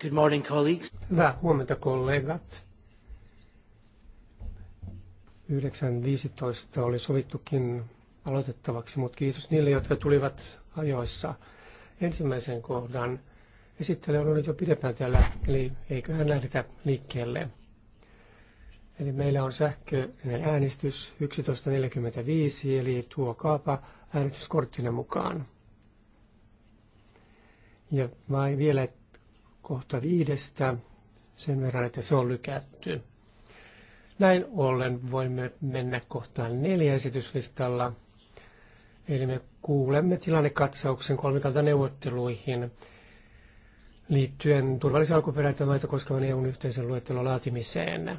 Good morning, colleagues. Hyvää huomenta, kollegat. 9.15 oli sovittukin aloitettavaksi, mutta kiitos niille, jotka tulivat ajoissa. Ensimmäisen kohdan esittely on ollut jo pidempään täällä, eli eiköhän lähdetä liikkeelle. Eli meillä on sähköinen äänestys 11.45, eli tuo kaapa äänestyskorttina mukaan. Ja vai vielä kohta viidestä sen verran, että se on lykätty. Näin ollen voimme mennä kohtaan neljä esityslistalla. Eli me kuulemme tilannekatsauksen neuvotteluihin liittyen turvallisia alkuperäitä maita koskevan EUn yhteisen luettelon laatimiseen,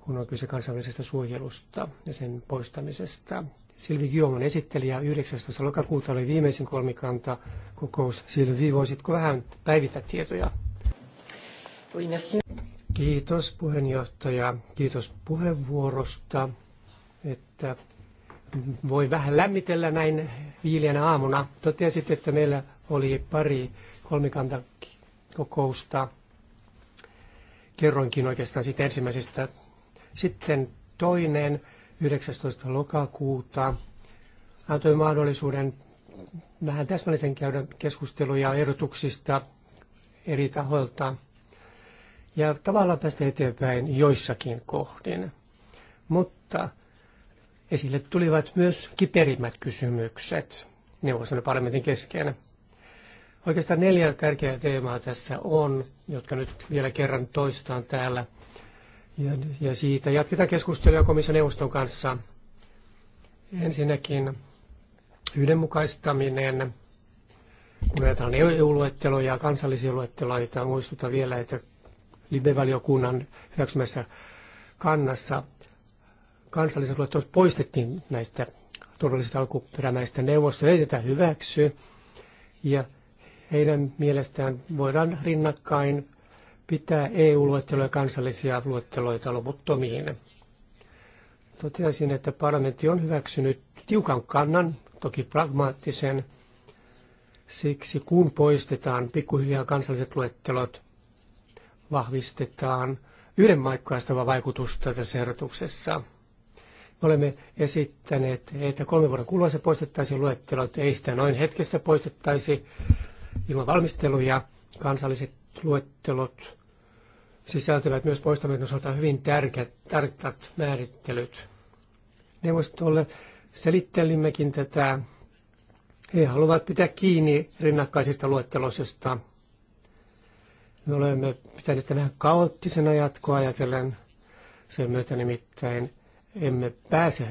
kun on kyse kansainvälisestä suojelusta ja sen poistamisesta. Silvi Giomon esittelijä 19. lokakuuta oli viimeisin kolmikanta kokous. Silvi, voisitko vähän päivittää tietoja? Oui, merci. Kiitos puheenjohtaja, kiitos puheenvuorosta, että voi vähän lämmitellä näin viileänä aamuna. Totesit, että meillä oli pari kolmikanta kokousta. Kerroinkin oikeastaan siitä ensimmäisestä. Sitten toinen 19. lokakuuta antoi mahdollisuuden vähän täsmällisen käydä keskusteluja ehdotuksista eri tahoilta ja tavallaan päästä eteenpäin joissakin kohdin. Mutta esille tulivat myös kiperimmät kysymykset neuvoston parlamentin kesken. Oikeastaan neljä tärkeää teemaa tässä on, jotka nyt vielä kerran toistaan täällä ja, ja siitä jatketaan keskustelua komission neuvoston kanssa. Ensinnäkin yhdenmukaistaminen. Kun ajatellaan EU-luetteloja ja kansallisia luetteloita, muistutan vielä, että Libe-valiokunnan hyväksymässä kannassa kansalliset luettelot poistettiin näistä turvallisista alkuperämäistä neuvostoja, ei tätä hyväksy. Ja heidän mielestään voidaan rinnakkain pitää EU-luetteloja kansallisia luetteloita loputtomiin. Toteaisin, että parlamentti on hyväksynyt tiukan kannan, toki pragmaattisen, siksi kun poistetaan pikkuhiljaa kansalliset luettelot, vahvistetaan yhdenmaikkaistavaa vaikutusta tässä ehdotuksessa. Me olemme esittäneet, että kolme vuoden kuluessa poistettaisiin luettelot, ei sitä noin hetkessä poistettaisi ilman valmisteluja. Kansalliset luettelot sisältyvät myös poistamisen osalta hyvin tärkeät, tarkat määrittelyt. Neuvostolle selittelimmekin tätä. He haluavat pitää kiinni rinnakkaisista luettelosista. Me olemme pitäneet sitä vähän kaoottisena jatkoa ajatellen. Sen myötä nimittäin emme pääse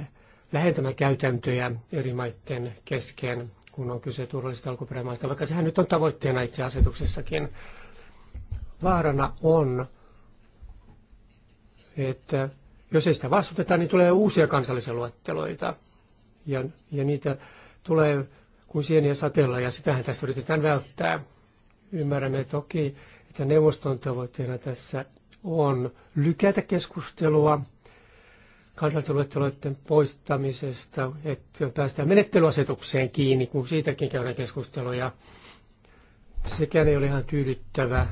lähentämään käytäntöjä eri maiden kesken, kun on kyse turvallisista alkuperämaista, vaikka sehän nyt on tavoitteena itse asetuksessakin. Vaarana on, että jos ei sitä vastuteta, niin tulee uusia kansallisia luetteloita. Ja, ja niitä tulee kuin sieniä satella, ja sitähän tässä yritetään välttää. Ymmärrämme toki, että neuvoston tavoitteena tässä on lykätä keskustelua kansallisten luetteloiden poistamisesta, että päästään menettelyasetukseen kiinni, kun siitäkin käydään keskusteluja. Sekään ei ole ihan tyydyttävä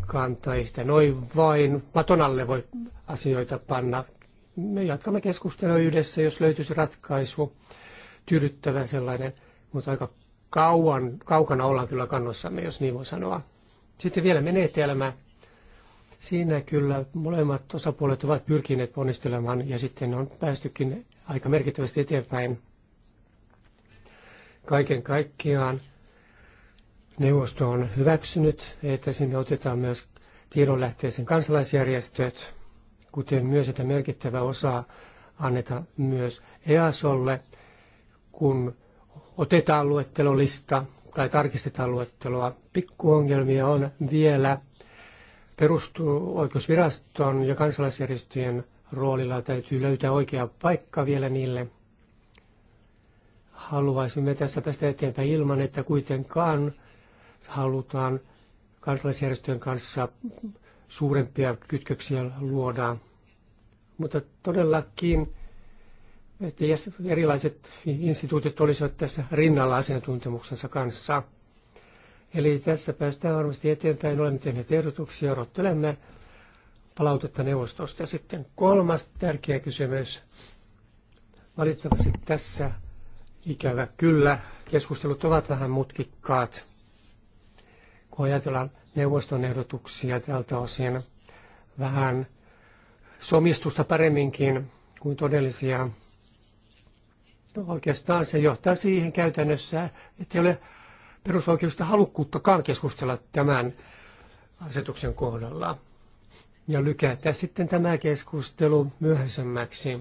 kanta. Ei sitä noin vain maton alle voi asioita panna. Me jatkamme keskustelua yhdessä, jos löytyisi ratkaisu, tyydyttävä sellainen, mutta aika kauan, kaukana ollaan kyllä kannossamme, jos niin voi sanoa. Sitten vielä menetelmä. Siinä kyllä molemmat osapuolet ovat pyrkineet ponnistelemaan ja sitten on päästykin aika merkittävästi eteenpäin. Kaiken kaikkiaan Neuvosto on hyväksynyt, että sinne otetaan myös tiedonlähteisen kansalaisjärjestöt, kuten myös, että merkittävä osa annetaan myös EASOlle, kun otetaan luettelolista tai tarkistetaan luetteloa. Pikkuongelmia on vielä perustuoikeusviraston ja kansalaisjärjestöjen roolilla täytyy löytää oikea paikka vielä niille. Haluaisimme tässä tästä eteenpäin ilman, että kuitenkaan halutaan kansalaisjärjestöjen kanssa suurempia kytköksiä luodaan. Mutta todellakin että erilaiset instituutit olisivat tässä rinnalla asiantuntemuksensa kanssa. Eli tässä päästään varmasti eteenpäin. Olemme tehneet ehdotuksia, odottelemme palautetta neuvostosta. Ja sitten kolmas tärkeä kysymys. Valitettavasti tässä ikävä kyllä keskustelut ovat vähän mutkikkaat kun ajatellaan neuvoston ehdotuksia tältä osin vähän somistusta paremminkin kuin todellisia. No oikeastaan se johtaa siihen käytännössä, että ei ole perusoikeusta halukkuuttakaan keskustella tämän asetuksen kohdalla. Ja lykätä sitten tämä keskustelu myöhäisemmäksi,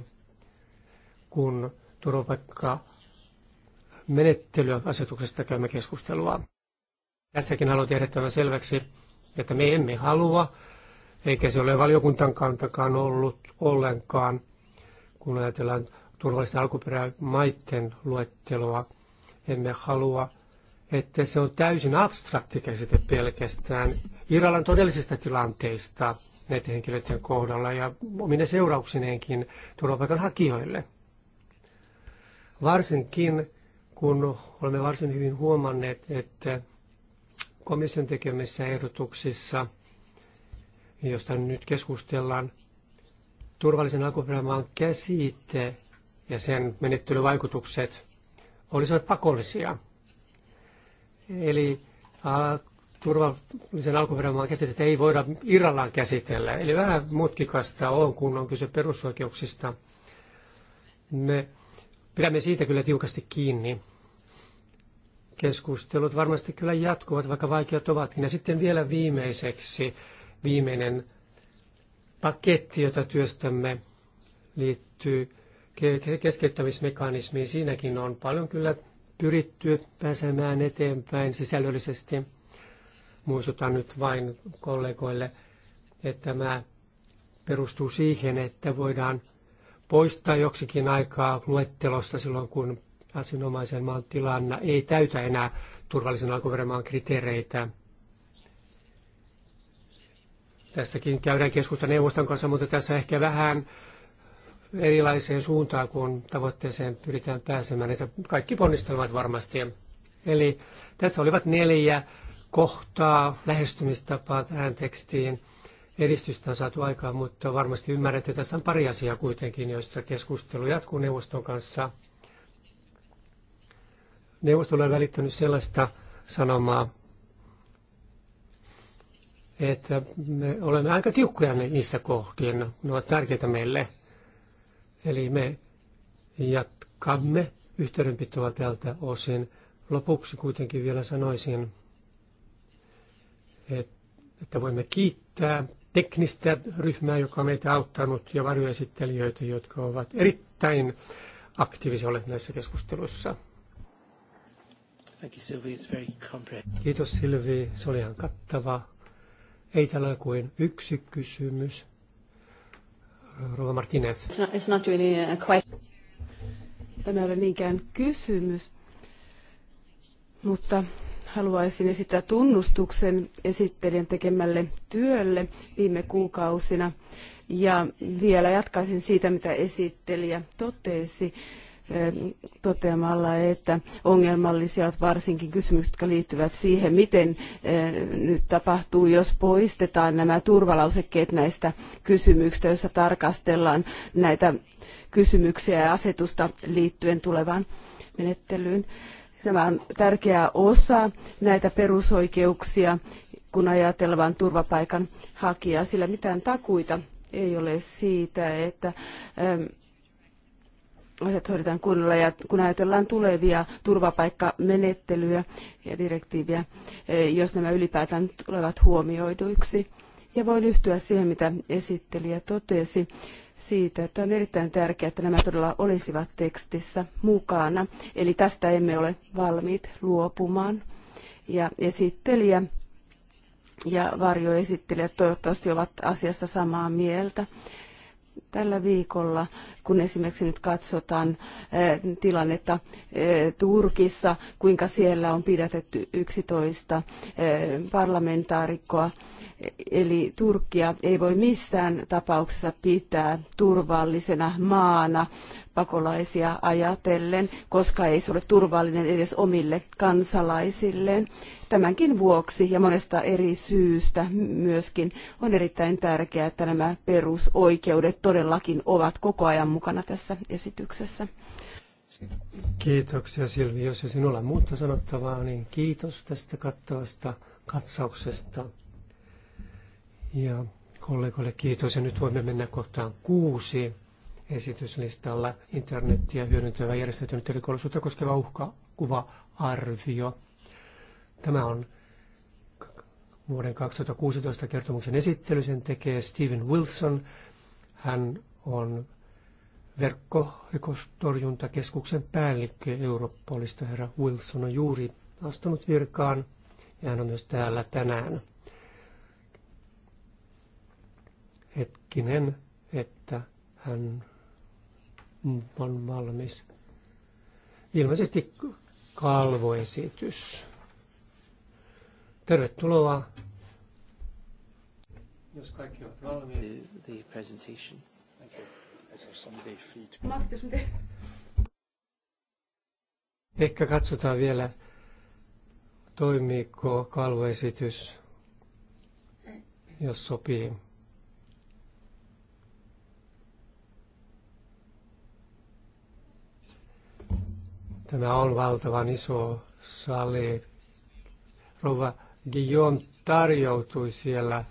kun turvapaikka menettelyasetuksesta käymme keskustelua. Tässäkin haluan tehdä tämän selväksi, että me emme halua, eikä se ole valiokuntan kantakaan ollut ollenkaan, kun ajatellaan turvallista alkuperämaiden luetteloa. Emme halua, että se on täysin abstrakti käsite pelkästään Irlannin todellisista tilanteista näiden henkilöiden kohdalla ja omine seurauksineenkin turvapaikanhakijoille. Varsinkin kun olemme varsin hyvin huomanneet, että komission tekemissä ehdotuksissa, josta nyt keskustellaan, turvallisen alkuperämaan käsite ja sen menettelyvaikutukset olisivat pakollisia. Eli a, turvallisen alkuperämaan käsitettä ei voida irrallaan käsitellä. Eli vähän mutkikasta on, kun on kyse perusoikeuksista. Me pidämme siitä kyllä tiukasti kiinni keskustelut varmasti kyllä jatkuvat, vaikka vaikeat ovatkin. Ja sitten vielä viimeiseksi viimeinen paketti, jota työstämme, liittyy keskeyttämismekanismiin. Siinäkin on paljon kyllä pyritty pääsemään eteenpäin sisällöllisesti. Muistutan nyt vain kollegoille, että tämä perustuu siihen, että voidaan poistaa joksikin aikaa luettelosta silloin, kun asianomaisen maan tilanne ei täytä enää turvallisen alkuperämaan kriteereitä. Tässäkin käydään keskusta neuvoston kanssa, mutta tässä ehkä vähän erilaiseen suuntaan, kun tavoitteeseen pyritään pääsemään. Että kaikki ponnistelmat varmasti. Eli tässä olivat neljä kohtaa lähestymistapaa tähän tekstiin. Edistystä on saatu aikaan, mutta varmasti ymmärrätte, että tässä on pari asiaa kuitenkin, joista keskustelu jatkuu neuvoston kanssa. Neuvostolle on välittänyt sellaista sanomaa, että me olemme aika tiukkoja niissä kohtien, Ne ovat tärkeitä meille. Eli me jatkamme yhteydenpitoa tältä osin. Lopuksi kuitenkin vielä sanoisin, että voimme kiittää teknistä ryhmää, joka on meitä auttanut, ja varjoesittelijöitä, jotka ovat erittäin aktiivisia olleet näissä keskusteluissa. Kiitos Silvi, se oli ihan kattava. Ei tällä kuin yksi kysymys. Rova Martinez. it's not really a question. Tämä ei ole niinkään kysymys, mutta haluaisin esittää tunnustuksen esittelijän tekemälle työlle viime kuukausina. Ja vielä jatkaisin siitä, mitä esittelijä totesi toteamalla, että ongelmallisia ovat varsinkin kysymykset, jotka liittyvät siihen, miten nyt tapahtuu, jos poistetaan nämä turvalausekkeet näistä kysymyksistä, joissa tarkastellaan näitä kysymyksiä ja asetusta liittyen tulevaan menettelyyn. Tämä on tärkeä osa näitä perusoikeuksia, kun ajatellaan turvapaikan hakijaa, sillä mitään takuita ei ole siitä, että asiat hoidetaan kunnolla ja kun ajatellaan tulevia turvapaikkamenettelyjä ja direktiiviä, e, jos nämä ylipäätään tulevat huomioiduiksi. Ja voin yhtyä siihen, mitä esittelijä totesi siitä, että on erittäin tärkeää, että nämä todella olisivat tekstissä mukana. Eli tästä emme ole valmiit luopumaan. Ja esittelijä ja varjoesittelijät toivottavasti ovat asiasta samaa mieltä tällä viikolla, kun esimerkiksi nyt katsotaan eh, tilannetta eh, Turkissa, kuinka siellä on pidätetty 11 eh, parlamentaarikkoa, Eli Turkkia ei voi missään tapauksessa pitää turvallisena maana pakolaisia ajatellen, koska ei se ole turvallinen edes omille kansalaisilleen. Tämänkin vuoksi ja monesta eri syystä myöskin on erittäin tärkeää, että nämä perusoikeudet todellakin ovat koko ajan mukana tässä esityksessä. Kiitoksia Silvi. Jos ei sinulla muuta sanottavaa, niin kiitos tästä kattavasta katsauksesta. Ja kollegoille kiitos. Ja nyt voimme mennä kohtaan kuusi esityslistalla internettiä hyödyntävä järjestäytynyt rikollisuutta koskeva uhkakuva-arvio. Tämä on vuoden 2016 kertomuksen esittely. Sen tekee Steven Wilson. Hän on verkkorikostorjuntakeskuksen päällikkö Europolista. Herra Wilson on juuri astunut virkaan ja hän on myös täällä tänään. hetkinen, että hän on valmis. Ilmeisesti kalvoesitys. Tervetuloa. Jos kaikki on valmiit. The, the presentation. Thank you. Ehkä katsotaan vielä, toimiiko kalvoesitys, jos sopii. Tämä on valtavan iso sali. Rova Guillaume tarjoutui siellä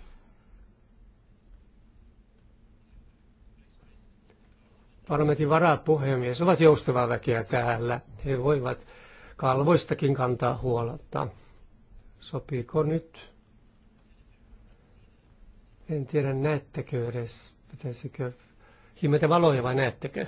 parlamentin varapuhemies ovat joustavaa väkeä täällä. He voivat kalvoistakin kantaa huolta. Sopiiko nyt? En tiedä, näettekö edes, pitäisikö himmetä valoja vai näettekö?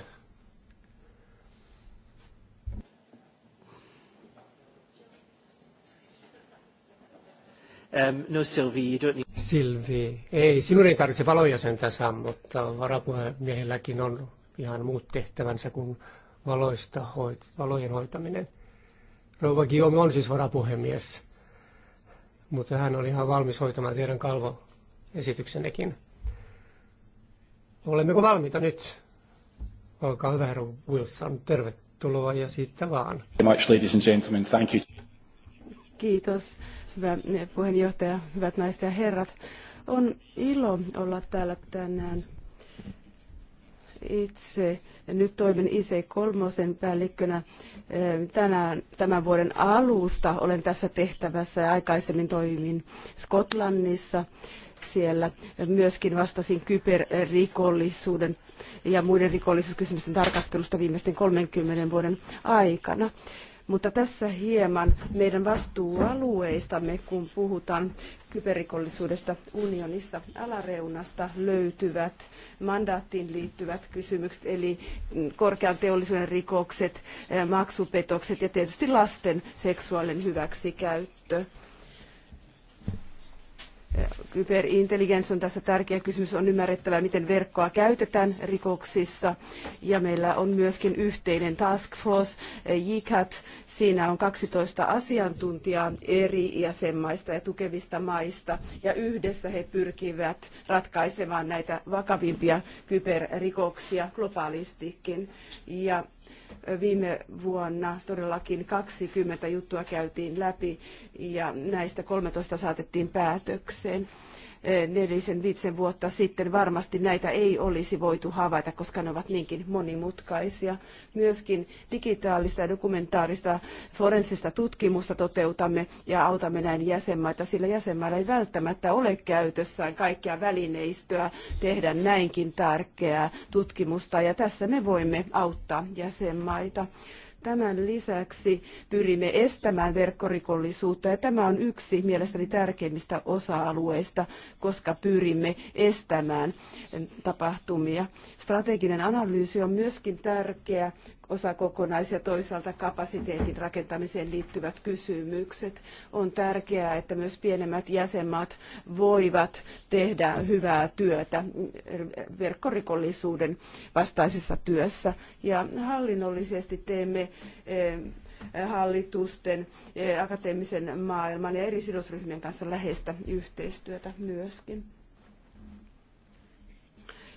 Um, no Sylvie, you don't need... ei, sinun ei tarvitse valojäsentä sammuttaa. Varapuhemiehelläkin on ihan muut tehtävänsä kuin valoista hoit- valojen hoitaminen. Rouva Guillaume on siis varapuhemies, mutta hän oli ihan valmis hoitamaan teidän kalvoesityksenekin. Olemmeko valmiita nyt? Olkaa hyvä, herra Wilson. Tervetuloa ja siitä vaan. Thank you. Kiitos hyvä eh, puheenjohtaja, hyvät naiset ja herrat. On ilo olla täällä tänään. Itse nyt toimin IC3 päällikkönä. Eh, tänään, tämän vuoden alusta olen tässä tehtävässä ja aikaisemmin toimin Skotlannissa siellä. Myöskin vastasin kyberrikollisuuden ja muiden rikollisuuskysymysten tarkastelusta viimeisten 30 vuoden aikana. Mutta tässä hieman meidän vastuualueistamme, kun puhutaan kyberrikollisuudesta unionissa alareunasta löytyvät mandaattiin liittyvät kysymykset, eli korkean teollisuuden rikokset, eh, maksupetokset ja tietysti lasten seksuaalinen hyväksikäyttö. Kyberintelligens on tässä tärkeä kysymys. On ymmärrettävä, miten verkkoa käytetään rikoksissa. Ja meillä on myöskin yhteinen task force, JICAT. Siinä on 12 asiantuntijaa eri jäsenmaista ja tukevista maista. Ja yhdessä he pyrkivät ratkaisemaan näitä vakavimpia kyberrikoksia globaalistikin. Ja Viime vuonna todellakin 20 juttua käytiin läpi ja näistä 13 saatettiin päätökseen nelisen viitsen vuotta sitten varmasti näitä ei olisi voitu havaita, koska ne ovat niinkin monimutkaisia. Myöskin digitaalista ja dokumentaarista forensista tutkimusta toteutamme ja autamme näin jäsenmaita, sillä jäsenmailla ei välttämättä ole käytössään kaikkia välineistöä tehdä näinkin tärkeää tutkimusta ja tässä me voimme auttaa jäsenmaita. Tämän lisäksi pyrimme estämään verkkorikollisuutta ja tämä on yksi mielestäni tärkeimmistä osa-alueista, koska pyrimme estämään tapahtumia. Strateginen analyysi on myöskin tärkeä osakokonais- ja toisaalta kapasiteetin rakentamiseen liittyvät kysymykset. On tärkeää, että myös pienemmät jäsenmaat voivat tehdä hyvää työtä verkkorikollisuuden vastaisessa työssä. Ja hallinnollisesti teemme eh, hallitusten, eh, akateemisen maailman ja eri sidosryhmien kanssa läheistä yhteistyötä myöskin.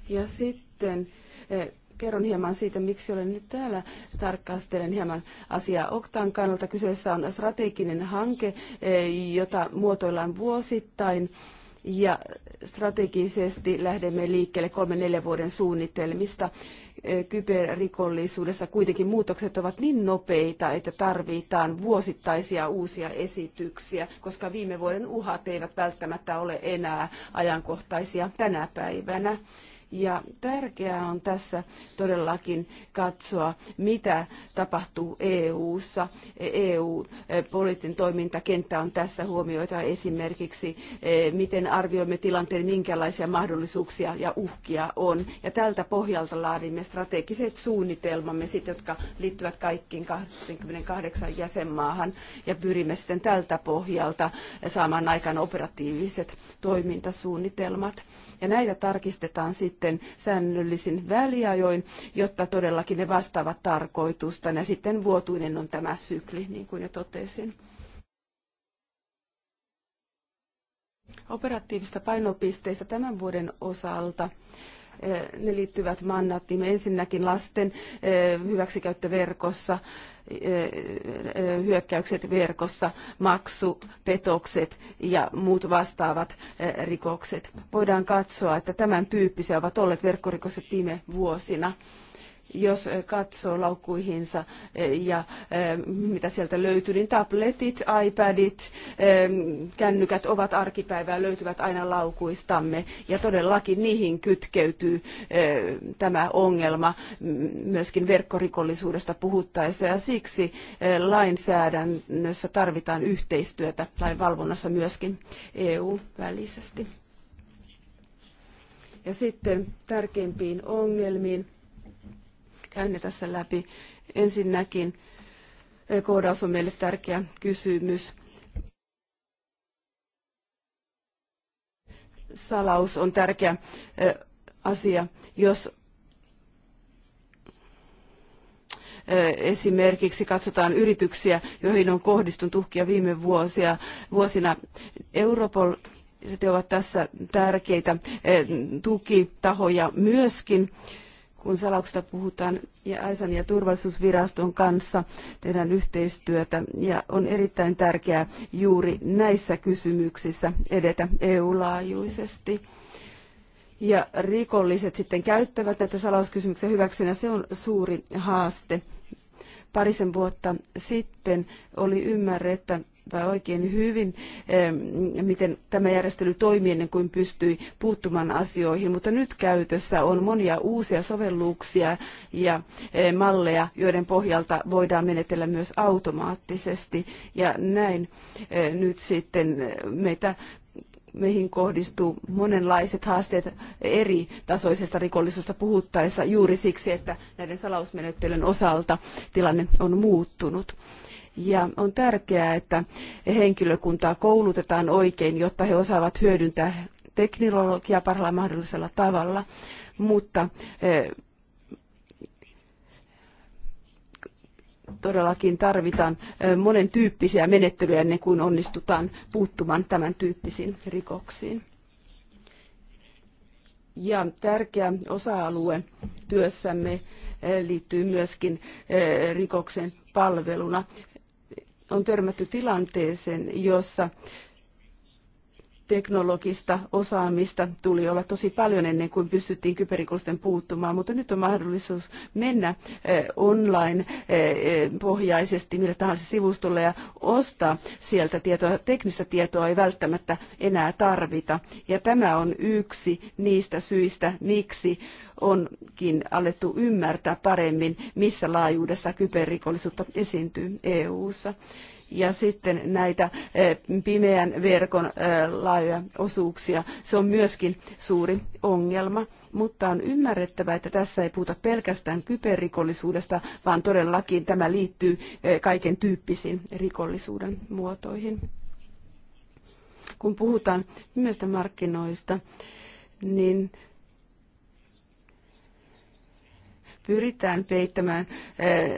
Ja sitten eh, kerron hieman siitä, miksi olen nyt täällä. Tarkastelen hieman asiaa Oktaan kannalta. Kyseessä on strateginen hanke, eh, jota muotoillaan vuosittain. Ja strategisesti lähdemme liikkeelle kolmen neljän vuoden suunnitelmista. Eh, kyberrikollisuudessa kuitenkin muutokset ovat niin nopeita, että tarvitaan vuosittaisia uusia esityksiä, koska viime vuoden uhat eivät välttämättä ole enää ajankohtaisia tänä päivänä. Ja tärkeää on tässä todellakin katsoa, mitä tapahtuu EU-ssa. EU-poliittinen eh, toimintakenttä on tässä huomioita esimerkiksi, eh, miten arvioimme tilanteen, minkälaisia mahdollisuuksia ja uhkia on. Ja tältä pohjalta laadimme strategiset suunnitelmamme, sit, jotka liittyvät kaikkiin 28 jäsenmaahan, ja pyrimme sitten tältä pohjalta saamaan aikaan operatiiviset toimintasuunnitelmat. Ja näitä tarkistetaan sitten sitten säännöllisin väliajoin, jotta todellakin ne vastaavat tarkoitusta. Ja sitten vuotuinen on tämä sykli, niin kuin jo totesin. Operatiivista painopisteistä tämän vuoden osalta Eh, ne liittyvät mandaattiimme ensinnäkin lasten eh, hyväksikäyttöverkossa, eh, hyökkäykset verkossa, maksupetokset ja muut vastaavat rikokset. Voidaan katsoa, että tämän tyyppisiä ovat olleet verkkorikokset viime vuosina jos eh, katsoo laukkuihinsa eh, ja eh, mitä sieltä löytyy, niin tabletit, iPadit, kännykät ovat arkipäivää, löytyvät aina laukuistamme. Ja todellakin niihin kytkeytyy tämä ongelma myöskin verkkorikollisuudesta puhuttaessa. Ja siksi lainsäädännössä tarvitaan yhteistyötä lainvalvonnassa myöskin EU-välisesti. Ja sitten tärkeimpiin ongelmiin käyn ne tässä läpi. Ensinnäkin koodaus on meille tärkeä kysymys. Salaus on tärkeä asia. Jos esimerkiksi katsotaan yrityksiä, joihin on kohdistunut uhkia viime vuosia, vuosina. Europol ovat tässä tärkeitä tukitahoja myöskin kun salauksesta puhutaan, ja AISAN ja turvallisuusviraston kanssa tehdään yhteistyötä, ja on erittäin tärkeää juuri näissä kysymyksissä edetä EU-laajuisesti. Ja rikolliset sitten käyttävät näitä salauskysymyksiä hyväksi, ja se on suuri haaste. Parisen vuotta sitten oli ymmärrettä, oikein hyvin, miten tämä järjestely toimi ennen kuin pystyi puuttumaan asioihin, mutta nyt käytössä on monia uusia sovelluksia ja malleja, joiden pohjalta voidaan menetellä myös automaattisesti. Ja näin nyt sitten meitä meihin kohdistuu monenlaiset haasteet eri tasoisesta rikollisuudesta puhuttaessa juuri siksi, että näiden salausmenettelyn osalta tilanne on muuttunut. Ja on tärkeää, että henkilökuntaa koulutetaan oikein, jotta he osaavat hyödyntää teknologiaa parhaalla mahdollisella tavalla. Mutta eh, todellakin tarvitaan eh, monen tyyppisiä menettelyjä ennen kuin onnistutaan puuttumaan tämän tyyppisiin rikoksiin. Ja tärkeä osa-alue työssämme eh, liittyy myöskin rikoksen palveluna on törmätty tilanteeseen, jossa teknologista osaamista tuli olla tosi paljon ennen kuin pystyttiin kyberrikosten puuttumaan, mutta nyt on mahdollisuus mennä eh, online-pohjaisesti eh, eh, millä tahansa sivustolle ja ostaa sieltä tietoa. Teknistä tietoa ei välttämättä enää tarvita. Ja tämä on yksi niistä syistä, miksi onkin alettu ymmärtää paremmin, missä laajuudessa kyberrikollisuutta esiintyy EU:ssa. ssa ja sitten näitä eh, pimeän verkon eh, laajoja osuuksia. Se on myöskin suuri ongelma, mutta on ymmärrettävä, että tässä ei puhuta pelkästään kyberrikollisuudesta, vaan todellakin tämä liittyy eh, kaiken tyyppisiin rikollisuuden muotoihin. Kun puhutaan myöstä markkinoista, niin pyritään peittämään eh,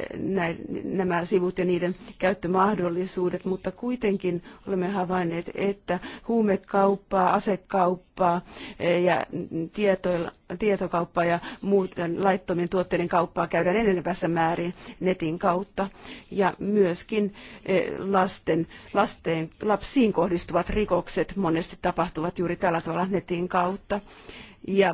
nämä sivut ja niiden käyttömahdollisuudet, mutta kuitenkin olemme havainneet, että huumekauppaa, asekauppaa eh, ja tietoilla tietokauppaa ja muuten laittomien tuotteiden kauppaa käydään enenevässä määrin netin kautta. Ja myöskin eh, lasten, lasten, lapsiin kohdistuvat rikokset monesti tapahtuvat juuri tällä tavalla netin kautta. Ja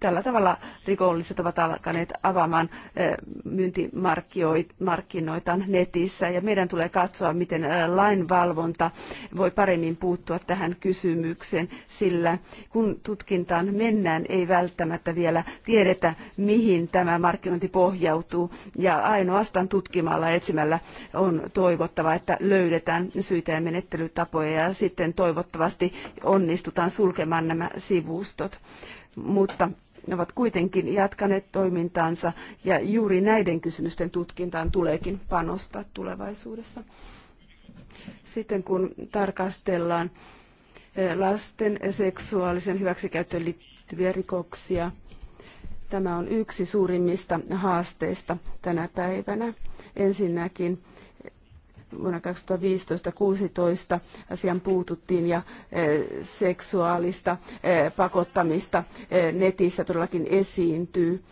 tällä tavalla rikolliset ovat alkaneet avaamaan eh, myyntimarkkinoita netissä ja meidän tulee katsoa, miten eh, lainvalvonta voi paremmin puuttua tähän kysymykseen, sillä kun tutkintaan mennään, ei välttämättä vielä tiedetä, mihin tämä markkinointi pohjautuu ja ainoastaan tutkimalla etsimällä on toivottava, että löydetään syitä ja menettelytapoja ja sitten toivottavasti onnistutaan sulkemaan nämä sivustot mutta ne ovat kuitenkin jatkaneet toimintaansa ja juuri näiden kysymysten tutkintaan tuleekin panostaa tulevaisuudessa. Sitten kun tarkastellaan e, lasten seksuaalisen hyväksikäyttöön liittyviä rikoksia, tämä on yksi suurimmista haasteista tänä päivänä. Ensinnäkin vuonna 2015-2016 asian puututtiin ja eh, seksuaalista eh, pakottamista eh, netissä todellakin esiintyy.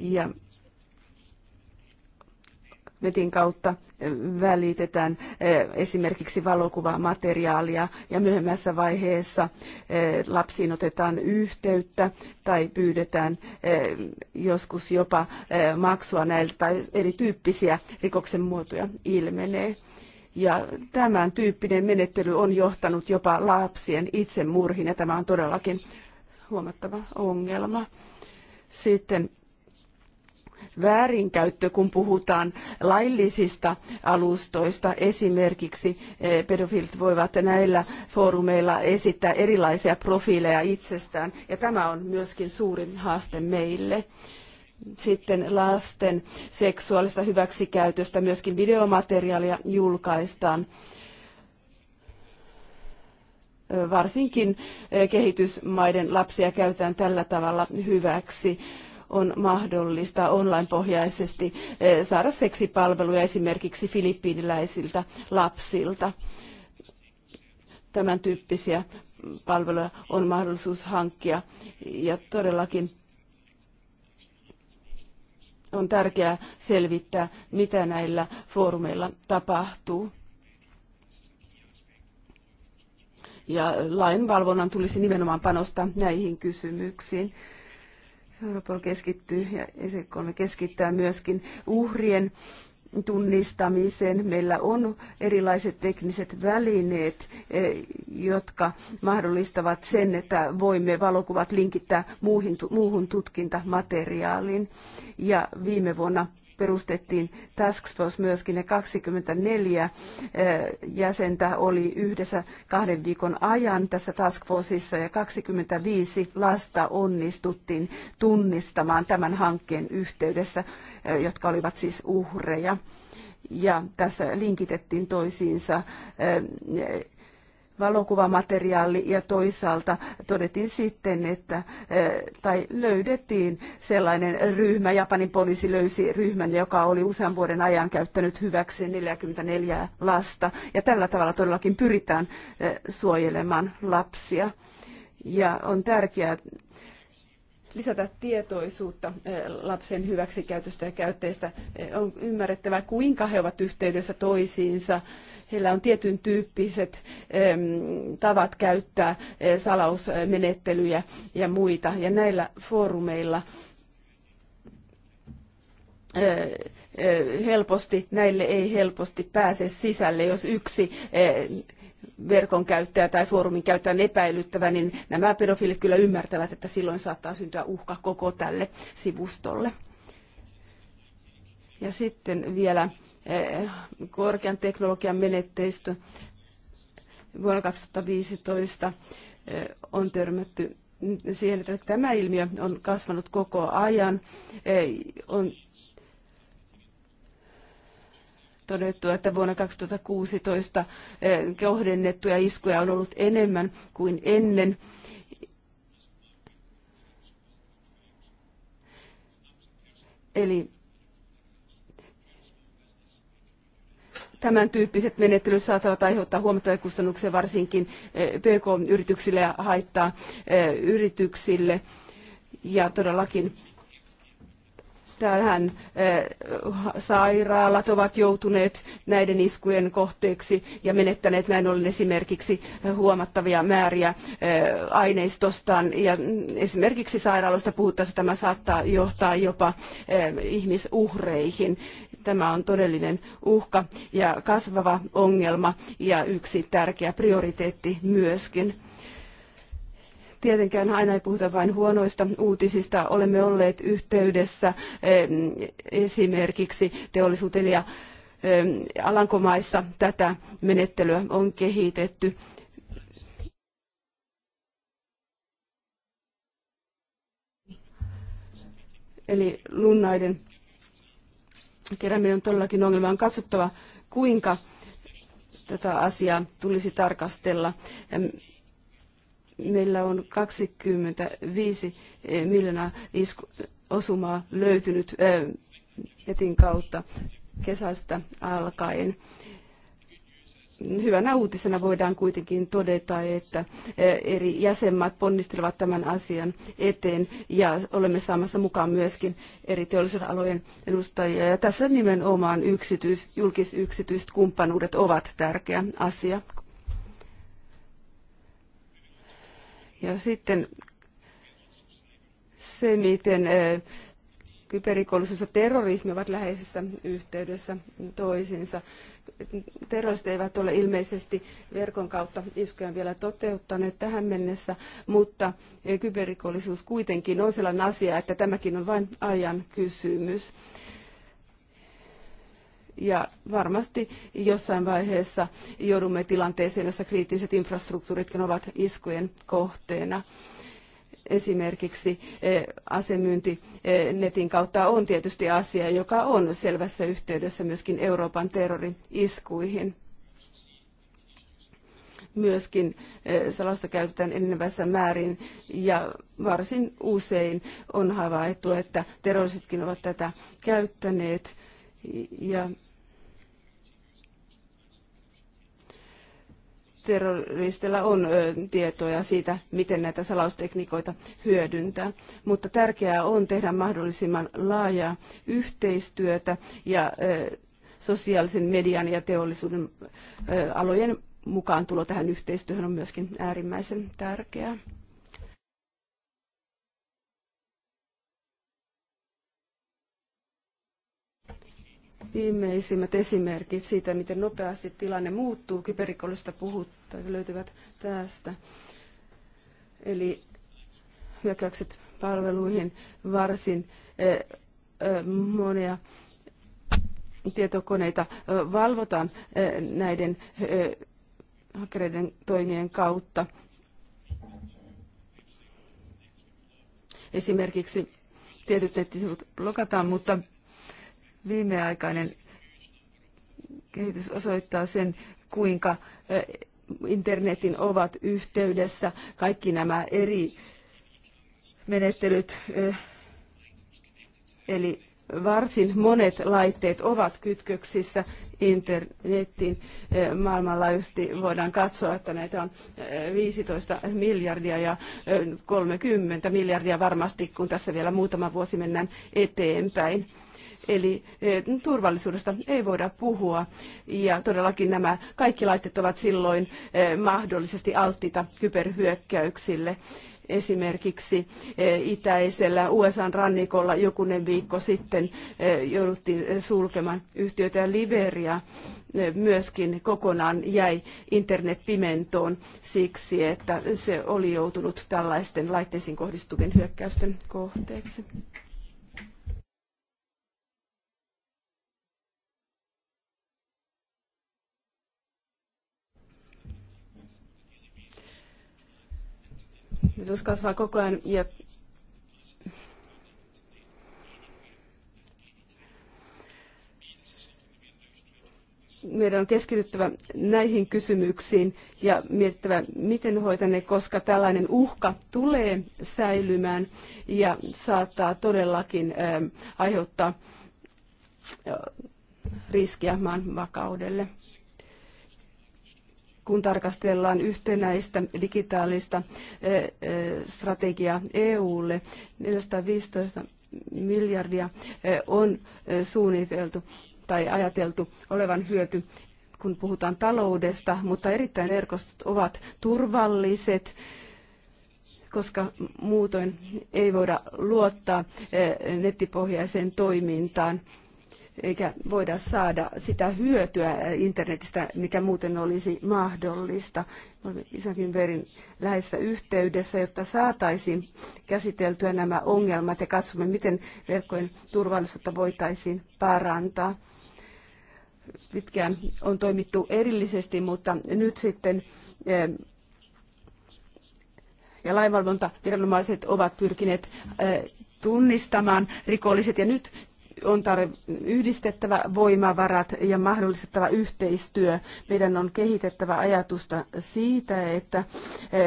Ja netin kautta välitetään esimerkiksi valokuvamateriaalia ja myöhemmässä vaiheessa lapsiin otetaan yhteyttä tai pyydetään joskus jopa maksua näiltä tai erityyppisiä rikoksen muotoja ilmenee. Ja tämän tyyppinen menettely on johtanut jopa lapsien itsemurhiin ja tämä on todellakin huomattava ongelma. Sitten väärinkäyttö, kun puhutaan laillisista alustoista. Esimerkiksi eh, pedofilit voivat näillä foorumeilla esittää erilaisia profiileja itsestään, ja tämä on myöskin suurin haaste meille sitten lasten seksuaalista hyväksikäytöstä myöskin videomateriaalia julkaistaan varsinkin eh, kehitysmaiden lapsia käytetään tällä tavalla hyväksi on mahdollista online-pohjaisesti eh, saada seksipalveluja esimerkiksi filippiiniläisiltä lapsilta. Tämän tyyppisiä palveluja on mahdollisuus hankkia ja todellakin on tärkeää selvittää, mitä näillä foorumeilla tapahtuu. Ja lainvalvonnan tulisi nimenomaan panostaa näihin kysymyksiin. Europol keskittyy ja ESE3 keskittää myöskin uhrien tunnistamiseen. Meillä on erilaiset tekniset välineet, e, jotka mahdollistavat sen, että voimme valokuvat linkittää muuhun, muuhun tutkintamateriaaliin. Ja viime vuonna perustettiin Task Force myöskin, ne 24 eh, jäsentä oli yhdessä kahden viikon ajan tässä Task Forceissa, ja 25 lasta onnistuttiin tunnistamaan tämän hankkeen yhteydessä, eh, jotka olivat siis uhreja ja tässä linkitettiin toisiinsa eh, valokuvamateriaali ja toisaalta todettiin sitten, että eh, tai löydettiin sellainen ryhmä, Japanin poliisi löysi ryhmän, joka oli usean vuoden ajan käyttänyt hyväksi 44 lasta ja tällä tavalla todellakin pyritään eh, suojelemaan lapsia. Ja on tärkeää lisätä tietoisuutta eh, lapsen hyväksikäytöstä ja käytteistä. Eh, on ymmärrettävä, kuinka he ovat yhteydessä toisiinsa. Heillä on tietyn tyyppiset tavat käyttää eh, salausmenettelyjä ja muita. Ja näillä foorumeilla helposti, näille ei helposti pääse sisälle, jos yksi verkon käyttäjä tai foorumin käyttäjän epäilyttävä, niin nämä pedofiilit kyllä ymmärtävät, että silloin saattaa syntyä uhka koko tälle sivustolle. Ja sitten vielä eh, korkean teknologian menetteistö vuonna 2015 eh, on törmätty siihen, että tämä ilmiö on kasvanut koko ajan. Eh, on todettu, että vuonna 2016 eh, kohdennettuja iskuja on ollut enemmän kuin ennen. Eli tämän tyyppiset menettelyt saattavat aiheuttaa huomattavia kustannuksia varsinkin eh, PK-yrityksille ja haittaa eh, yrityksille. Ja todellakin Täällähän eh, sairaalat ovat joutuneet näiden iskujen kohteeksi ja menettäneet näin ollen esimerkiksi eh, huomattavia määriä eh, aineistostaan. Ja mm, esimerkiksi sairaaloista puhuttaessa tämä saattaa johtaa jopa ihmisuhreihin. Tämä on todellinen uhka ja kasvava ongelma ja yksi tärkeä prioriteetti myöskin Tietenkään aina ei puhuta vain huonoista uutisista. Olemme olleet yhteydessä esimerkiksi teollisuuteen ja Alankomaissa tätä menettelyä on kehitetty. Eli lunnaiden kerääminen on todellakin ongelma. On katsottava, kuinka tätä asiaa tulisi tarkastella meillä on 25 eh, miljoonaa isku, osumaa löytynyt eh, netin kautta kesästä alkaen. Hyvänä uutisena voidaan kuitenkin todeta, että eh, eri jäsenmaat ponnistelevat tämän asian eteen ja olemme saamassa mukaan myöskin eri teollisuuden edustajia. Ja tässä nimenomaan yksityis, julkis kumppanuudet ovat tärkeä asia, Ja sitten se, miten kyberrikollisuus ja terrorismi ovat läheisessä yhteydessä toisiinsa. Terroristit eivät ole ilmeisesti verkon kautta iskuja vielä toteuttaneet tähän mennessä, mutta kyberrikollisuus kuitenkin on sellainen asia, että tämäkin on vain ajan kysymys. Ja varmasti jossain vaiheessa joudumme tilanteeseen, jossa kriittiset infrastruktuuritkin ovat iskujen kohteena esimerkiksi eh, asemyynti eh, netin kautta on tietysti asia, joka on selvässä yhteydessä myöskin Euroopan terrori-iskuihin. Myöskin eh, salasta käytetään enenevässä määrin ja varsin usein on havaittu, että terroristitkin ovat tätä käyttäneet – ja terroristilla on tietoja siitä, miten näitä salaustekniikoita hyödyntää. Mutta tärkeää on tehdä mahdollisimman laajaa yhteistyötä ja sosiaalisen median ja teollisuuden alojen mukaan tulo tähän yhteistyöhön on myöskin äärimmäisen tärkeää. Viimeisimmät esimerkit siitä, miten nopeasti tilanne muuttuu, kyberrikollisista puhuttaa, löytyvät tästä. Eli hyökkäykset palveluihin varsin eh, eh, monia tietokoneita eh, valvotaan näiden hakereiden toimien kautta. Esimerkiksi tietyt nettisivut blokataan, mutta Viimeaikainen kehitys osoittaa sen, kuinka internetin ovat yhteydessä kaikki nämä eri menettelyt. Eli varsin monet laitteet ovat kytköksissä internetin maailmanlaajuisesti voidaan katsoa, että näitä on 15 miljardia ja 30 miljardia varmasti, kun tässä vielä muutama vuosi mennään eteenpäin. Eli e, turvallisuudesta ei voida puhua ja todellakin nämä kaikki laitteet ovat silloin e, mahdollisesti alttiita kyberhyökkäyksille esimerkiksi e, itäisellä USAn rannikolla jokunen viikko sitten jouduttiin sulkemaan yhtiötä ja Liberia myöskin kokonaan jäi internetpimentoon siksi, että se oli joutunut tällaisten laitteisiin kohdistuvien hyökkäysten kohteeksi. Kuormitus kasvaa koko ajan ja meidän on keskityttävä näihin kysymyksiin ja mietittävä, miten hoitaa ne, koska tällainen uhka tulee säilymään ja saattaa todellakin aiheuttaa riskiä maan vakaudelle kun tarkastellaan yhtenäistä digitaalista eh, eh, strategiaa EUlle. 415 miljardia eh, on suunniteltu tai ajateltu olevan hyöty kun puhutaan taloudesta, mutta erittäin verkostot ovat turvalliset, koska muutoin ei voida luottaa nettipohjaiseen toimintaan eikä voida saada sitä hyötyä internetistä, mikä muuten olisi mahdollista. Olemme isänkin verin läheisessä yhteydessä, jotta saataisiin käsiteltyä nämä ongelmat ja katsomme, miten verkkojen turvallisuutta voitaisiin parantaa. Pitkään on toimittu erillisesti, mutta nyt sitten eh, ja lainvalvontaviranomaiset ovat pyrkineet eh, tunnistamaan rikolliset ja nyt on tarve yhdistettävä voimavarat ja mahdollistettava yhteistyö. Meidän on kehitettävä ajatusta siitä, että e,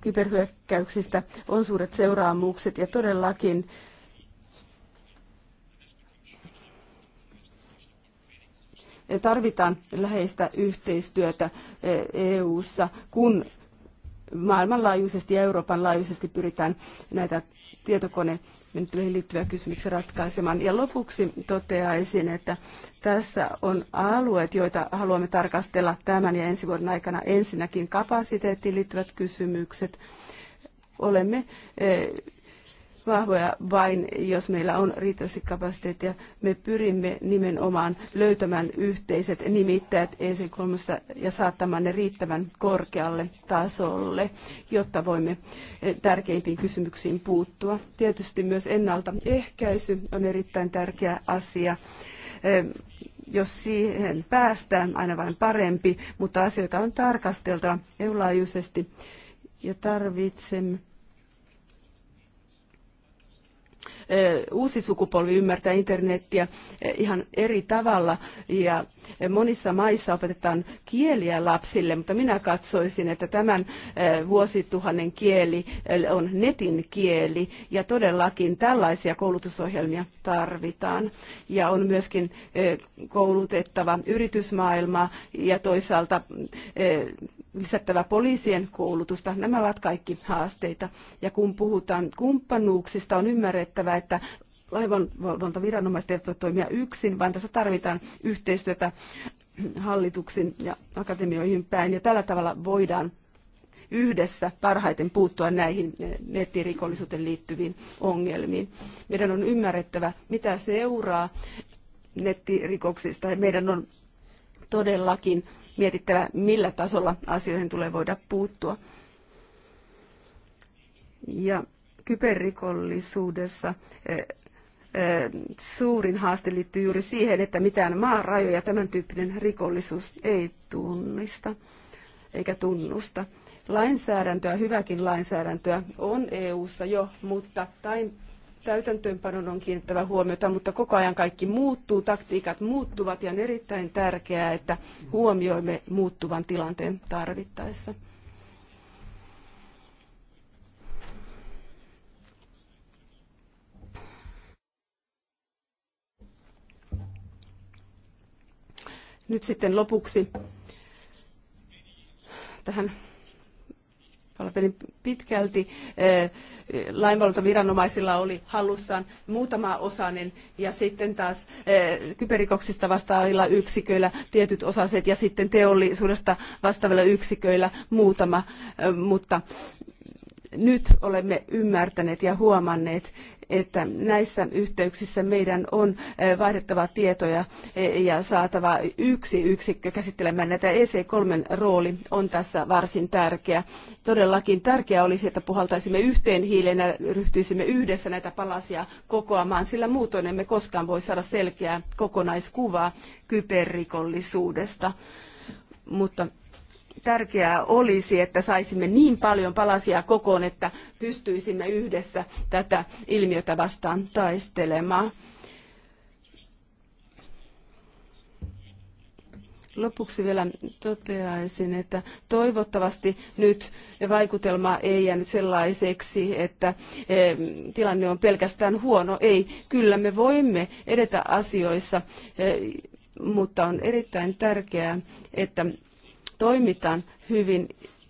kyberhyökkäyksistä on suuret seuraamukset ja todellakin tarvitaan läheistä yhteistyötä EU:ssa, e kun maailmanlaajuisesti ja Euroopan laajuisesti pyritään näitä tietokone- tulee liittyviä kysymyksiä ratkaisemaan. Ja lopuksi toteaisin, että tässä on alueet, joita haluamme tarkastella tämän ja ensi vuoden aikana. Ensinnäkin kapasiteettiin liittyvät kysymykset. Olemme eh, vahvoja vain, jos meillä on riittävästi kapasiteettia. Me pyrimme nimenomaan löytämään yhteiset nimittäjät ensi kolmessa ja saattamaan ne riittävän korkealle tasolle, jotta voimme eh, tärkeimpiin kysymyksiin puuttua. Tietysti myös ennaltaehkäisy on erittäin tärkeä asia eh, jos siihen päästään, aina vain parempi, mutta asioita on tarkasteltava EU-laajuisesti ja tarvitsemme uusi sukupolvi ymmärtää internettiä ihan eri tavalla ja monissa maissa opetetaan kieliä lapsille, mutta minä katsoisin, että tämän vuosituhannen kieli on netin kieli ja todellakin tällaisia koulutusohjelmia tarvitaan ja on myöskin koulutettava yritysmaailmaa ja toisaalta lisättävä poliisien koulutusta. Nämä ovat kaikki haasteita. Ja kun puhutaan kumppanuuksista, on ymmärrettävä, että laivanvalvontaviranomaiset eivät voi toimia yksin, vaan tässä tarvitaan yhteistyötä hallituksiin ja akatemioihin päin. Ja tällä tavalla voidaan yhdessä parhaiten puuttua näihin eh, nettirikollisuuteen liittyviin ongelmiin. Meidän on ymmärrettävä, mitä seuraa nettirikoksista. Meidän on todellakin mietittävä, millä tasolla asioihin tulee voida puuttua. Ja kyberrikollisuudessa eh, eh, suurin haaste liittyy juuri siihen, että mitään maarajoja tämän tyyppinen rikollisuus ei tunnista eikä tunnusta. Lainsäädäntöä, hyväkin lainsäädäntöä on EU:ssa jo, mutta tain, täytäntöönpanon on kiinnittävä huomiota, mutta koko ajan kaikki muuttuu, taktiikat muuttuvat ja on erittäin tärkeää, että huomioimme muuttuvan tilanteen tarvittaessa. Nyt sitten lopuksi tähän Palapelin pitkälti lainvalvontaviranomaisilla oli hallussaan muutama osainen ja sitten taas kyberikoksista vastaavilla yksiköillä tietyt osaset ja sitten teollisuudesta vastaavilla yksiköillä muutama, mutta nyt olemme ymmärtäneet ja huomanneet, että näissä yhteyksissä meidän on vaihdettava tietoja ja saatava yksi yksikkö käsittelemään näitä. EC3 rooli on tässä varsin tärkeä. Todellakin tärkeää olisi, että puhaltaisimme yhteen hiileen ja ryhtyisimme yhdessä näitä palasia kokoamaan, sillä muutoin emme koskaan voi saada selkeää kokonaiskuvaa kyberrikollisuudesta. Mutta tärkeää olisi, että saisimme niin paljon palasia kokoon, että pystyisimme yhdessä tätä ilmiötä vastaan taistelemaan. Lopuksi vielä toteaisin, että toivottavasti nyt vaikutelma ei jäänyt sellaiseksi, että eh, tilanne on pelkästään huono. Ei, kyllä me voimme edetä asioissa, eh, mutta on erittäin tärkeää, että toimitaan hyvin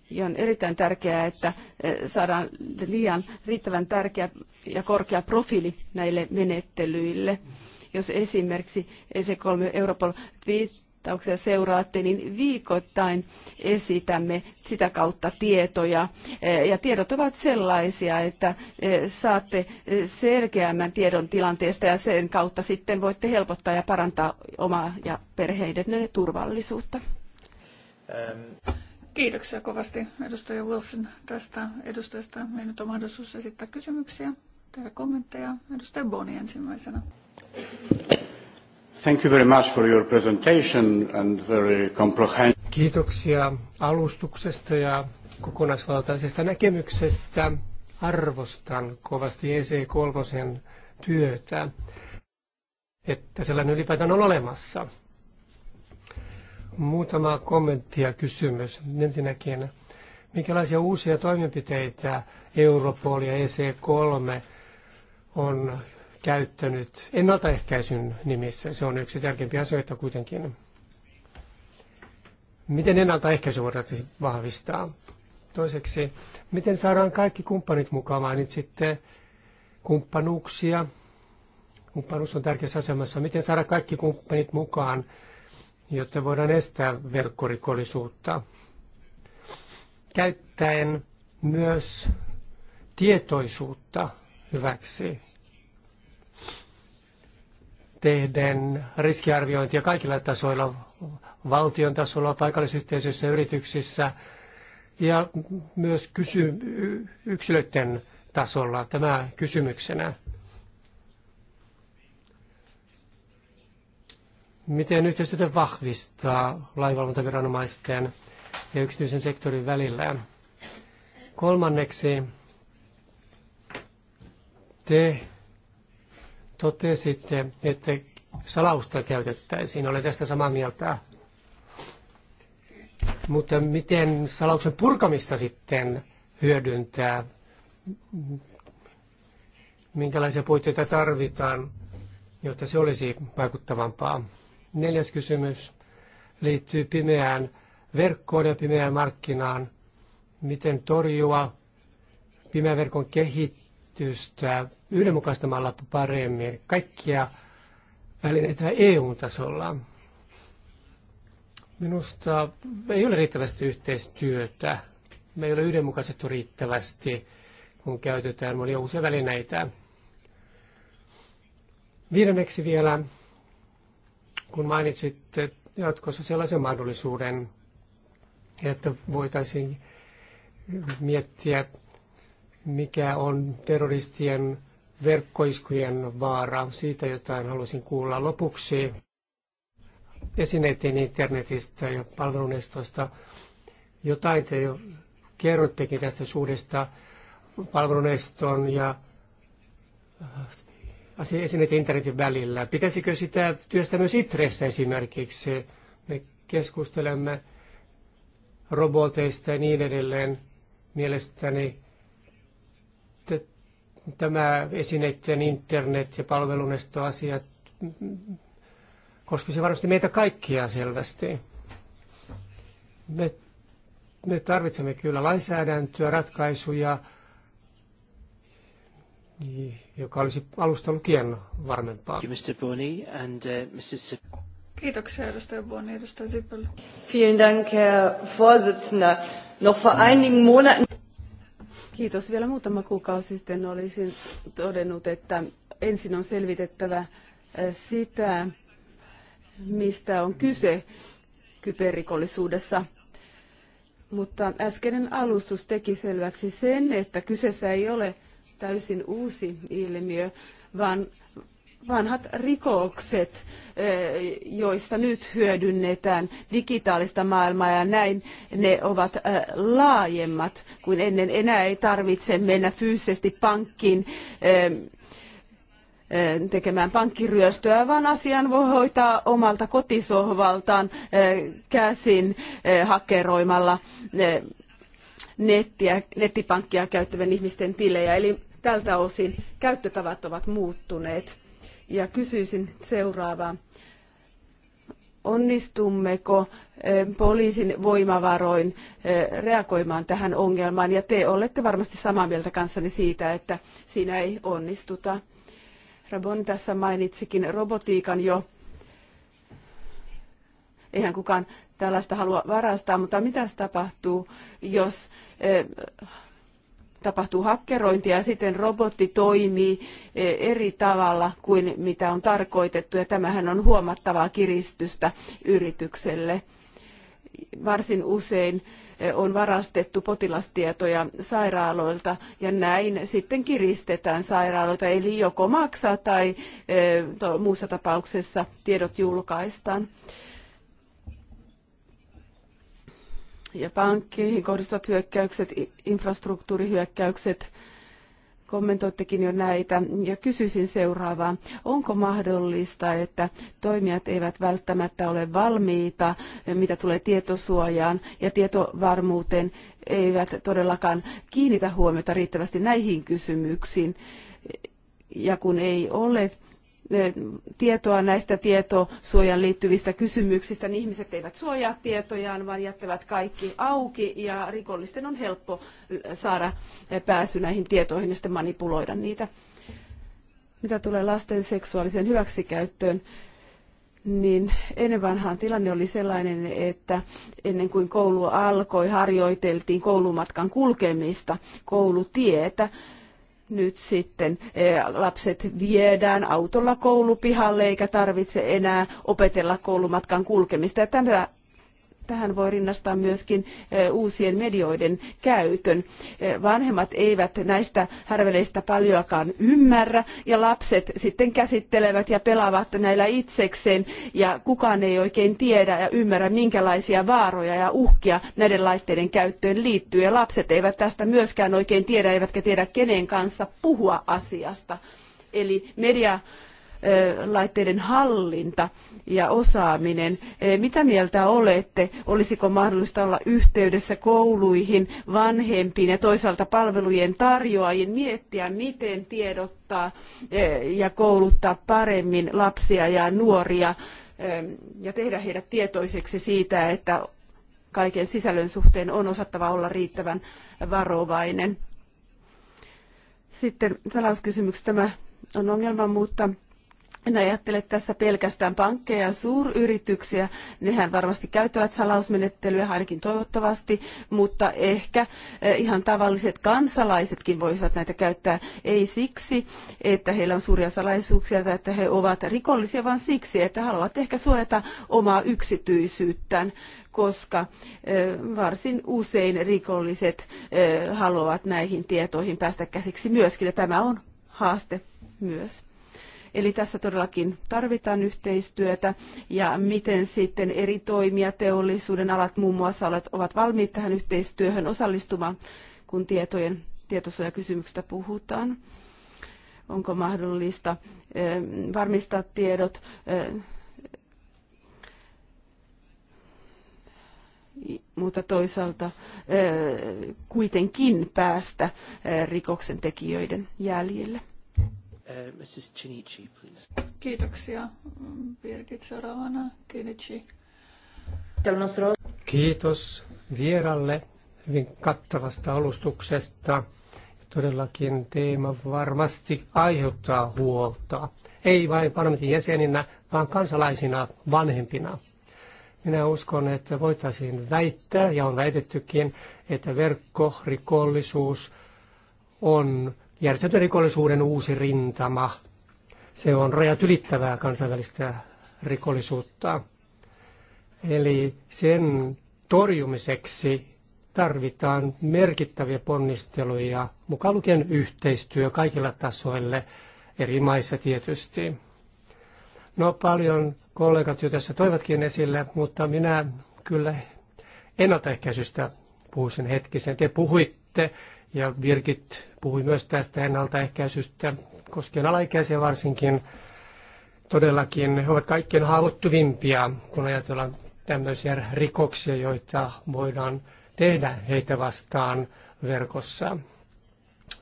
ja on erittäin tärkeää, että eh, saadaan liian riittävän tärkeä ja korkea profiili näille menettelyille. Jos esimerkiksi EC3 Europol viittauksia seuraatte, niin viikoittain esitämme sitä kautta tietoja. Eh, ja tiedot ovat sellaisia, että eh, saatte selkeämmän tiedon tilanteesta ja sen kautta sitten voitte helpottaa ja parantaa omaa ja perheidenne turvallisuutta. Ehm, kiitoksia kovasti edustaja Wilson tästä edustajasta. Meillä nyt on mahdollisuus esittää kysymyksiä, tehdä kommentteja. Edustaja Boni ensimmäisenä. Thank you very much for your presentation and very comprehensive. Kiitoksia alustuksesta ja kokonaisvaltaisesta näkemyksestä. Arvostan kovasti EC3 työtä, että sellainen ylipäätään on olemassa. Muutama kommentti ja kysymys. Ensinnäkin, minkälaisia uusia toimenpiteitä Europol ja EC3 on käyttänyt ennaltaehkäisyn nimissä? Se on yksi tärkeimpiä asioita kuitenkin. Miten ennaltaehkäisy voidaan vahvistaa? Toiseksi, miten saadaan kaikki kumppanit mukaan? Nyt sitten kumppanuuksia. Kumppanuus on tärkeässä asemassa. Miten saada kaikki kumppanit mukaan jotta voidaan estää verkkorikollisuutta. Käyttäen myös tietoisuutta hyväksi, tehden riskiarviointia kaikilla tasoilla, valtion tasolla, paikallisyhteisöissä, yrityksissä ja myös kysy- yksilöiden tasolla tämä kysymyksenä. miten yhteistyötä vahvistaa lainvalvontaviranomaisten ja yksityisen sektorin välillä. Kolmanneksi te totesitte, että salausta käytettäisiin. Olen tästä samaa mieltä. Mutta miten salauksen purkamista sitten hyödyntää? Minkälaisia puitteita tarvitaan, jotta se olisi vaikuttavampaa? Neljäs kysymys liittyy pimeään verkkoon ja pimeään markkinaan. Miten torjua pimeän verkon kehitystä yhdenmukaistamalla paremmin kaikkia välineitä EU-tasolla? Minusta ei ole riittävästi yhteistyötä. Me ei ole yhdenmukaisettu riittävästi, kun käytetään monia uusia välineitä. Viidenneksi vielä kun mainitsit jatkossa sellaisen mahdollisuuden, että voitaisiin miettiä, mikä on terroristien verkkoiskujen vaara. Siitä jotain halusin kuulla lopuksi esineiden internetistä ja palvelunestosta. Jotain te jo kerrottekin tästä suhdesta palveluneston ja esineet internetin välillä. Pitäisikö sitä työstä myös Itressä esimerkiksi? Me keskustelemme roboteista ja niin edelleen. Mielestäni tämä esineiden internet ja palvelunestoasiat koskisi varmasti meitä kaikkia selvästi. Me, me tarvitsemme kyllä lainsäädäntöä, ratkaisuja, joka olisi alusta lukien varmempaa. Uh, Kiitoksia edustaja Boni, edustaja Sippel. Vielen Dank, Herr Vorsitzender. Noch vor einigen Monaten... Kiitos. Vielä muutama kuukausi sitten olisin todennut, että ensin on selvitettävä äh, sitä, mistä on kyse kyberrikollisuudessa. Mutta äskeinen alustus teki selväksi sen, että kyseessä ei ole täysin uusi ilmiö, vaan vanhat rikokset, eh, joista nyt hyödynnetään digitaalista maailmaa ja näin ne ovat eh, laajemmat kuin ennen. Enää ei tarvitse mennä fyysisesti pankkiin eh, tekemään pankkiryöstöä, vaan asian voi hoitaa omalta kotisohvaltaan käsin hakeroimalla nettiä, nettipankkia käyttävän ihmisten tilejä. Eli tältä osin käyttötavat ovat muuttuneet. Ja kysyisin seuraavaa. Onnistummeko eh, poliisin voimavaroin eh, reagoimaan tähän ongelmaan? Ja te olette varmasti samaa mieltä kanssani siitä, että siinä ei onnistuta. Rabon tässä mainitsikin robotiikan jo. Eihän kukaan tällaista halua varastaa, mutta mitä tapahtuu, jos eh, tapahtuu hakkerointia ja sitten robotti toimii e, eri tavalla kuin mitä on tarkoitettu ja tämähän on huomattavaa kiristystä yritykselle. Varsin usein e, on varastettu potilastietoja sairaaloilta ja näin sitten kiristetään sairaaloita, eli joko maksaa tai e, muussa tapauksessa tiedot julkaistaan. ja pankkeihin kohdistuvat hyökkäykset, infrastruktuurihyökkäykset, kommentoittekin jo näitä, ja kysyisin seuraavaa. Onko mahdollista, että toimijat eivät välttämättä ole valmiita, mitä tulee tietosuojaan ja tietovarmuuteen, eivät todellakaan kiinnitä huomiota riittävästi näihin kysymyksiin, ja kun ei ole tietoa näistä tietosuojan liittyvistä kysymyksistä, niin ihmiset eivät suojaa tietojaan, vaan jättävät kaikki auki ja rikollisten on helppo saada pääsy näihin tietoihin ja sitten manipuloida niitä. Mitä tulee lasten seksuaaliseen hyväksikäyttöön, niin ennen vanhaan tilanne oli sellainen, että ennen kuin koulu alkoi, harjoiteltiin koulumatkan kulkemista, koulutietä nyt sitten eh, lapset viedään autolla koulupihalle eikä tarvitse enää opetella koulumatkan kulkemista. Ja tämä Tähän voi rinnastaa myöskin eh, uusien medioiden käytön. Eh, vanhemmat eivät näistä härveleistä paljoakaan ymmärrä ja lapset sitten käsittelevät ja pelaavat näillä itsekseen ja kukaan ei oikein tiedä ja ymmärrä minkälaisia vaaroja ja uhkia näiden laitteiden käyttöön liittyy ja lapset eivät tästä myöskään oikein tiedä eivätkä tiedä kenen kanssa puhua asiasta. Eli media laitteiden hallinta ja osaaminen. Mitä mieltä olette? Olisiko mahdollista olla yhteydessä kouluihin, vanhempiin ja toisaalta palvelujen tarjoajien miettiä, miten tiedottaa ja kouluttaa paremmin lapsia ja nuoria ja tehdä heidät tietoiseksi siitä, että kaiken sisällön suhteen on osattava olla riittävän varovainen. Sitten salauskysymys. Tämä on ongelma, mutta en ajattele tässä pelkästään pankkeja ja suuryrityksiä. Nehän varmasti käyttävät salausmenettelyä, ainakin toivottavasti, mutta ehkä eh, ihan tavalliset kansalaisetkin voisivat näitä käyttää. Ei siksi, että heillä on suuria salaisuuksia tai että he ovat rikollisia, vaan siksi, että haluavat ehkä suojata omaa yksityisyyttään koska eh, varsin usein rikolliset eh, haluavat näihin tietoihin päästä käsiksi myöskin, ja tämä on haaste myös. Eli tässä todellakin tarvitaan yhteistyötä ja miten sitten eri toimijat, teollisuuden alat muun muassa ovat valmiit tähän yhteistyöhön osallistumaan, kun tietojen tietosuojakysymyksistä puhutaan. Onko mahdollista eh, varmistaa tiedot eh, mutta toisaalta eh, kuitenkin päästä rikoksen tekijöiden jäljille. Uh, Mrs. Chinichi, please. Kiitoksia. Birgit seuraavana. Kiitos vieralle hyvin kattavasta alustuksesta. Todellakin teema varmasti aiheuttaa huolta. Ei vain parlamentin jäseninä, vaan kansalaisina vanhempina. Minä uskon, että voitaisiin väittää, ja on väitettykin, että verkkorikollisuus on järjestetyn rikollisuuden uusi rintama. Se on rajat ylittävää kansainvälistä rikollisuutta. Eli sen torjumiseksi tarvitaan merkittäviä ponnisteluja, mukaan lukien yhteistyö kaikilla tasoille, eri maissa tietysti. No paljon kollegat jo tässä toivatkin esille, mutta minä kyllä ennaltaehkäisystä puhuisin hetkisen. Te puhuitte ja Birgit puhui myös tästä ennaltaehkäisystä koskien alaikäisiä varsinkin. Todellakin he ovat kaikkein haavoittuvimpia, kun ajatellaan tämmöisiä rikoksia, joita voidaan tehdä heitä vastaan verkossa.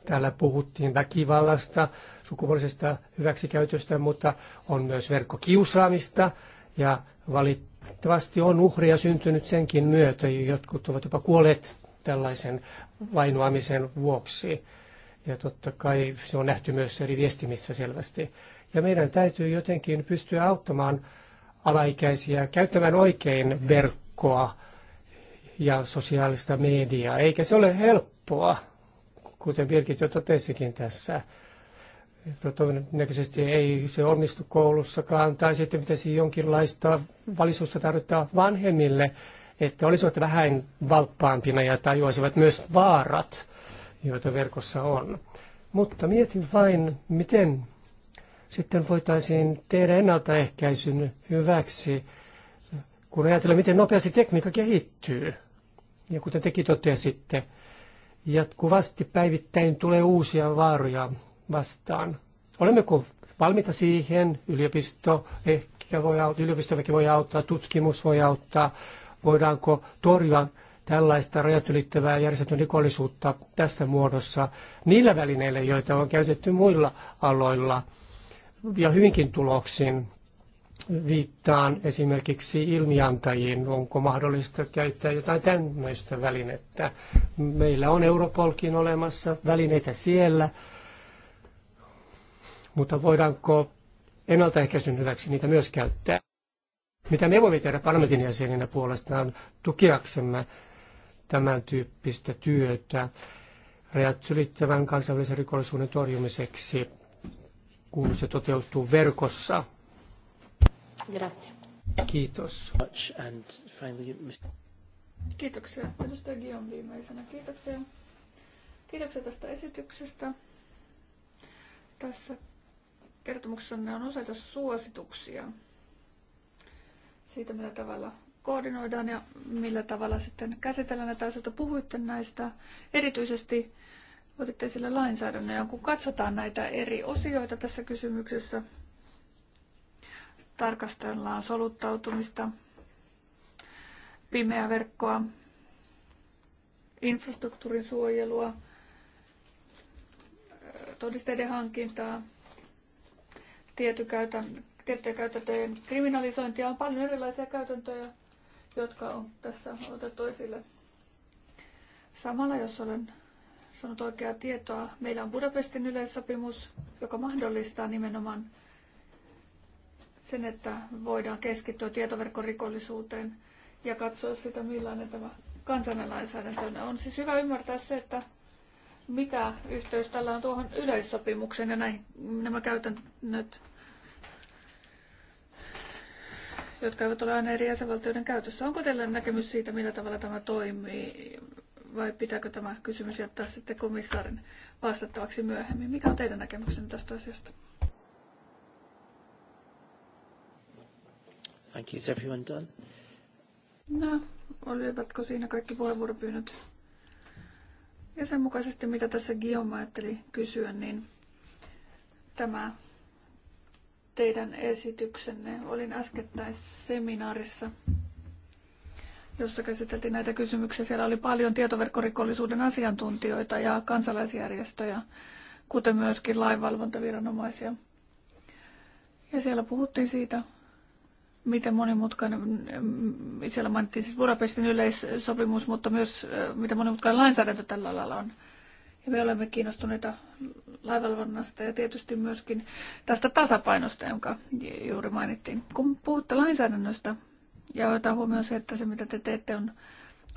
Täällä puhuttiin väkivallasta, sukupuolisesta hyväksikäytöstä, mutta on myös verkkokiusaamista ja valitettavasti on uhria syntynyt senkin myötä. Jotkut ovat jopa kuolleet tällaisen vainoamisen vuoksi. Ja totta kai se on nähty myös eri viestimissä selvästi. Ja meidän täytyy jotenkin pystyä auttamaan alaikäisiä käyttämään oikein verkkoa ja sosiaalista mediaa. Eikä se ole helppoa, kuten Birgit jo totesikin tässä. Todennäköisesti ei se onnistu koulussakaan, tai sitten pitäisi jonkinlaista valistusta tarvittaa vanhemmille, että olisivat vähän valppaampina ja tajuaisivat myös vaarat, joita verkossa on. Mutta mietin vain, miten sitten voitaisiin tehdä ennaltaehkäisyn hyväksi, kun ajatellaan, miten nopeasti tekniikka kehittyy. Ja kuten tekin totesitte, jatkuvasti päivittäin tulee uusia vaaroja vastaan. Olemmeko valmiita siihen? Yliopisto ehkä voi auttaa, yliopistoväki voi auttaa, tutkimus voi auttaa, voidaanko torjua tällaista rajat ylittävää järjestetyn rikollisuutta tässä muodossa niillä välineillä, joita on käytetty muilla aloilla ja hyvinkin tuloksin Viittaan esimerkiksi ilmiantajiin, onko mahdollista käyttää jotain tämmöistä välinettä. Meillä on Europolkin olemassa välineitä siellä, mutta voidaanko ennaltaehkäisyn hyväksi niitä myös käyttää? Mitä me voimme tehdä parlamentin jäseninä puolestaan tukiaksemme tämän tyyppistä työtä rajat ylittävän kansainvälisen rikollisuuden torjumiseksi, kun se toteutuu verkossa? Grazie. Kiitos. Kiitoksia. Edustaja Gion viimeisenä. Kiitoksia. Kiitoksia tästä esityksestä. Tässä kertomuksessa on useita suosituksia siitä, millä tavalla koordinoidaan ja millä tavalla sitten käsitellään näitä asioita. Puhuitte näistä erityisesti otitte sille lainsäädännön. Ja kun katsotaan näitä eri osioita tässä kysymyksessä, tarkastellaan soluttautumista, pimeää verkkoa, infrastruktuurin suojelua, todisteiden hankintaa, kenttäkäytäntöjen kriminalisointia. On paljon erilaisia käytäntöjä, jotka on tässä otettu esille. Samalla, jos olen sanonut oikeaa tietoa, meillä on Budapestin yleissopimus, joka mahdollistaa nimenomaan sen, että voidaan keskittyä tietoverkkorikollisuuteen ja katsoa sitä, millainen tämä kansallinen lainsäädäntö on. On siis hyvä ymmärtää se, että mikä yhteys tällä on tuohon yleissopimukseen ja näihin, nämä käytännöt jotka eivät ole aina eri jäsenvaltioiden käytössä. Onko teillä näkemys siitä, millä tavalla tämä toimii, vai pitääkö tämä kysymys jättää sitten komissaarin vastattavaksi myöhemmin? Mikä on teidän näkemyksenne tästä asiasta? Thank you. Is everyone done? No, olivatko siinä kaikki puheenvuoropyynnöt? Ja sen mukaisesti, mitä tässä Guillaume ajatteli kysyä, niin tämä teidän esityksenne. Olin äskettäin seminaarissa, jossa käsiteltiin näitä kysymyksiä. Siellä oli paljon tietoverkkorikollisuuden asiantuntijoita ja kansalaisjärjestöjä, kuten myöskin lainvalvontaviranomaisia. Ja siellä puhuttiin siitä, miten monimutkainen, siellä mainittiin siis Budapestin yleissopimus, mutta myös äh, miten monimutkainen lainsäädäntö tällä alalla on. Ja me olemme kiinnostuneita laivalvonnasta ja tietysti myöskin tästä tasapainosta, jonka juuri mainittiin. Kun puhutte lainsäädännöstä ja otetaan huomioon se, että se mitä te teette on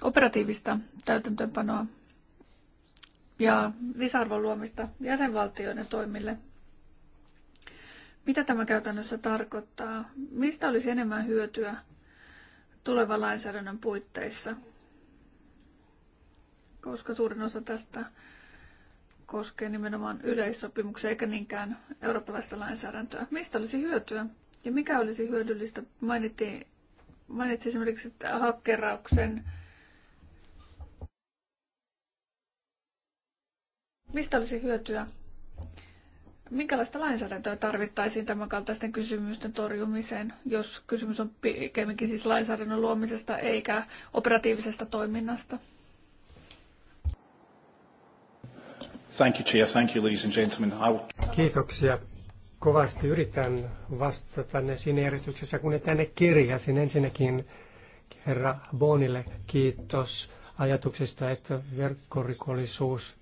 operatiivista täytäntöönpanoa ja lisäarvon luomista jäsenvaltioiden toimille, mitä tämä käytännössä tarkoittaa? Mistä olisi enemmän hyötyä tulevan lainsäädännön puitteissa? Koska suurin osa tästä koskee nimenomaan yleissopimuksia eikä niinkään eurooppalaista lainsäädäntöä. Mistä olisi hyötyä ja mikä olisi hyödyllistä? Mainittiin, mainitsi esimerkiksi hakkerauksen. Mistä olisi hyötyä? Minkälaista lainsäädäntöä tarvittaisiin tämän kaltaisten kysymysten torjumiseen, jos kysymys on pikemminkin siis lainsäädännön luomisesta eikä operatiivisesta toiminnasta? Thank you, Chair. Thank you, ladies and gentlemen. I will... Kiitoksia. Kovasti yritän vastata ne siinä järjestyksessä, kun ne tänne kirjasin. Ensinnäkin herra Bonille kiitos ajatuksesta, että verkkorikollisuus...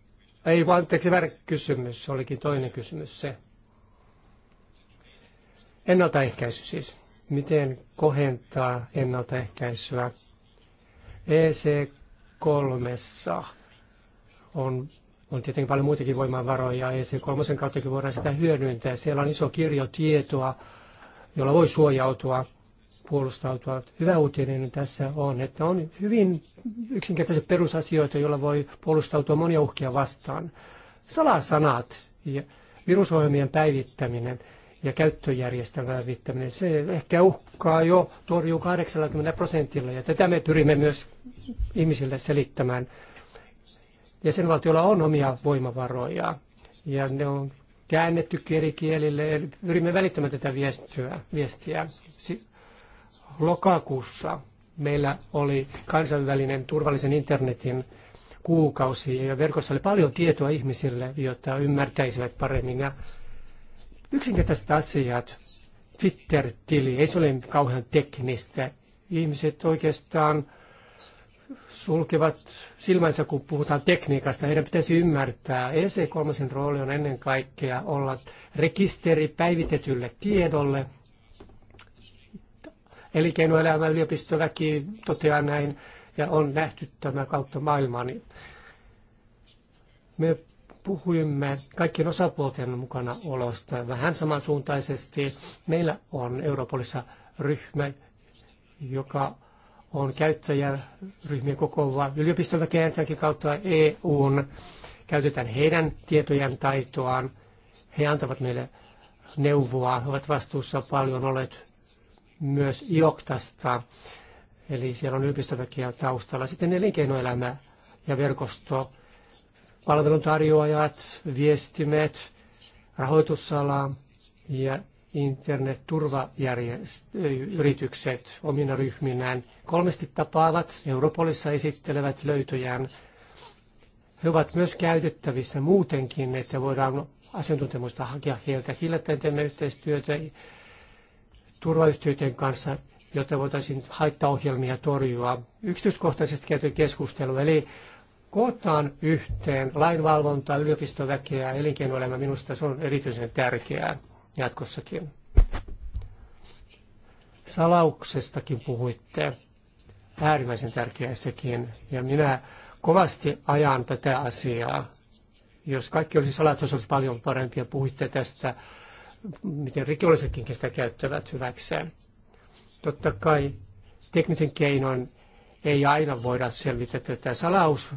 Ei, anteeksi, väärä kysymys. Se olikin toinen kysymys se. Ennaltaehkäisy siis. Miten kohentaa ennaltaehkäisyä? EC3 on on tietenkin paljon muitakin voimavaroja, ja se kolmosen kauttakin voidaan sitä hyödyntää. Siellä on iso kirjo tietoa, jolla voi suojautua, puolustautua. Hyvä uutinen tässä on, että on hyvin yksinkertaisia perusasioita, joilla voi puolustautua monia uhkia vastaan. Salasanat ja virusohjelmien päivittäminen ja käyttöjärjestelmän päivittäminen, se ehkä uhkaa jo torjuu 80 prosentilla, ja tätä me pyrimme myös ihmisille selittämään – jäsenvaltiolla on omia voimavaroja ja ne on käännetty eri kielille. Eli pyrimme välittämään tätä viestiä. viestiä. Lokakuussa meillä oli kansainvälinen turvallisen internetin kuukausi ja verkossa oli paljon tietoa ihmisille, jotta ymmärtäisivät paremmin. Ja yksinkertaiset asiat, Twitter-tili, ei se ole kauhean teknistä. Ihmiset oikeastaan sulkevat silmänsä, kun puhutaan tekniikasta. Heidän pitäisi ymmärtää, EC3 rooli on ennen kaikkea olla rekisteri päivitetylle tiedolle. Elinkeinoelämä yliopistoväki toteaa näin ja on nähty tämä kautta maailmaa. Me puhuimme kaikkien osapuolten mukana olosta vähän samansuuntaisesti. Meillä on Europolissa ryhmä, joka on käyttäjäryhmien kokoava yliopistoväkeä kautta EUn. Käytetään heidän tietojen taitoaan. He antavat meille neuvoa. He ovat vastuussa paljon olet myös Ioktasta. Eli siellä on yliopistoväkeä taustalla. Sitten elinkeinoelämä ja verkosto, palveluntarjoajat, viestimet, rahoitusala ja internetturvayritykset omina ryhminään kolmesti tapaavat, Europolissa esittelevät löytöjään. He ovat myös käytettävissä muutenkin, että voidaan asiantuntemusta hakea heiltä. Hiljattain teemme yhteistyötä turvayhtiöiden kanssa, jotta voitaisiin haittaohjelmia torjua. Yksityiskohtaisesti käyty keskustelu, eli kootaan yhteen lainvalvontaa, yliopistoväkeä ja elinkeinoelämä, minusta se on erityisen tärkeää jatkossakin. Salauksestakin puhuitte. Äärimmäisen tärkeä sekin. Ja minä kovasti ajan tätä asiaa. Jos kaikki olisi salattu, se olisi paljon parempi. Ja puhuitte tästä, miten rikollisetkin sitä käyttävät hyväkseen. Totta kai teknisen keinon ei aina voida selvittää tämä Salaus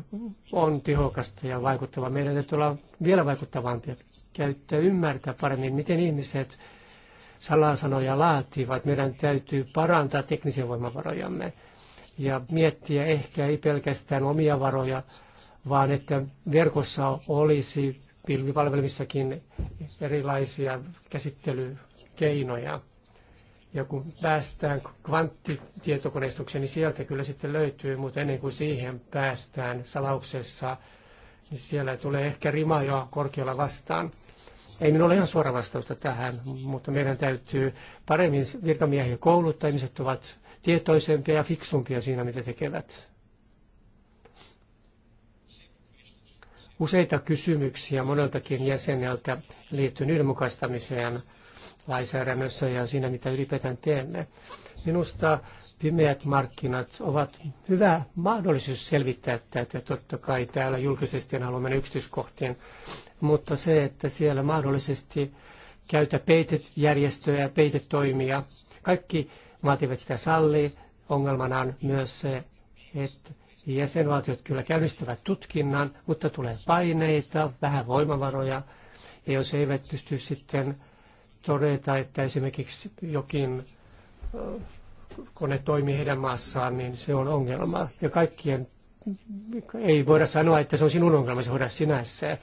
on tehokasta ja vaikuttava. Meidän täytyy olla vielä vaikuttavampia, käyttää, ymmärtää paremmin, miten ihmiset salasanoja laativat. Meidän täytyy parantaa teknisiä voimavarojamme ja miettiä ehkä ei pelkästään omia varoja, vaan että verkossa olisi pilvipalvelimissakin erilaisia käsittelykeinoja. Ja kun päästään kvanttitietokoneistukseen, niin sieltä kyllä sitten löytyy, mutta ennen kuin siihen päästään salauksessa, niin siellä tulee ehkä rima jo korkealla vastaan. Ei minulla ole ihan suora vastausta tähän, mutta meidän täytyy paremmin virkamiehiä kouluttaa. Ihmiset ovat tietoisempia ja fiksumpia siinä, mitä tekevät. Useita kysymyksiä moneltakin jäseneltä liittyy yhdenmukaistamiseen – lainsäädännössä ja siinä, mitä ylipäätään teemme. Minusta pimeät markkinat ovat hyvä mahdollisuus selvittää tätä. Totta kai täällä julkisesti en halua mennä yksityiskohtiin, mutta se, että siellä mahdollisesti käytä peitejärjestöjä ja peitetoimia, kaikki maat eivät sitä salli. Ongelmana on myös se, että jäsenvaltiot kyllä käynnistävät tutkinnan, mutta tulee paineita, vähän voimavaroja, ja jos eivät pysty sitten todeta, että esimerkiksi jokin kone toimii heidän maassaan, niin se on ongelma. Ja kaikkien ei voida sanoa, että se on sinun ongelmasi, hoida sinä se.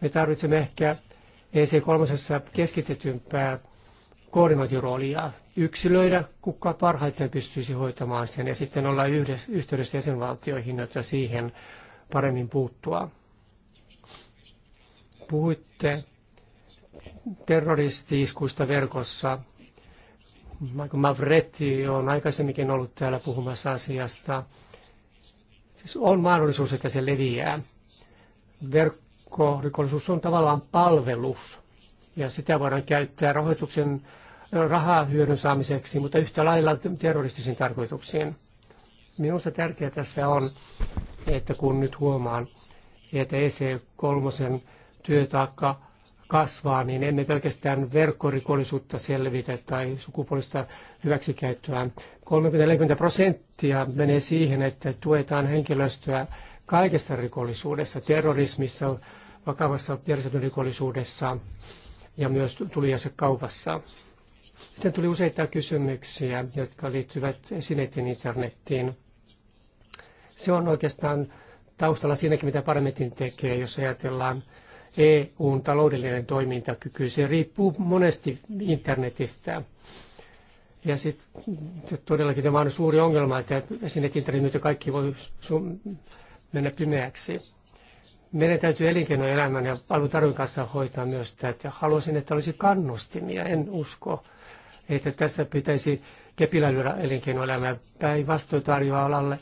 Me tarvitsemme ehkä EC3 keskitetympää koordinointiroolia yksilöidä, kuka parhaiten pystyisi hoitamaan sen ja sitten olla yhdessä, yhteydessä jäsenvaltioihin, jotta siihen paremmin puuttua. Puhuitte terroristiiskuista verkossa. Michael Mavretti on aikaisemminkin ollut täällä puhumassa asiasta. Siis on mahdollisuus, että se leviää. Verkkorikollisuus on tavallaan palvelus, ja sitä voidaan käyttää rahoituksen rahaa hyödyn saamiseksi, mutta yhtä lailla terroristisiin tarkoituksiin. Minusta tärkeää tässä on, että kun nyt huomaan, että EC3 työtaakka kasvaa, niin emme pelkästään verkkorikollisuutta selvitä tai sukupuolista hyväksikäyttöä. 30-40 prosenttia menee siihen, että tuetaan henkilöstöä kaikessa rikollisuudessa, terrorismissa, vakavassa järjestelmärikollisuudessa ja myös tulijassa kaupassa. Sitten tuli useita kysymyksiä, jotka liittyvät esineiden internettiin. Se on oikeastaan taustalla siinäkin, mitä parlamentin tekee, jos ajatellaan EUn taloudellinen toimintakyky. Se riippuu monesti internetistä. Ja sitten todellakin tämä on suuri ongelma, että sinne internetin kaikki voi mennä pimeäksi. Meidän täytyy elinkeinoelämän ja palvelutarvin kanssa hoitaa myös tätä. Haluaisin, että olisi kannustimia. En usko, että tässä pitäisi kepillä lyödä elinkeinoelämää. Päinvastoin tarjoaa alalle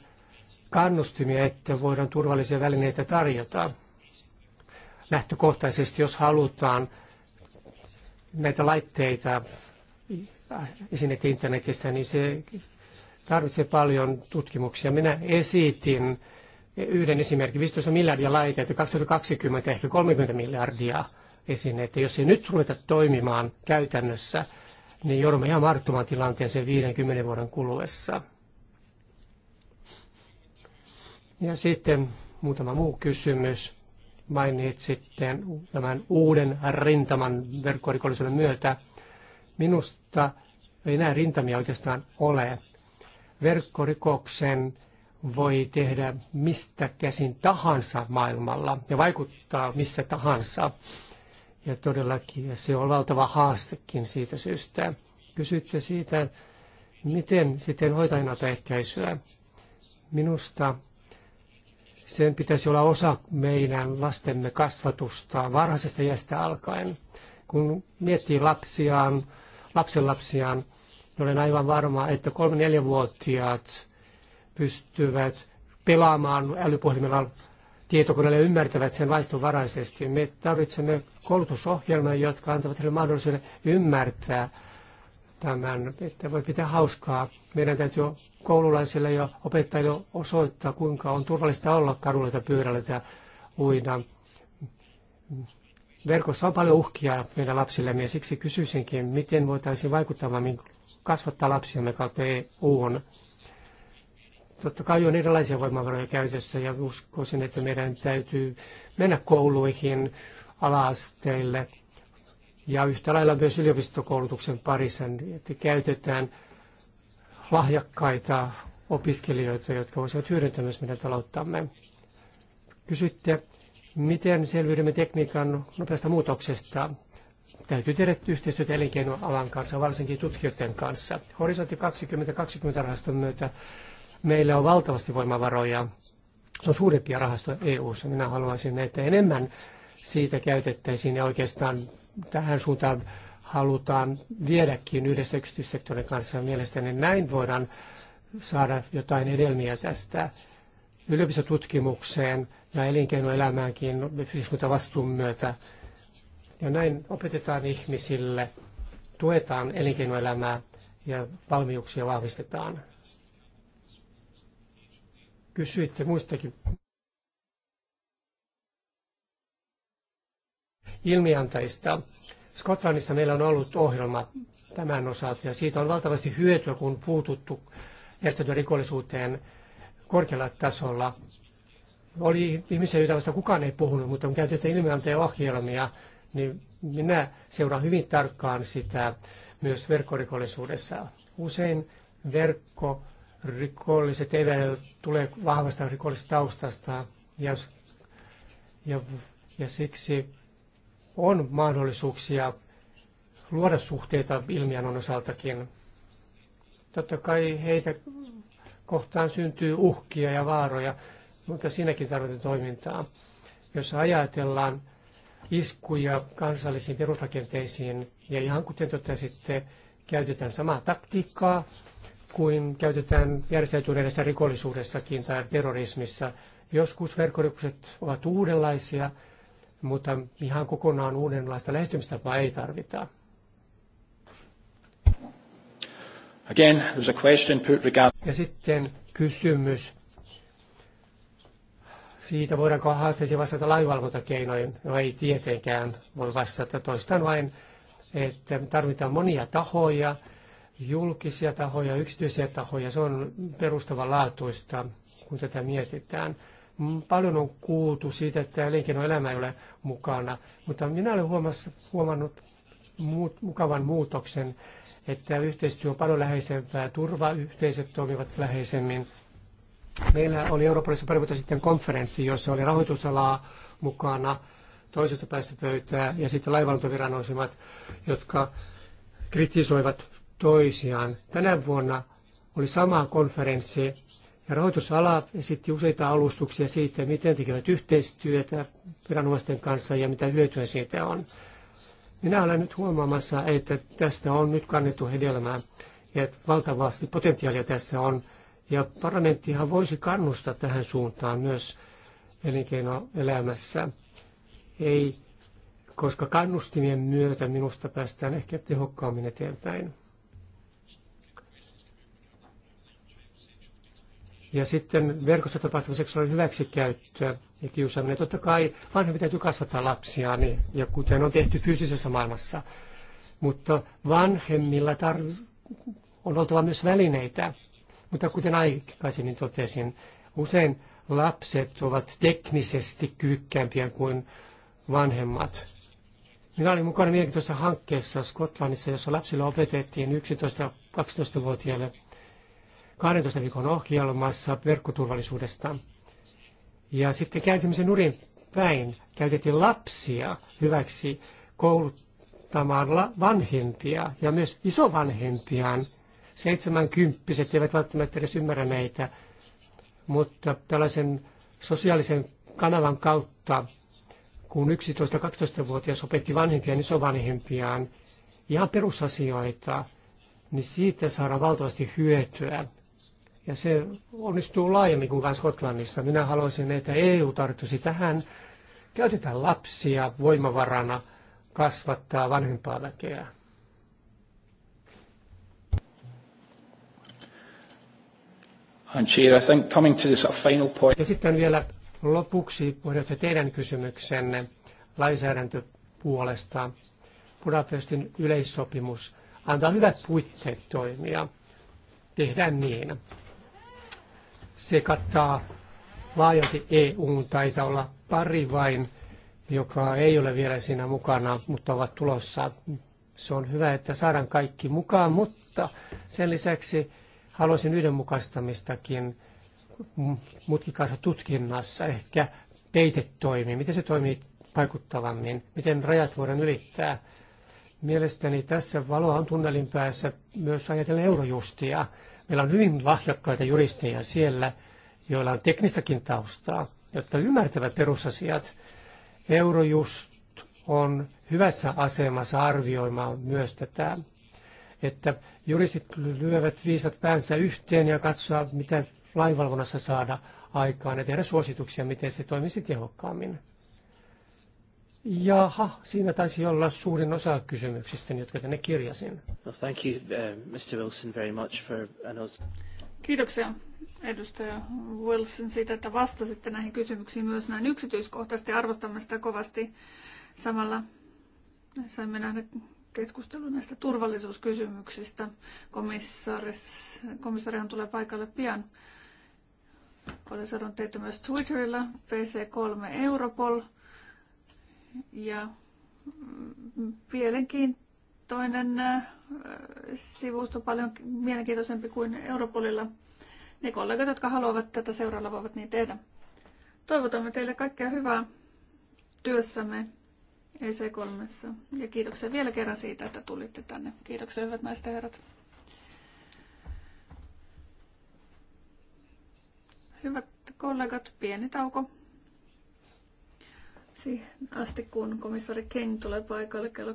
kannustimia, että voidaan turvallisia välineitä tarjota lähtökohtaisesti, jos halutaan näitä laitteita esineitä internetissä, niin se tarvitsee paljon tutkimuksia. Minä esitin yhden esimerkin, 15 miljardia laitteita, 2020 ehkä 30 miljardia esineitä. Jos ei nyt ruveta toimimaan käytännössä, niin joudumme ihan sen 50 vuoden kuluessa. Ja sitten muutama muu kysymys sitten tämän uuden rintaman verkkorikollisuuden myötä. Minusta ei enää rintamia oikeastaan ole. Verkkorikoksen voi tehdä mistä käsin tahansa maailmalla ja vaikuttaa missä tahansa. Ja todellakin ja se on valtava haastekin siitä syystä. Kysytte siitä, miten sitten hoitajana ehkäisyä. Minusta sen pitäisi olla osa meidän lastemme kasvatusta varhaisesta iästä alkaen. Kun miettii lapsiaan, lapsenlapsiaan, niin olen aivan varma, että 3-4-vuotiaat pystyvät pelaamaan älypuhelimella tietokoneella ja ymmärtävät sen vaistonvaraisesti. Me tarvitsemme koulutusohjelmia, jotka antavat heille mahdollisuuden ymmärtää tämän, että voi pitää hauskaa. Meidän täytyy koululaisille ja opettajille osoittaa, kuinka on turvallista olla kadulla pyörällä ja uida. Verkossa on paljon uhkia meidän lapsille ja siksi kysyisinkin, miten voitaisiin vaikuttaa, kasvattaa lapsiamme kautta on. E Totta kai on erilaisia voimavaroja käytössä ja uskoisin, että meidän täytyy mennä kouluihin, alaasteille – ja yhtä lailla myös yliopistokoulutuksen parissa, niin että käytetään lahjakkaita opiskelijoita, jotka voisivat hyödyntää myös meidän talouttamme. Kysytte, miten selviydymme tekniikan nopeasta muutoksesta? Täytyy tehdä yhteistyötä elinkeinoalan kanssa, varsinkin tutkijoiden kanssa. Horisontti 2020 rahaston myötä meillä on valtavasti voimavaroja. Se on suurimpia rahastoja EU-ssa. Minä haluaisin, että enemmän siitä käytettäisiin ja oikeastaan tähän suuntaan halutaan viedäkin yhdessä yksityissektorin kanssa. Mielestäni näin voidaan saada jotain edelmiä tästä yliopistotutkimukseen ja elinkeinoelämäänkin yhteiskuntavastuun myötä. Ja näin opetetaan ihmisille, tuetaan elinkeinoelämää ja valmiuksia vahvistetaan. Kysyitte muistakin ilmiantajista. Skotlannissa meillä on ollut ohjelma tämän osalta ja siitä on valtavasti hyötyä, kun puututtu järjestetyn rikollisuuteen korkealla tasolla. Oli ihmisiä, joita vasta kukaan ei puhunut, mutta kun käytetään ilmiantajan ohjelmia, niin minä seuraan hyvin tarkkaan sitä myös verkkorikollisuudessa. Usein verkkorikolliset eivät tule vahvasta rikollistaustasta ja, ja, ja siksi on mahdollisuuksia luoda suhteita ilmiön osaltakin. Totta kai heitä kohtaan syntyy uhkia ja vaaroja, mutta siinäkin tarvitaan toimintaa. Jos ajatellaan iskuja kansallisiin perusrakenteisiin, ja ihan kuten totesitte, käytetään samaa taktiikkaa kuin käytetään järjestäytyneessä rikollisuudessakin tai terrorismissa. Joskus verkkorikokset ovat uudenlaisia, mutta ihan kokonaan uudenlaista lähestymistapaa ei tarvita. Again, there's a question put Ja sitten kysymys siitä, voidaanko haasteisiin vastata lainvalvontakeinoin. No ei tietenkään voi vastata. Toistan vain, että tarvitaan monia tahoja, julkisia tahoja, yksityisiä tahoja. Se on perustavanlaatuista, kun tätä mietitään. Paljon on kuultu siitä, että elinkeinoelämä ei ole mukana, mutta minä olen huomannut muut, mukavan muutoksen, että yhteistyö on paljon läheisempää, turvayhteisöt toimivat läheisemmin. Meillä oli Euroopassa pari vuotta sitten konferenssi, jossa oli rahoitusalaa mukana toisesta päästä pöytää ja sitten laivaltoviranomaiset, jotka kritisoivat toisiaan. Tänä vuonna oli sama konferenssi Rahoitusala esitti useita alustuksia siitä, miten tekevät yhteistyötä viranomaisten kanssa ja mitä hyötyä siitä on. Minä olen nyt huomaamassa, että tästä on nyt kannettu hedelmää ja että valtavasti potentiaalia tässä on. Ja parlamenttihan voisi kannustaa tähän suuntaan myös elinkeinoelämässä. Ei, koska kannustimien myötä minusta päästään ehkä tehokkaammin eteenpäin. Ja sitten verkossa tapahtuva seksuaalinen hyväksikäyttö ja kiusaaminen. Totta kai vanhempi täytyy kasvattaa lapsia, niin, ja kuten on tehty fyysisessä maailmassa. Mutta vanhemmilla tar- on oltava myös välineitä. Mutta kuten aikaisemmin totesin, usein lapset ovat teknisesti kyvykkäämpiä kuin vanhemmat. Minä olin mukana mielenkiintoisessa hankkeessa Skotlannissa, jossa lapsilla opetettiin 11-12-vuotiaille 12 viikon ohjelmassa verkkoturvallisuudesta. Ja sitten käänsimme sen nurin päin. Käytettiin lapsia hyväksi kouluttamaan vanhempia ja myös isovanhempiaan. 70 eivät välttämättä edes ymmärrä näitä, mutta tällaisen sosiaalisen kanavan kautta, kun 11-12-vuotias opetti vanhempiaan isovanhempiaan ihan perusasioita, niin siitä saadaan valtavasti hyötyä ja se onnistuu laajemmin kuin vain Skotlannissa. Minä haluaisin, että EU tarttuisi tähän. Käytetään lapsia voimavarana kasvattaa vanhempaa väkeä. coming to final point. Ja sitten vielä lopuksi puheenjohtaja teidän kysymyksenne lainsäädäntöpuolesta. Budapestin yleissopimus antaa hyvät puitteet toimia. Tehdään niin. Se kattaa laajalti EUn, taitaa olla pari vain, joka ei ole vielä siinä mukana, mutta ovat tulossa. Se on hyvä, että saadaan kaikki mukaan, mutta sen lisäksi haluaisin yhdenmukaistamistakin mutkikassa tutkinnassa, ehkä toimii, miten se toimii vaikuttavammin, miten rajat voidaan ylittää. Mielestäni tässä valoa on tunnelin päässä myös ajatellen eurojustia. Meillä on hyvin lahjakkaita juristeja siellä, joilla on teknistäkin taustaa, jotka ymmärtävät perusasiat. Eurojust on hyvässä asemassa arvioimaan myös tätä, että juristit lyövät viisat päänsä yhteen ja katsoa, mitä lainvalvonnassa saada aikaan ja tehdä suosituksia, miten se toimisi tehokkaammin. Jaha, siinä taisi olla suurin osa kysymyksistä, jotka tänne kirjasin. Well, thank you, uh, Mr. Wilson, very much for Kiitoksia edustaja Wilson siitä, että vastasitte näihin kysymyksiin myös näin yksityiskohtaisesti. Arvostamme sitä kovasti. Samalla saimme nähdä keskustelun näistä turvallisuuskysymyksistä. on tulee paikalle pian. Paljon sanon teitä myös Twitterillä, PC3 Europol. Ja mm, mielenkiintoinen äh, sivusto, paljon mielenkiintoisempi kuin Europolilla. Ne kollegat, jotka haluavat tätä seuralla, voivat niin tehdä. Toivotamme teille kaikkea hyvää työssämme EC3. Ja kiitoksia vielä kerran siitä, että tulitte tänne. Kiitoksia hyvät naiset ja herrat. Hyvät kollegat, pieni tauko siihen asti, kun komissaari King tulee paikalle kello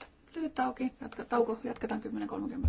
10.30. Lyhyt tauki, jatka, tauko, jatketaan 10.30.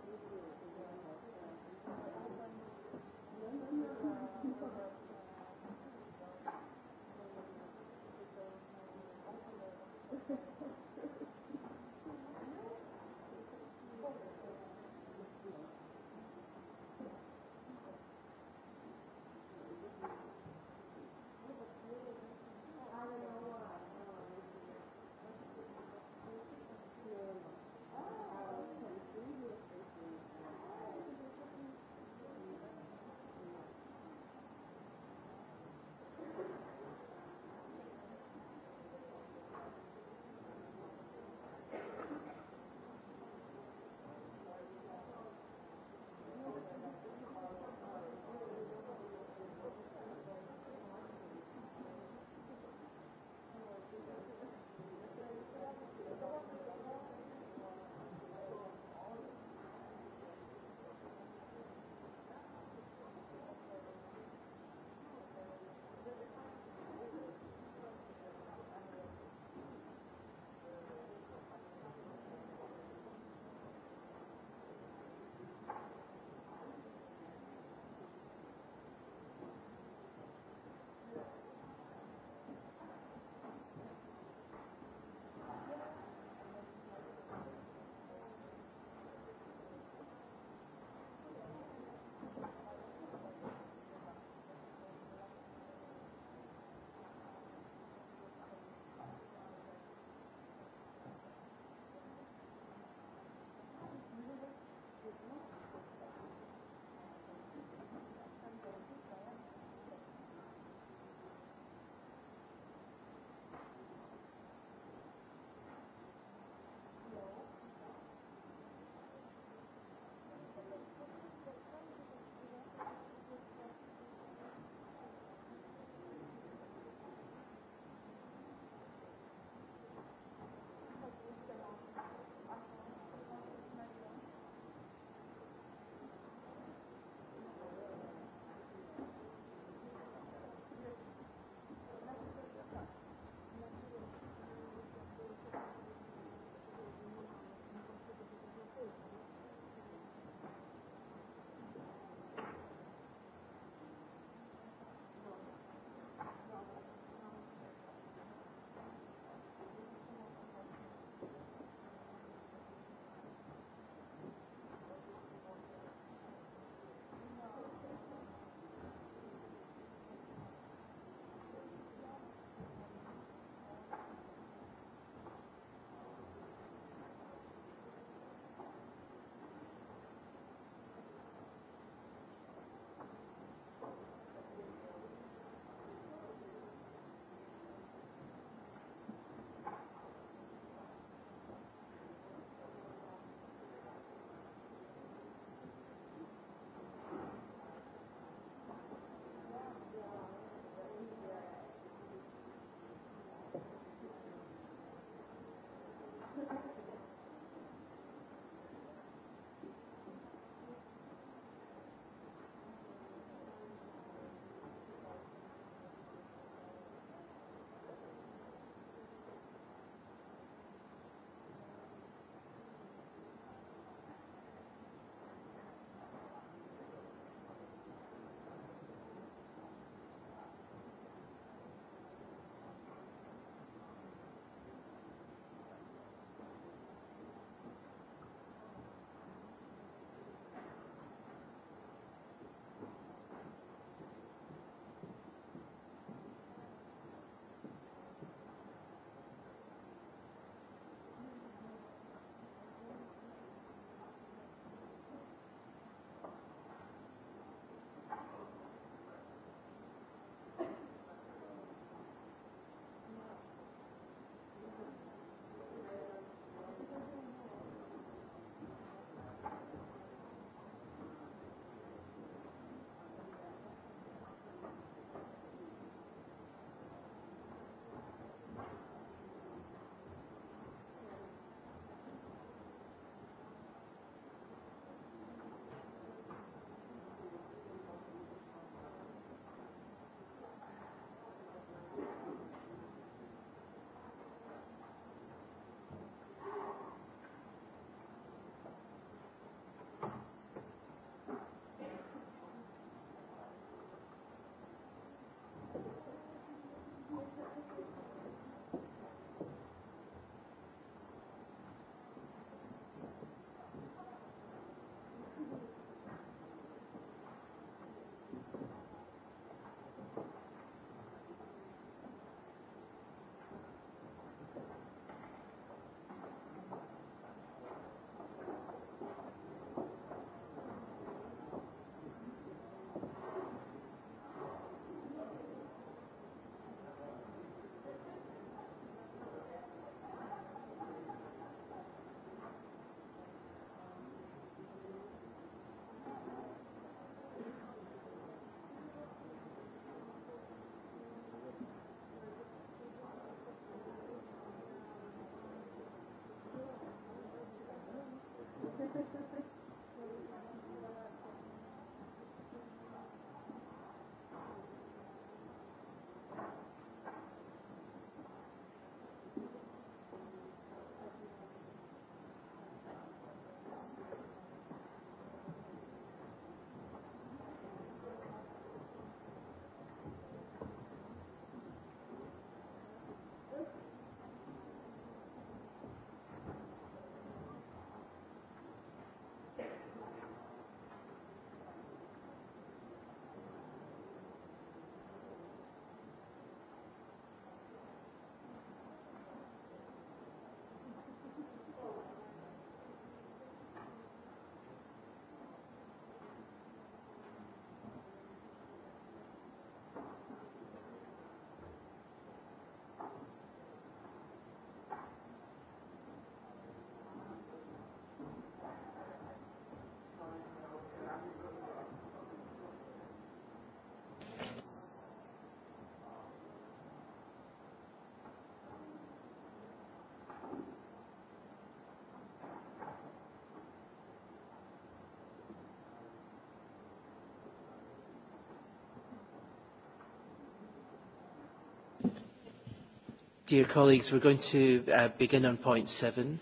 Dear colleagues, we're going to uh, begin on point seven.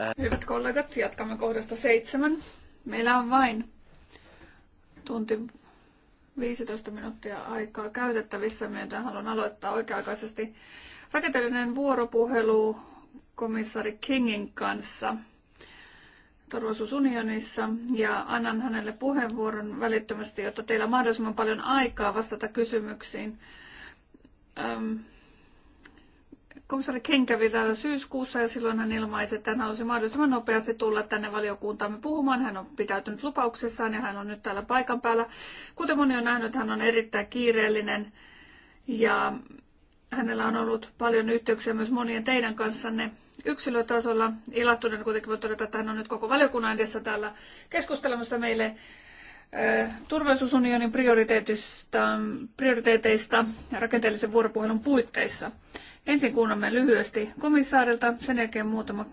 Uh, Hyvät kollegat, jatkamme kohdasta seitsemän. Meillä on vain tunti 15 minuuttia aikaa käytettävissä. Meidän haluan aloittaa oikea-aikaisesti rakenteellinen vuoropuhelu komissaari Kingin kanssa turvallisuusunionissa ja annan hänelle puheenvuoron välittömästi, jotta teillä on mahdollisimman paljon aikaa vastata kysymyksiin. Öm, komissaari Ken kävi täällä syyskuussa ja silloin hän ilmaisi, että hän halusi mahdollisimman nopeasti tulla tänne valiokuntaamme puhumaan. Hän on pitäytynyt lupauksessaan ja hän on nyt täällä paikan päällä. Kuten moni on nähnyt, hän on erittäin kiireellinen ja hänellä on ollut paljon yhteyksiä myös monien teidän kanssanne yksilötasolla. Ilahtuneena kuitenkin voi todeta, että hän on nyt koko valiokunnan edessä täällä keskustelemassa meille turvallisuusunionin prioriteeteista ja rakenteellisen vuoropuhelun puitteissa. Ensin kuunnamme lyhyesti komissaarilta, sen jälkeen muutama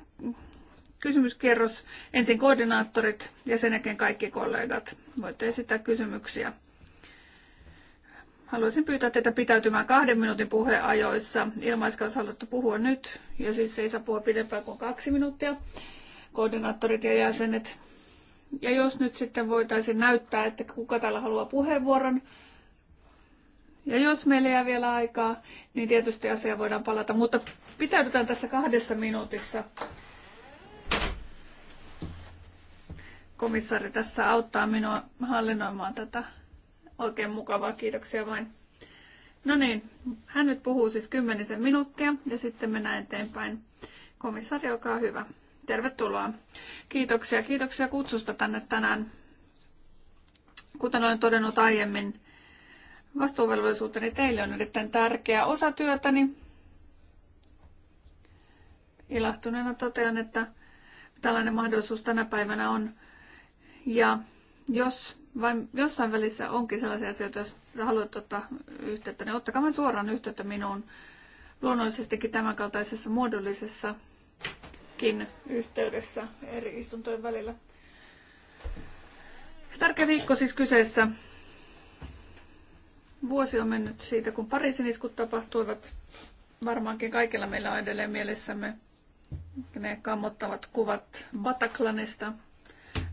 kysymyskierros. Ensin koordinaattorit ja sen jälkeen kaikki kollegat. Voitte esittää kysymyksiä. Haluaisin pyytää teitä pitäytymään kahden minuutin puheajoissa. Ilmaiska, jos haluatte puhua nyt, ja siis ei saa puhua pidempään kuin kaksi minuuttia, koordinaattorit ja jäsenet. Ja jos nyt sitten voitaisiin näyttää, että kuka täällä haluaa puheenvuoron, ja jos meillä jää vielä aikaa, niin tietysti asia voidaan palata, mutta pitäydytään tässä kahdessa minuutissa. Komissaari tässä auttaa minua hallinnoimaan tätä. Oikein mukavaa, kiitoksia vain. No niin, hän nyt puhuu siis kymmenisen minuuttia ja sitten mennään eteenpäin. Komissaari, olkaa hyvä. Tervetuloa. Kiitoksia, kiitoksia kutsusta tänne tänään. Kuten olen todennut aiemmin, vastuuvelvollisuuteni teille on erittäin tärkeä osa työtäni. Ilahtuneena totean, että tällainen mahdollisuus tänä päivänä on. Ja jos vain jossain välissä onkin sellaisia asioita, jos haluat ottaa yhteyttä, niin ottakaa vain suoraan yhteyttä minuun luonnollisestikin tämänkaltaisessa muodollisessakin yhteydessä eri istuntojen välillä. Tärkeä viikko siis kyseessä. Vuosi on mennyt siitä, kun Pariisin iskut tapahtuivat. Varmaankin kaikilla meillä on edelleen mielessämme ne kammottavat kuvat Bataclanista,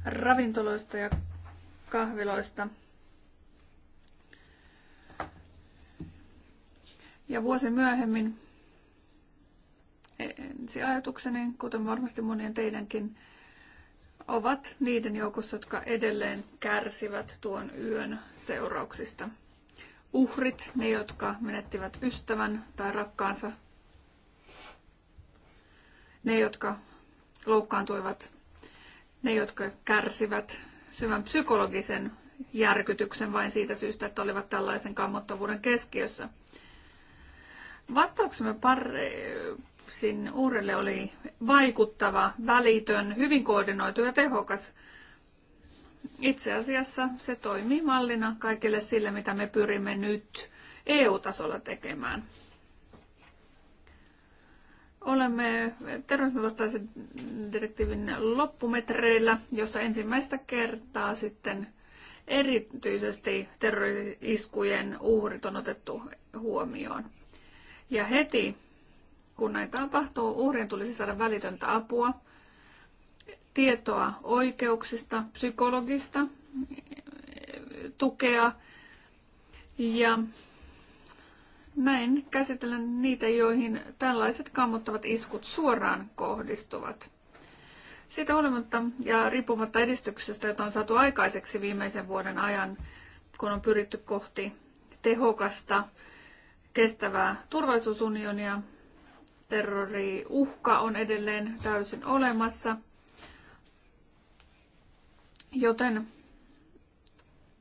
ravintoloista ja kahviloista. Ja vuosi myöhemmin ensi ajatukseni, kuten varmasti monien teidänkin, ovat niiden joukossa, jotka edelleen kärsivät tuon yön seurauksista uhrit, ne jotka menettivät ystävän tai rakkaansa, ne jotka loukkaantuivat, ne jotka kärsivät syvän psykologisen järkytyksen vain siitä syystä, että olivat tällaisen kammottavuuden keskiössä. Vastauksemme parsin uhrille oli vaikuttava, välitön, hyvin koordinoitu ja tehokas – itse asiassa se toimii mallina kaikille sille, mitä me pyrimme nyt EU-tasolla tekemään. Olemme terveysvastaisen direktiivin loppumetreillä, jossa ensimmäistä kertaa sitten erityisesti terrori uhrit on otettu huomioon. Ja heti kun näin tapahtuu, uhrien tulisi saada välitöntä apua tietoa oikeuksista, psykologista tukea ja näin käsitellään niitä, joihin tällaiset kammottavat iskut suoraan kohdistuvat. Siitä olematta ja riippumatta edistyksestä, jota on saatu aikaiseksi viimeisen vuoden ajan, kun on pyritty kohti tehokasta, kestävää turvallisuusunionia, terroriuhka on edelleen täysin olemassa – Joten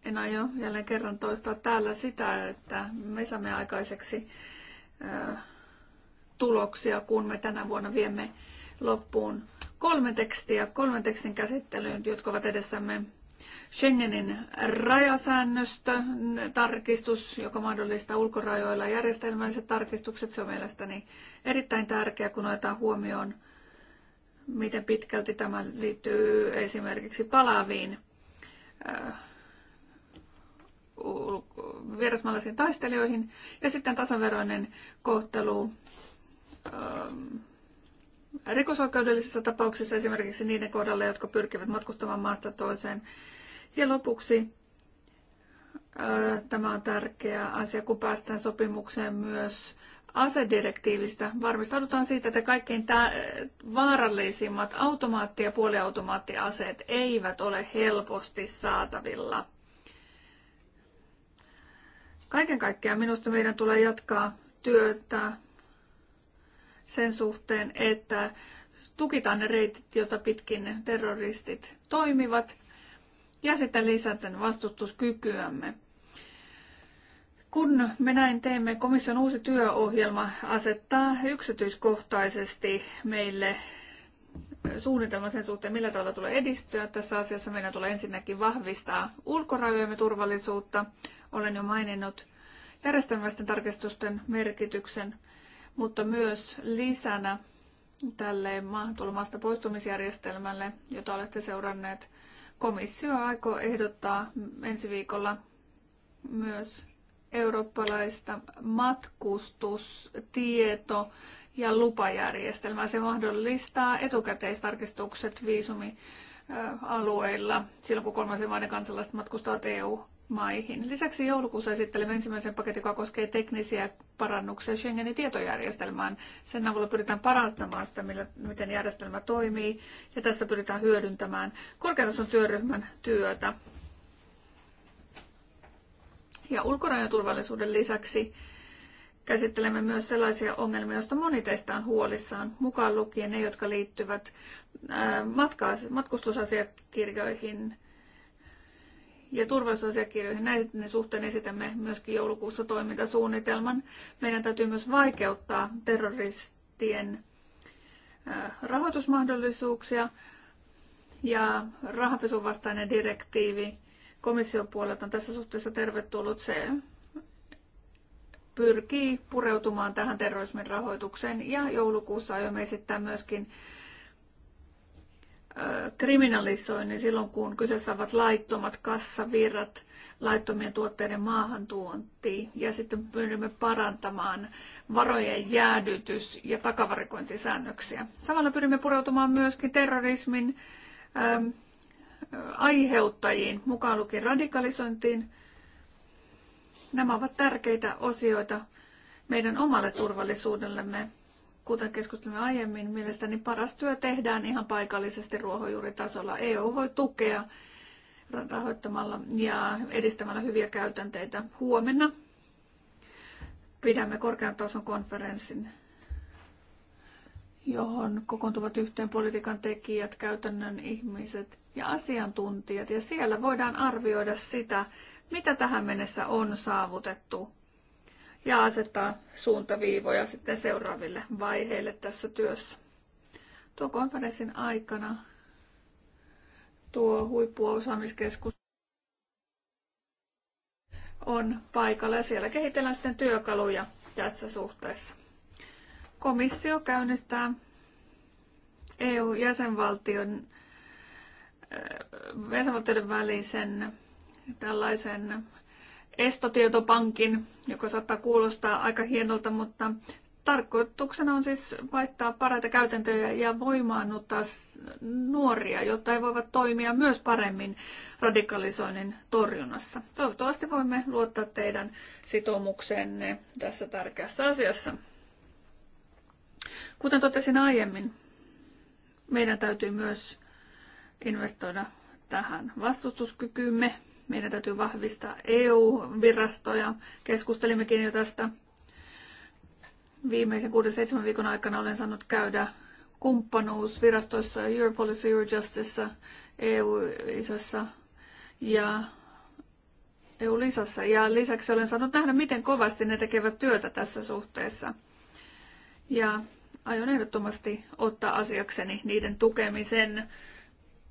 en aio jälleen kerran toistaa täällä sitä, että me saamme aikaiseksi tuloksia, kun me tänä vuonna viemme loppuun kolme tekstiä, kolmen tekstin käsittelyyn, jotka ovat edessämme Schengenin rajasäännöstö, tarkistus, joka mahdollistaa ulkorajoilla järjestelmälliset tarkistukset. Se on mielestäni erittäin tärkeää, kun otetaan huomioon miten pitkälti tämä liittyy esimerkiksi palaaviin äh, vierasmaalaisiin taistelijoihin ja sitten tasaveroinen kohtelu äh, rikosoikeudellisissa tapauksissa esimerkiksi niiden kohdalla, jotka pyrkivät matkustamaan maasta toiseen. Ja lopuksi äh, tämä on tärkeä asia, kun päästään sopimukseen myös asedirektiivistä varmistaudutaan siitä, että kaikkein vaarallisimmat automaatti- ja puoliautomaattiaseet eivät ole helposti saatavilla. Kaiken kaikkiaan minusta meidän tulee jatkaa työtä sen suhteen, että tukitaan ne reitit, joita pitkin terroristit toimivat, ja sitten lisätään vastustuskykyämme. Kun me näin teemme, komission uusi työohjelma asettaa yksityiskohtaisesti meille suunnitelman sen suhteen, millä tavalla tulee edistyä. Tässä asiassa meidän tulee ensinnäkin vahvistaa ulkorajojemme turvallisuutta. Olen jo maininnut järjestelmällisten tarkistusten merkityksen, mutta myös lisänä tälle maahantulomasta poistumisjärjestelmälle, jota olette seuranneet. Komissio aikoo ehdottaa ensi viikolla myös eurooppalaista matkustustieto- ja lupajärjestelmää. Se mahdollistaa etukäteistarkistukset viisumialueilla silloin, kun kolmansien maiden kansalaiset matkustavat EU maihin. Lisäksi joulukuussa esittelemme ensimmäisen paketin, joka koskee teknisiä parannuksia Schengenin tietojärjestelmään. Sen avulla pyritään parantamaan sitä, millä, miten järjestelmä toimii, ja tässä pyritään hyödyntämään korkeatason työryhmän työtä ja ulkorajaturvallisuuden lisäksi käsittelemme myös sellaisia ongelmia, joista moni teistä on huolissaan, mukaan lukien ne, jotka liittyvät matka- matkustusasiakirjoihin ja turvallisuusasiakirjoihin. Näiden suhteen esitämme myöskin joulukuussa toimintasuunnitelman. Meidän täytyy myös vaikeuttaa terroristien rahoitusmahdollisuuksia ja rahapesun vastainen direktiivi komission puolelta on tässä suhteessa tervetullut se, pyrkii pureutumaan tähän terrorismin rahoitukseen ja joulukuussa aiomme esittää myöskin kriminalisoinnin silloin, kun kyseessä ovat laittomat kassavirrat, laittomien tuotteiden maahantuonti ja sitten pyrimme parantamaan varojen jäädytys- ja takavarikointisäännöksiä. Samalla pyrimme pureutumaan myöskin terrorismin ähm, aiheuttajiin, mukaan lukien radikalisointiin. Nämä ovat tärkeitä osioita meidän omalle turvallisuudellemme. Kuten keskustelimme aiemmin, mielestäni paras työ tehdään ihan paikallisesti ruohonjuuritasolla. EU voi tukea rahoittamalla ja edistämällä hyviä käytänteitä. Huomenna pidämme korkean tason konferenssin johon kokoontuvat yhteen politiikan tekijät, käytännön ihmiset ja asiantuntijat. Ja siellä voidaan arvioida sitä, mitä tähän mennessä on saavutettu ja asettaa suuntaviivoja sitten seuraaville vaiheille tässä työssä. Tuo konferenssin aikana tuo huippuosaamiskeskus on paikalla ja siellä kehitellään sitten työkaluja tässä suhteessa komissio käynnistää EU-jäsenvaltion eh, jäsenvaltioiden välisen tällaisen estotietopankin, joka saattaa kuulostaa aika hienolta, mutta tarkoituksena on siis vaihtaa parhaita käytäntöjä ja voimaannuttaa nuoria, jotta he voivat toimia myös paremmin radikalisoinnin torjunnassa. Toivottavasti voimme luottaa teidän sitoumukseenne tässä tärkeässä asiassa. Kuten totesin aiemmin, meidän täytyy myös investoida tähän vastustuskykyymme. Meidän täytyy vahvistaa EU-virastoja. Keskustelimmekin jo tästä. Viimeisen 6-7 viikon aikana olen saanut käydä kumppanuusvirastoissa, Europolissa, Eurojustissa, eu isossa ja EU-lisassa. Ja lisäksi olen saanut nähdä, miten kovasti ne tekevät työtä tässä suhteessa. Ja aion ehdottomasti ottaa asiakseni niiden tukemisen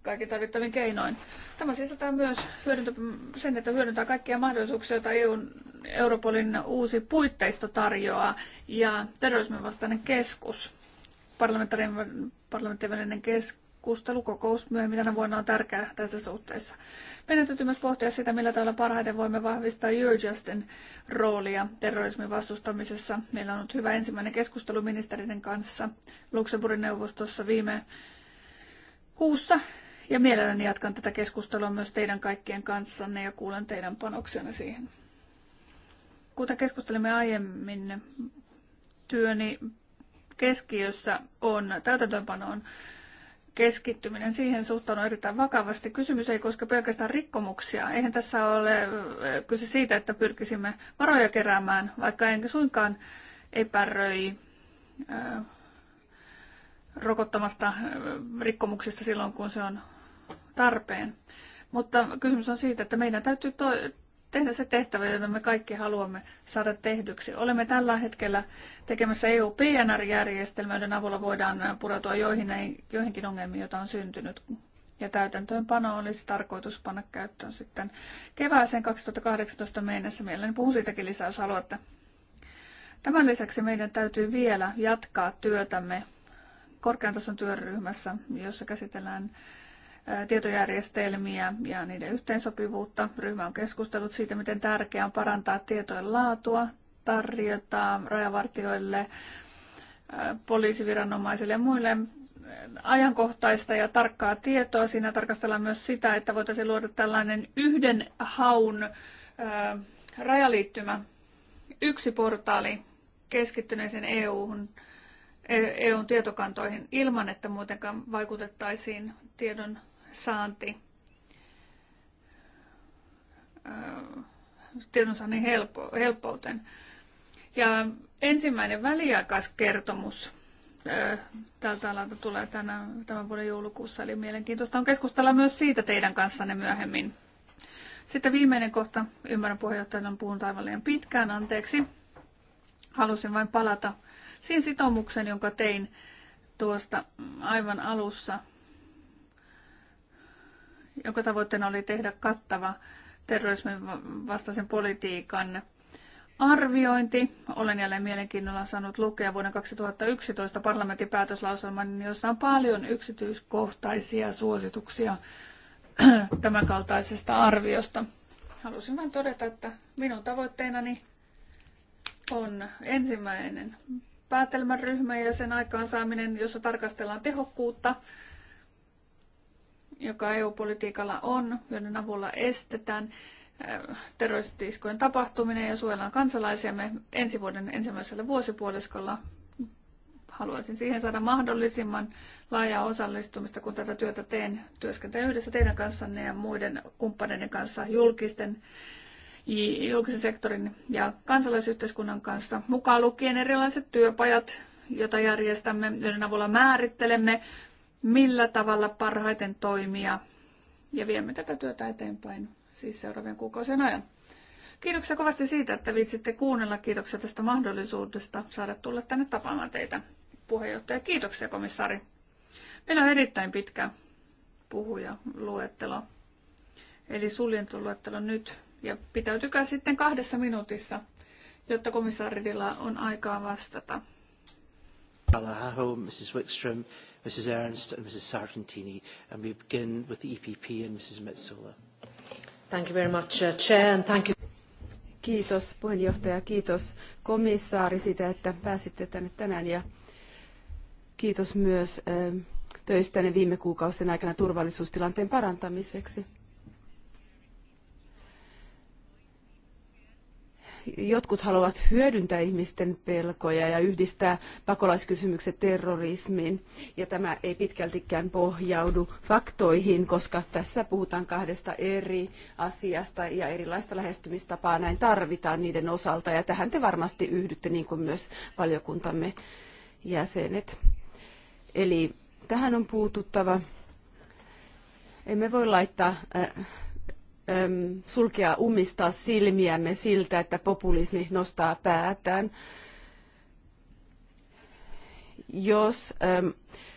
kaikin tarvittavin keinoin. Tämä sisältää myös sen, että hyödyntää kaikkia mahdollisuuksia, joita EUn, Europolin uusi puitteisto tarjoaa ja terrorismin vastainen keskus, parlamentaarinen, parlamentaarinen keskus kustelukokous myöhemmin tänä vuonna on tärkeä tässä suhteessa. Meidän täytyy myös pohtia sitä, millä tavalla parhaiten voimme vahvistaa Eurojustin roolia terrorismin vastustamisessa. Meillä on ollut hyvä ensimmäinen keskustelu ministeriden kanssa Luxemburgin neuvostossa viime kuussa. Ja mielelläni jatkan tätä keskustelua myös teidän kaikkien kanssanne ja kuulen teidän panoksenne siihen. Kuten keskustelimme aiemmin, työni keskiössä on täytäntöönpanoon keskittyminen siihen suhtaudun erittäin vakavasti. Kysymys ei koske pelkästään rikkomuksia. Eihän tässä ole kyse siitä, että pyrkisimme varoja keräämään, vaikka enkä suinkaan epäröi rokottamasta rikkomuksista silloin, kun se on tarpeen. Mutta kysymys on siitä, että meidän täytyy tehdä se tehtävä, jota me kaikki haluamme saada tehdyksi. Olemme tällä hetkellä tekemässä EU-PNR-järjestelmää, joiden avulla voidaan pureutua joihinkin ongelmiin, joita on syntynyt. Ja täytäntöönpano olisi tarkoitus panna käyttöön sitten kevääseen 2018 mennessä. Mielelläni puhun siitäkin lisää, jos haluatte. Tämän lisäksi meidän täytyy vielä jatkaa työtämme korkean tason työryhmässä, jossa käsitellään tietojärjestelmiä ja niiden yhteensopivuutta. Ryhmä on keskustellut siitä, miten tärkeää on parantaa tietojen laatua, tarjota rajavartioille, poliisiviranomaisille ja muille ajankohtaista ja tarkkaa tietoa. Siinä tarkastellaan myös sitä, että voitaisiin luoda tällainen yhden haun rajaliittymä, yksi portaali keskittyneeseen EU-hun EUn e tietokantoihin ilman, että muutenkaan vaikutettaisiin tiedon saanti tiedonsaannin helpo, helppouteen. Ja ensimmäinen väliaikaiskertomus tältä alalta tulee tänä, tämän vuoden joulukuussa, eli mielenkiintoista on keskustella myös siitä teidän kanssanne myöhemmin. Sitten viimeinen kohta, ymmärrän puheenjohtajan, on puhunut aivan liian pitkään, anteeksi. Halusin vain palata siihen sitoumukseen, jonka tein tuosta aivan alussa jonka tavoitteena oli tehdä kattava terrorismin vastaisen politiikan arviointi. Olen jälleen mielenkiinnolla saanut lukea vuoden 2011 parlamentin päätöslauselman, jossa on paljon yksityiskohtaisia suosituksia tämänkaltaisesta arviosta. Halusin vain todeta, että minun tavoitteenani on ensimmäinen päätelmäryhmä ja sen aikaansaaminen, jossa tarkastellaan tehokkuutta, joka EU-politiikalla on, joiden avulla estetään äh, terroristiskojen tapahtuminen ja suojellaan kansalaisiamme ensi vuoden ensimmäisellä vuosipuoliskolla. Haluaisin siihen saada mahdollisimman laajaa osallistumista, kun tätä työtä teen. Työskentelen yhdessä teidän kanssanne ja muiden kumppaneiden kanssa julkisten julkisen sektorin ja kansalaisyhteiskunnan kanssa, mukaan lukien erilaiset työpajat, joita järjestämme, joiden avulla määrittelemme millä tavalla parhaiten toimia ja viemme tätä työtä eteenpäin siis seuraavien kuukausien ajan. Kiitoksia kovasti siitä, että viitsitte kuunnella. Kiitoksia tästä mahdollisuudesta saada tulla tänne tapaamaan teitä, puheenjohtaja. Kiitoksia, komissaari. Meillä on erittäin pitkä luettelo. eli luettelo nyt. Ja pitäytykää sitten kahdessa minuutissa, jotta komissaarilla on aikaa vastata. Mrs. Wickström, Mrs Ernst and Mrs Sargentini. And we begin with the EPP and Mrs Metsola. Thank you very much, uh, Chair, and thank you. Kiitos puheenjohtaja, kiitos komissaari siitä, että pääsitte tänne tänään ja kiitos myös töistäni viime kuukausien aikana turvallisuustilanteen parantamiseksi. jotkut haluavat hyödyntää ihmisten pelkoja ja yhdistää pakolaiskysymykset terrorismiin. Ja tämä ei pitkältikään pohjaudu faktoihin, koska tässä puhutaan kahdesta eri asiasta ja erilaista lähestymistapaa näin tarvitaan niiden osalta. Ja tähän te varmasti yhdytte, niin kuin myös valiokuntamme jäsenet. Eli tähän on puututtava. Emme voi laittaa äh, sulkea, umistaa silmiämme siltä, että populismi nostaa päätään. Jos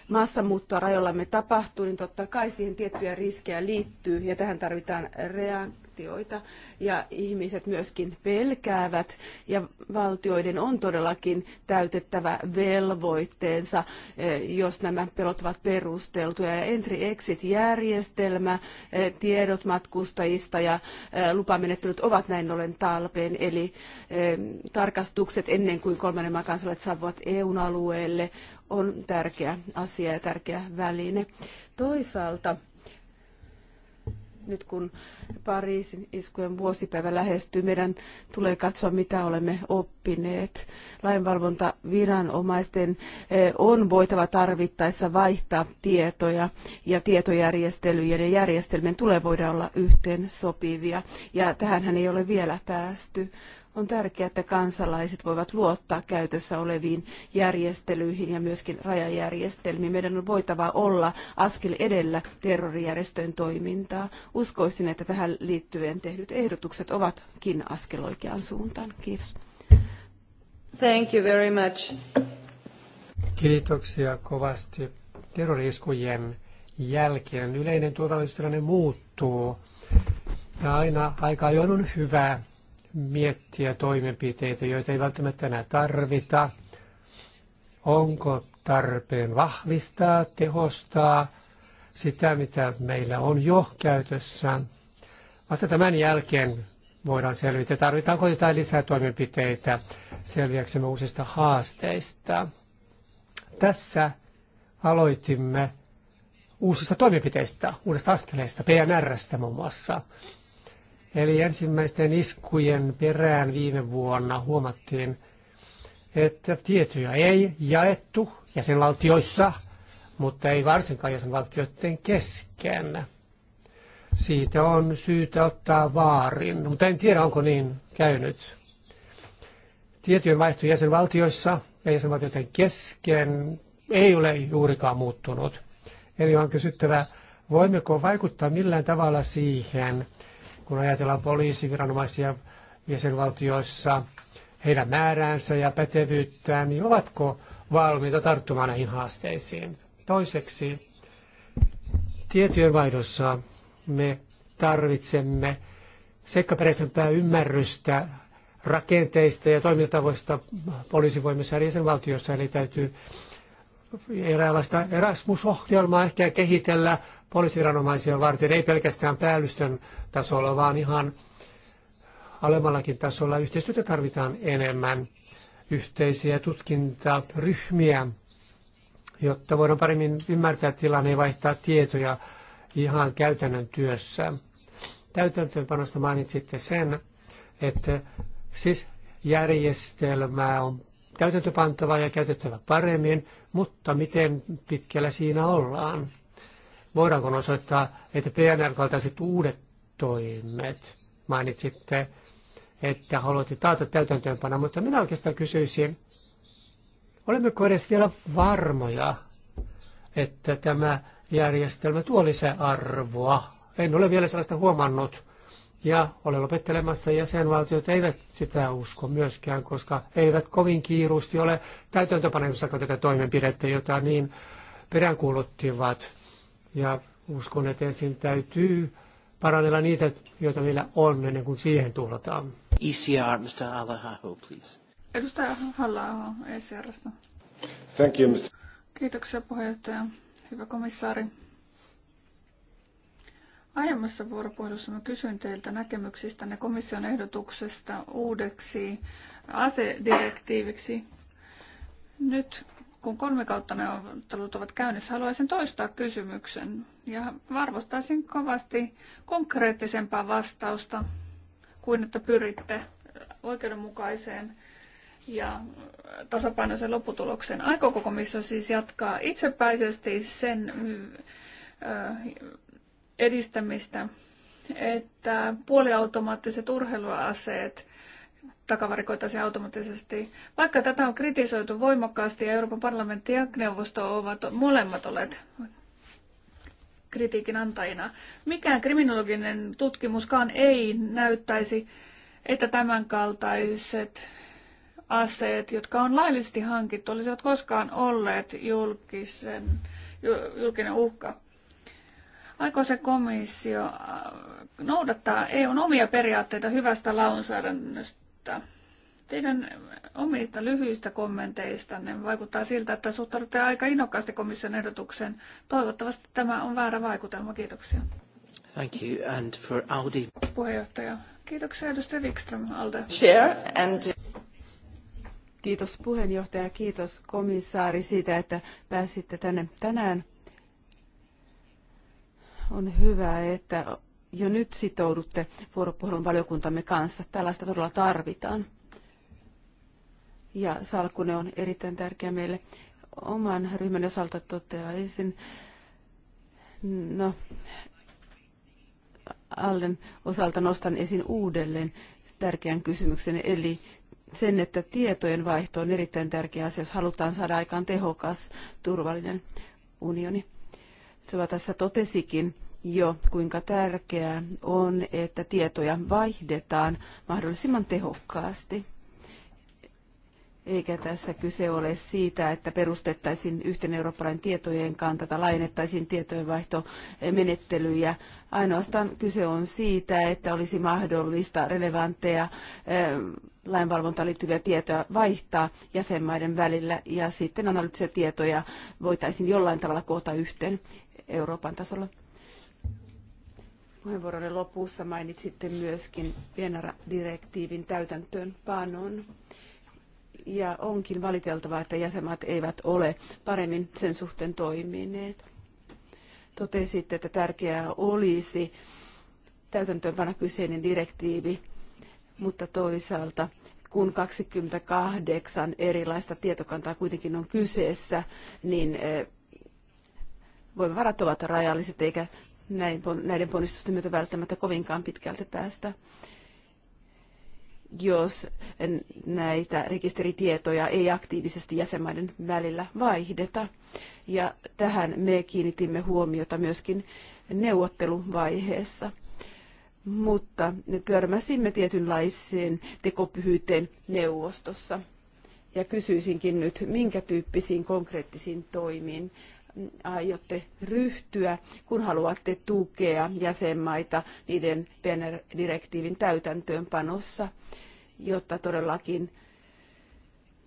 massamuuttoa rajoillamme tapahtuu, niin totta kai siihen tiettyjä riskejä liittyy ja tähän tarvitaan reagointia valtioita ja ihmiset myöskin pelkäävät ja valtioiden on todellakin täytettävä velvoitteensa, eh, jos nämä pelot ovat perusteltuja. Ja entry-exit-järjestelmä, eh, tiedot matkustajista ja eh, lupamenettelyt ovat näin ollen talpeen, eli tarkastukset ennen kuin kolmannen maan kansalaiset saapuvat EU-alueelle on tärkeä asia ja tärkeä väline. Toisaalta nyt kun Pariisin iskujen vuosipäivä lähestyy, meidän tulee katsoa, mitä olemme oppineet. Lainvalvontaviranomaisten eh, on voitava tarvittaessa vaihtaa tietoja ja tietojärjestelyjen ja järjestelmien tulee voida olla yhteen sopivia. Ja tähän ei ole vielä päästy. On tärkeää, että kansalaiset voivat luottaa käytössä oleviin järjestelyihin ja myöskin rajajärjestelmiin. Meidän on voitava olla askel edellä terrorijärjestöjen toimintaa. Uskoisin, että tähän liittyen tehdyt ehdotukset ovatkin askel oikeaan suuntaan. Kiitos. Thank you very much. Kiitoksia kovasti. Terroriskujen jälkeen yleinen turvallisuustilanne muuttuu. Ja aina aika ajoin on hyvä miettiä toimenpiteitä, joita ei välttämättä enää tarvita. Onko tarpeen vahvistaa, tehostaa sitä, mitä meillä on jo käytössä. Vasta tämän jälkeen voidaan selvitä, tarvitaanko jotain lisää toimenpiteitä selviäksemme uusista haasteista. Tässä aloitimme uusista toimenpiteistä, uudesta askeleista, PNRstä muun muassa. Eli ensimmäisten iskujen perään viime vuonna huomattiin, että tietoja ei jaettu jäsenvaltioissa, mutta ei varsinkaan jäsenvaltioiden kesken. Siitä on syytä ottaa vaarin, mutta en tiedä onko niin käynyt. Tietojen vaihto jäsenvaltioissa ja jäsenvaltioiden kesken ei ole juurikaan muuttunut. Eli on kysyttävä, voimmeko vaikuttaa millään tavalla siihen, kun ajatellaan poliisiviranomaisia jäsenvaltioissa, heidän määräänsä ja pätevyyttään, niin ovatko valmiita tarttumaan näihin haasteisiin? Toiseksi, tietojen vaihdossa me tarvitsemme sekkaperäisempää ymmärrystä rakenteista ja toimintatavoista poliisivoimissa ja jäsenvaltioissa, eli täytyy eräänlaista Erasmus-ohjelmaa ehkä kehitellä poliisiviranomaisia varten, ei pelkästään päällystön tasolla, vaan ihan alemmallakin tasolla yhteistyötä tarvitaan enemmän, yhteisiä tutkintaryhmiä, jotta voidaan paremmin ymmärtää tilanne ja vaihtaa tietoja ihan käytännön työssä. Täytäntöönpanosta mainitsitte sen, että siis järjestelmää on täytäntöpantava ja käytettävä paremmin, mutta miten pitkällä siinä ollaan? voidaanko osoittaa, että PNR-kaltaiset uudet toimet mainitsitte, että haluatte taata täytäntöönpana, mutta minä oikeastaan kysyisin, olemmeko edes vielä varmoja, että tämä järjestelmä tuo lisäarvoa? En ole vielä sellaista huomannut. Ja olen lopettelemassa jäsenvaltiot eivät sitä usko myöskään, koska eivät kovin kiiruusti ole täytäntöpanemassa tätä toimenpidettä, jota niin peräänkuuluttivat ja uskon, että ensin täytyy parannella niitä, joita meillä on, ennen kuin siihen tuhlataan. ECR, Mr. Alahaho, please. Edustaja halla ECRstä. Thank you, Mr. Kiitoksia puheenjohtaja. Hyvä komissaari. Aiemmassa vuoropuhelussa mä kysyin teiltä näkemyksistänne komission ehdotuksesta uudeksi asedirektiiviksi. Nyt kun kautta neuvottelut ovat käynnissä, haluaisin toistaa kysymyksen ja arvostaisin kovasti konkreettisempaa vastausta kuin että pyritte oikeudenmukaiseen ja tasapainoisen lopputulokseen. Aikooko komissio siis jatkaa itsepäisesti sen edistämistä, että puoliautomaattiset urheiluaseet takavarikoitaisiin automaattisesti. Vaikka tätä on kritisoitu voimakkaasti ja Euroopan parlamentti ja neuvosto ovat molemmat olleet kritiikin antajina. Mikään kriminologinen tutkimuskaan ei näyttäisi, että tämänkaltaiset aseet, jotka on laillisesti hankittu, olisivat koskaan olleet julkisen, julkinen uhka. Aiko se komissio äh, noudattaa EUn omia periaatteita hyvästä lainsäädännöstä että teidän omista lyhyistä kommenteista, ne vaikuttaa siltä, että suhtaudutte aika innokkaasti komission ehdotukseen. Toivottavasti tämä on väärä vaikutelma. Kiitoksia. Thank you. And for Audi. Puheenjohtaja. Kiitoksia edustaja Wikström. Alde. Share and... Kiitos puheenjohtaja, kiitos komissaari siitä, että pääsitte tänne tänään. On hyvä, että jo nyt sitoudutte vuoropuhelun valiokuntamme kanssa. Tällaista todella tarvitaan. Ja salkkune on erittäin tärkeä meille oman ryhmän osalta toteaisin. No, Allen osalta nostan esiin uudelleen tärkeän kysymyksen, eli sen, että tietojen vaihto on erittäin tärkeä asia, jos halutaan saada aikaan tehokas, turvallinen unioni. Se tässä totesikin, jo, kuinka tärkeää on, että tietoja vaihdetaan mahdollisimman tehokkaasti. Eikä tässä kyse ole siitä, että perustettaisiin yhteen eurooppalainen tietojen kanta tai laajennettaisiin tietojenvaihtomenettelyjä. Ainoastaan kyse on siitä, että olisi mahdollista relevantteja eh, lainvalvontaan liittyviä tietoja vaihtaa jäsenmaiden välillä ja sitten analyyttisiä tietoja voitaisiin jollain tavalla koota yhteen Euroopan tasolla. Puheenvuoronne lopussa mainitsitte myöskin PNR-direktiivin täytäntöönpanon. Ja onkin valiteltavaa, että jäsenmaat eivät ole paremmin sen suhteen toimineet. Totesitte, että tärkeää olisi täytäntöönpana kyseinen direktiivi, mutta toisaalta kun 28 erilaista tietokantaa kuitenkin on kyseessä, niin eh, voimavarat ovat rajalliset eikä näin, näiden ponnistusten myötä välttämättä kovinkaan pitkälti päästä, jos näitä rekisteritietoja ei aktiivisesti jäsenmaiden välillä vaihdeta. Ja tähän me kiinnitimme huomiota myöskin neuvotteluvaiheessa mutta ne törmäsimme tietynlaiseen tekopyhyyteen neuvostossa. Ja kysyisinkin nyt, minkä tyyppisiin konkreettisiin toimiin aiotte ryhtyä, kun haluatte tukea jäsenmaita niiden PNR-direktiivin täytäntöönpanossa, jotta todellakin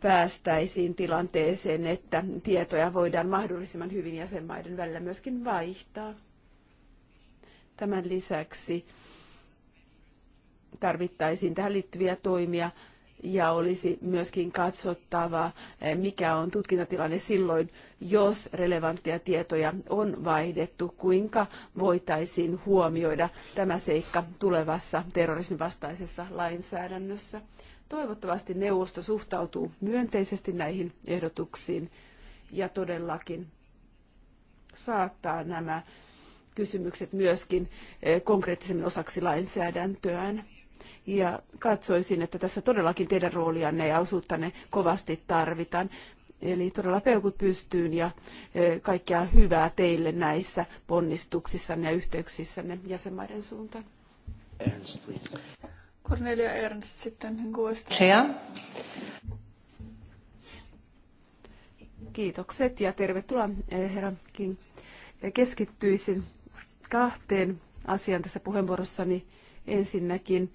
päästäisiin tilanteeseen, että tietoja voidaan mahdollisimman hyvin jäsenmaiden välillä myöskin vaihtaa. Tämän lisäksi tarvittaisiin tähän liittyviä toimia ja olisi myöskin katsottava, eh, mikä on tutkintatilanne silloin, jos relevanttia tietoja on vaihdettu, kuinka voitaisiin huomioida tämä seikka tulevassa terrorismin vastaisessa lainsäädännössä. Toivottavasti neuvosto suhtautuu myönteisesti näihin ehdotuksiin ja todellakin saattaa nämä kysymykset myöskin eh, konkreettisemmin osaksi lainsäädäntöään ja katsoisin, että tässä todellakin teidän roolianne ja osuuttanne kovasti tarvitaan. Eli todella peukut pystyyn ja e, kaikkea hyvää teille näissä ponnistuksissanne ja yhteyksissänne jäsenmaiden suuntaan. Ernst, please. Cornelia Ernst sitten kuusta. Kiitokset ja tervetuloa e, herra King. E, keskittyisin kahteen asiaan tässä puheenvuorossani. Ensinnäkin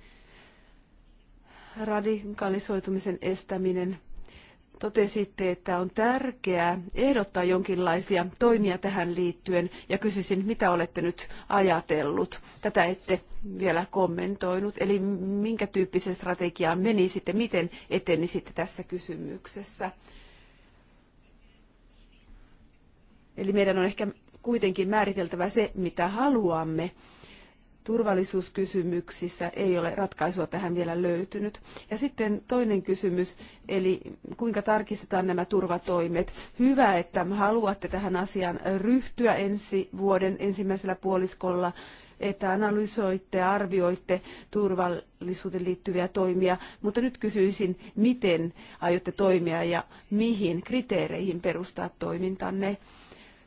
radikalisoitumisen estäminen. Totesitte, että on tärkeää ehdottaa jonkinlaisia toimia tähän liittyen ja kysyisin, mitä olette nyt ajatellut. Tätä ette vielä kommentoinut, eli minkä tyyppisen strategiaan menisitte, miten etenisitte tässä kysymyksessä. Eli meidän on ehkä kuitenkin määriteltävä se, mitä haluamme turvallisuuskysymyksissä ei ole ratkaisua tähän vielä löytynyt. Ja sitten toinen kysymys, eli kuinka tarkistetaan nämä turvatoimet. Hyvä, että haluatte tähän asiaan ryhtyä ensi vuoden ensimmäisellä puoliskolla että analysoitte ja arvioitte turvallisuuteen liittyviä toimia, mutta nyt kysyisin, miten aiotte toimia ja mihin kriteereihin perustaa toimintanne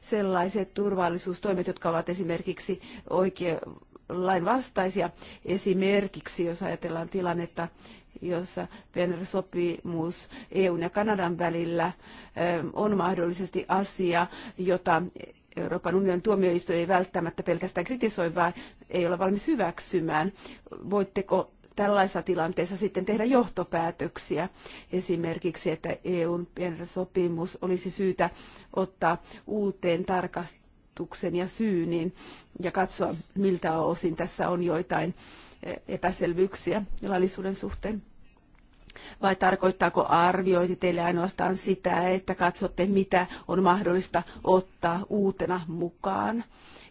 sellaiset turvallisuustoimet, jotka ovat esimerkiksi oikea lainvastaisia. Esimerkiksi jos ajatellaan tilannetta, jossa PNR-sopimus EUn ja Kanadan välillä ähm, on mahdollisesti asia, jota Euroopan unionin tuomioistuin ei välttämättä pelkästään kritisoi, vaan ei ole valmis hyväksymään. Voitteko tällaisessa tilanteessa sitten tehdä johtopäätöksiä. Esimerkiksi, että EUn piensopimus olisi syytä ottaa uuteen tarkasteluun tarkoituksen ja syynin ja katsoa, miltä osin tässä on joitain eh, epäselvyyksiä laillisuuden suhteen? Vai tarkoittaako arviointi teille ainoastaan sitä, että katsotte, mitä on mahdollista ottaa uutena mukaan?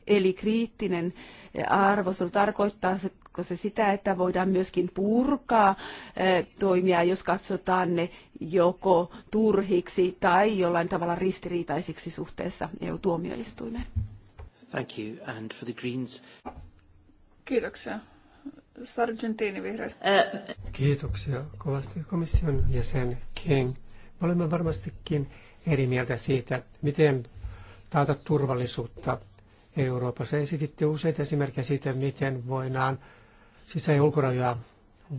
Eli kriittinen eh, arvostelu tarkoittaa se tarkoittaako se sitä, että voidaan myöskin purkaa eh, toimia, jos katsotaan ne joko turhiksi tai jollain tavalla ristiriitaisiksi suhteessa EU-tuomioistuimeen? Thank you. And for the Greens. Kiitoksia. Sargentini vihreät. Kiitoksia kovasti komission jäsen King. Me olemme varmastikin eri mieltä siitä, miten taata turvallisuutta Euroopassa. Esititte useita esimerkkejä siitä, miten voidaan sisä- ja ulkorajoja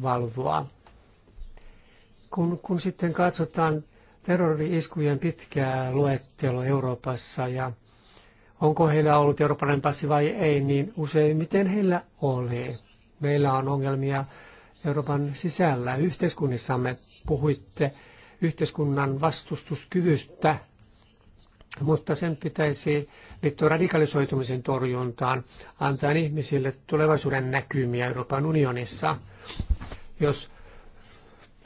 valvoa. Kun, kun sitten katsotaan terrori-iskujen pitkää luetteloa Euroopassa ja onko heillä ollut Euroopan passi vai ei, niin useimmiten heillä oli. Meillä on ongelmia Euroopan sisällä. Yhteiskunnissamme puhuitte yhteiskunnan vastustuskyvystä, mutta sen pitäisi liittyy radikalisoitumisen torjuntaan, antaa ihmisille tulevaisuuden näkymiä Euroopan unionissa. Jos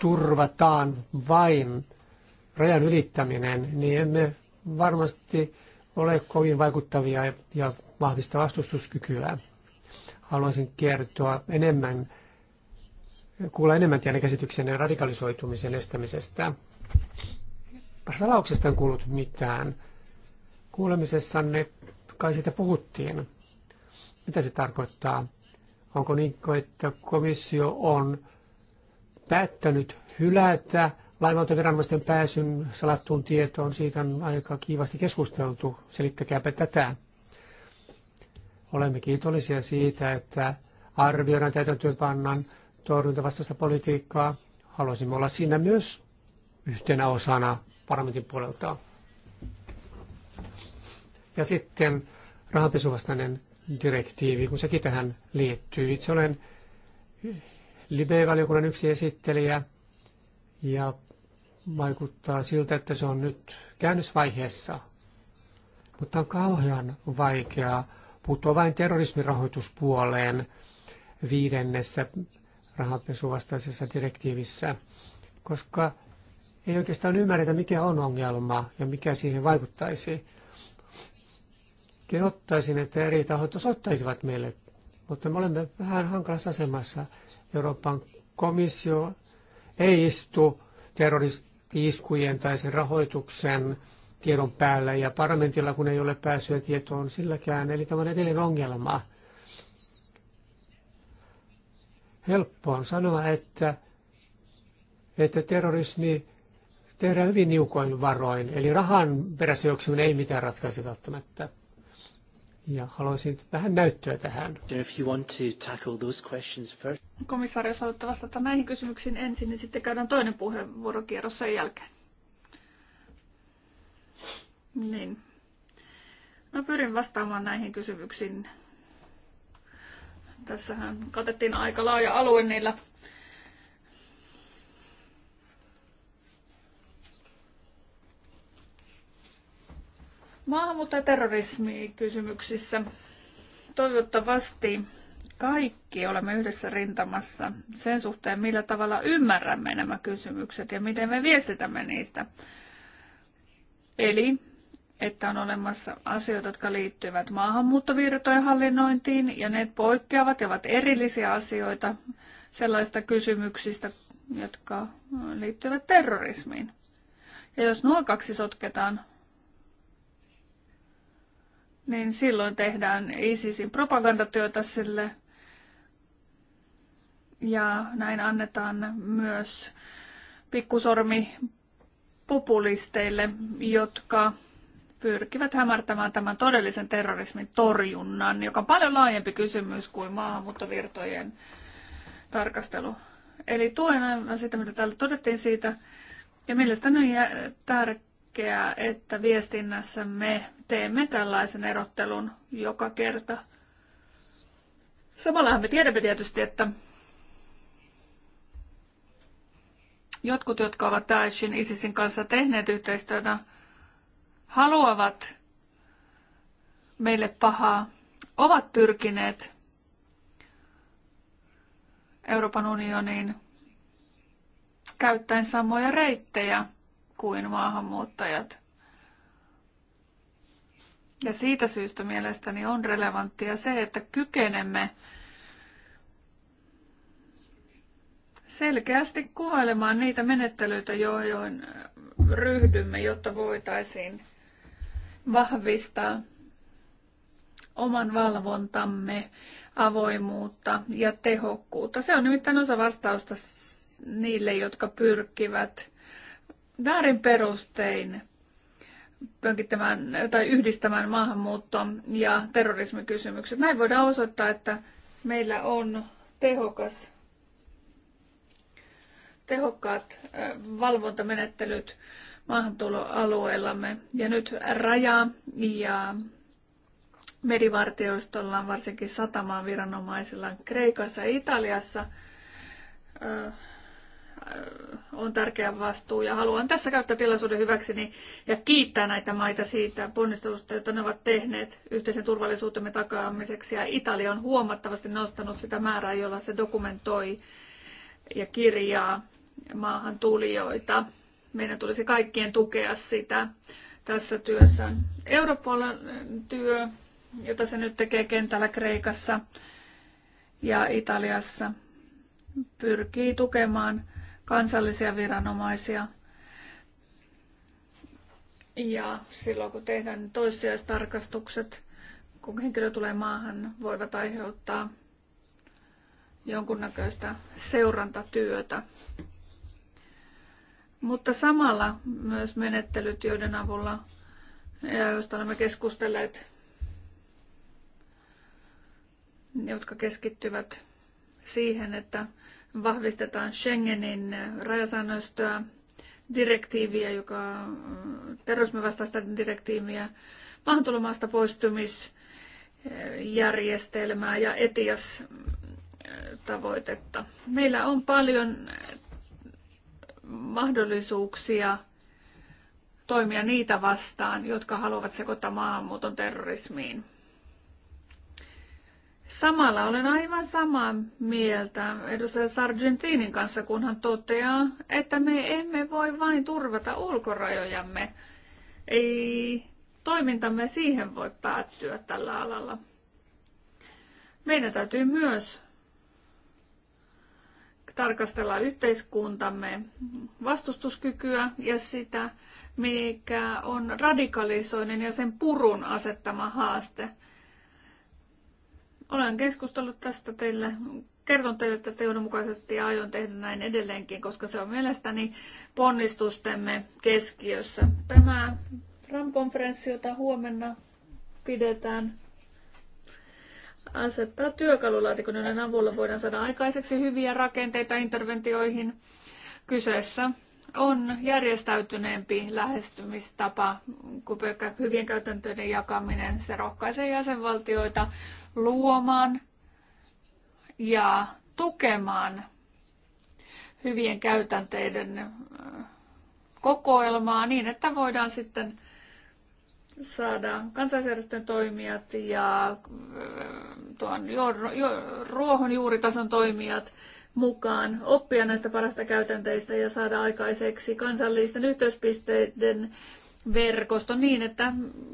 turvataan vain rajan ylittäminen, niin emme varmasti ole kovin vaikuttavia ja vahvista vastustuskykyä. Haluaisin kertoa enemmän, kuulla enemmän tiedän käsityksenne radikalisoitumisen estämisestä. Salauksesta en kuullut mitään. Kuulemisessanne kai siitä puhuttiin. Mitä se tarkoittaa? Onko niin, että komissio on päättänyt hylätä lainvalvontaviranomaisten pääsyn salattuun tietoon? Siitä on aika kiivasti keskusteltu. Selittäkääpä tätä. Olemme kiitollisia siitä, että arvioidaan täytäntöönpannan torjuntavastaista politiikkaa. Haluaisimme olla siinä myös yhtenä osana parlamentin puolelta. Ja sitten rahanpesuvastainen direktiivi, kun sekin tähän liittyy. Itse olen Libe-valiokunnan yksi esittelijä ja vaikuttaa siltä, että se on nyt käynnysvaiheessa. Mutta on kauhean vaikeaa puuttua vain terrorismirahoituspuoleen viidennessä rahanpesuvastaisessa direktiivissä, koska ei oikeastaan ymmärretä, mikä on ongelma ja mikä siihen vaikuttaisi kehottaisin, että eri tahot osoittaisivat meille, mutta me olemme vähän hankalassa asemassa. Euroopan komissio ei istu terroristiiskujen tai sen rahoituksen tiedon päällä ja parlamentilla, kun ei ole pääsyä tietoon silläkään. Eli tämä on edelleen ongelma. Helppo on sanoa, että, että terrorismi tehdään hyvin niukoin varoin, eli rahan perässä ei mitään ratkaise välttämättä. Ja haluaisin vähän näyttöä tähän. If you want to tackle those questions first. Komissaari, jos haluatte vastata näihin kysymyksiin ensin, niin sitten käydään toinen puheenvuorokierros sen jälkeen. Niin. Mä pyrin vastaamaan näihin kysymyksiin. Tässähän katettiin aika laaja alue niillä Maahanmuutto- ja terrorismikysymyksissä toivottavasti kaikki olemme yhdessä rintamassa sen suhteen, millä tavalla ymmärrämme nämä kysymykset ja miten me viestitämme niistä. Eli että on olemassa asioita, jotka liittyvät maahanmuuttovirtojen hallinnointiin, ja ne poikkeavat ja ovat erillisiä asioita sellaista kysymyksistä, jotka liittyvät terrorismiin. Ja jos nuo kaksi sotketaan, niin silloin tehdään ISISin propagandatyötä sille ja näin annetaan myös pikkusormi populisteille, jotka pyrkivät hämärtämään tämän todellisen terrorismin torjunnan, joka on paljon laajempi kysymys kuin maahanmuuttovirtojen tarkastelu. Eli tuen sitä, mitä täällä todettiin siitä. Ja mielestäni on tärkeää, että viestinnässä me teemme tällaisen erottelun joka kerta. Samallahan me tiedämme tietysti, että jotkut, jotka ovat Daeshin, ISISin kanssa tehneet yhteistyötä, haluavat meille pahaa, ovat pyrkineet Euroopan unioniin käyttäen samoja reittejä kuin maahanmuuttajat. Ja siitä syystä mielestäni on relevanttia se, että kykenemme selkeästi kuvailemaan niitä menettelyitä, joihin ryhdymme, jotta voitaisiin vahvistaa oman valvontamme avoimuutta ja tehokkuutta. Se on nimittäin osa vastausta niille, jotka pyrkivät väärin perustein pönkittämään tai yhdistämään maahanmuutto ja terrorismikysymykset. Näin voidaan osoittaa, että meillä on tehokas, tehokkaat valvontamenettelyt maahantuloalueellamme. Ja nyt raja ja merivartioistolla, varsinkin satamaan viranomaisilla Kreikassa ja Italiassa, Äh, on tärkeä vastuu ja haluan tässä käyttää tilaisuuden hyväkseni niin- ja kiittää näitä maita siitä ponnistelusta, jota ne ovat tehneet yhteisen turvallisuutemme takaamiseksi ja Italia on huomattavasti nostanut sitä määrää, jolla se dokumentoi ja kirjaa maahan tulijoita. Meidän tulisi kaikkien tukea sitä tässä työssä. Euroopan työ, jota se nyt tekee kentällä Kreikassa ja Italiassa, pyrkii tukemaan – kansallisia viranomaisia. Ja silloin kun tehdään toissijaistarkastukset, kun henkilö tulee maahan, voivat aiheuttaa jonkunnäköistä seurantatyötä. Mutta samalla myös menettelyt, joiden avulla, joista olemme keskustelleet, jotka keskittyvät siihen, että vahvistetaan Schengenin rajasäännöstöä, direktiiviä, joka terrorismin vastaista direktiiviä, maahantulomaasta poistumisjärjestelmää ja etias tavoitetta. Meillä on paljon mahdollisuuksia toimia niitä vastaan, jotka haluavat sekoittaa maahanmuuton terrorismiin. Samalla olen aivan samaa mieltä edustaja Sargentinin kanssa, kun hän toteaa, että me emme voi vain turvata ulkorajojamme. Ei toimintamme siihen voi päättyä tällä alalla. Meidän täytyy myös tarkastella yhteiskuntamme vastustuskykyä ja sitä, mikä on radikalisoinnin ja sen purun asettama haaste – olen keskustellut tästä teille, kerton teille tästä johdonmukaisesti ja aion tehdä näin edelleenkin, koska se on mielestäni ponnistustemme keskiössä. Tämä RAM-konferenssi, jota huomenna pidetään, asettaa työkalulaatikon, joiden avulla voidaan saada aikaiseksi hyviä rakenteita interventioihin. Kyseessä on järjestäytyneempi lähestymistapa kuin pelkkä hyvien käytäntöiden jakaminen. Se rohkaisee jäsenvaltioita luomaan ja tukemaan hyvien käytänteiden äh, kokoelmaa niin, että voidaan sitten saada kansalaisjärjestön toimijat ja äh, tuon ruohonjuuritason toimijat mukaan oppia näistä parasta käytänteistä ja saada aikaiseksi kansallisten yhteyspisteiden verkosto niin, että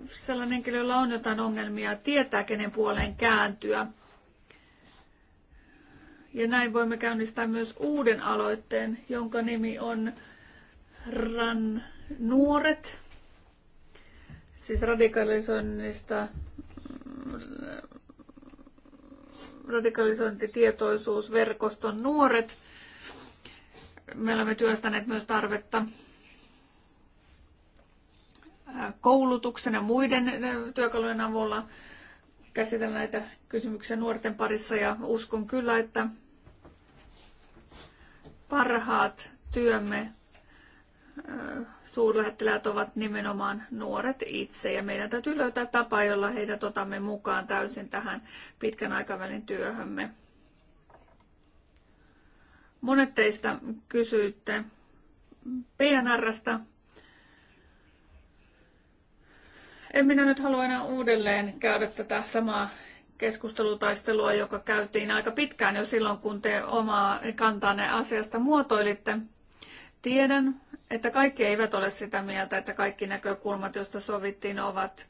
sellainen henkilö, jolla on jotain ongelmia, tietää kenen puoleen kääntyä. Ja näin voimme käynnistää myös uuden aloitteen, jonka nimi on RAN Nuoret, siis radikalisoinnista radikalisointitietoisuusverkoston nuoret. Me olemme työstäneet myös tarvetta koulutuksen ja muiden työkalujen avulla käsitellä näitä kysymyksiä nuorten parissa ja uskon kyllä, että parhaat työmme suurlähettiläät ovat nimenomaan nuoret itse ja meidän täytyy löytää tapa, jolla heidät otamme mukaan täysin tähän pitkän aikavälin työhömme. Monet teistä kysyitte PNRstä, En minä nyt halua enää uudelleen käydä tätä samaa keskustelutaistelua, joka käytiin aika pitkään jo silloin, kun te omaa kantanne asiasta muotoilitte. Tiedän, että kaikki eivät ole sitä mieltä, että kaikki näkökulmat, joista sovittiin, ovat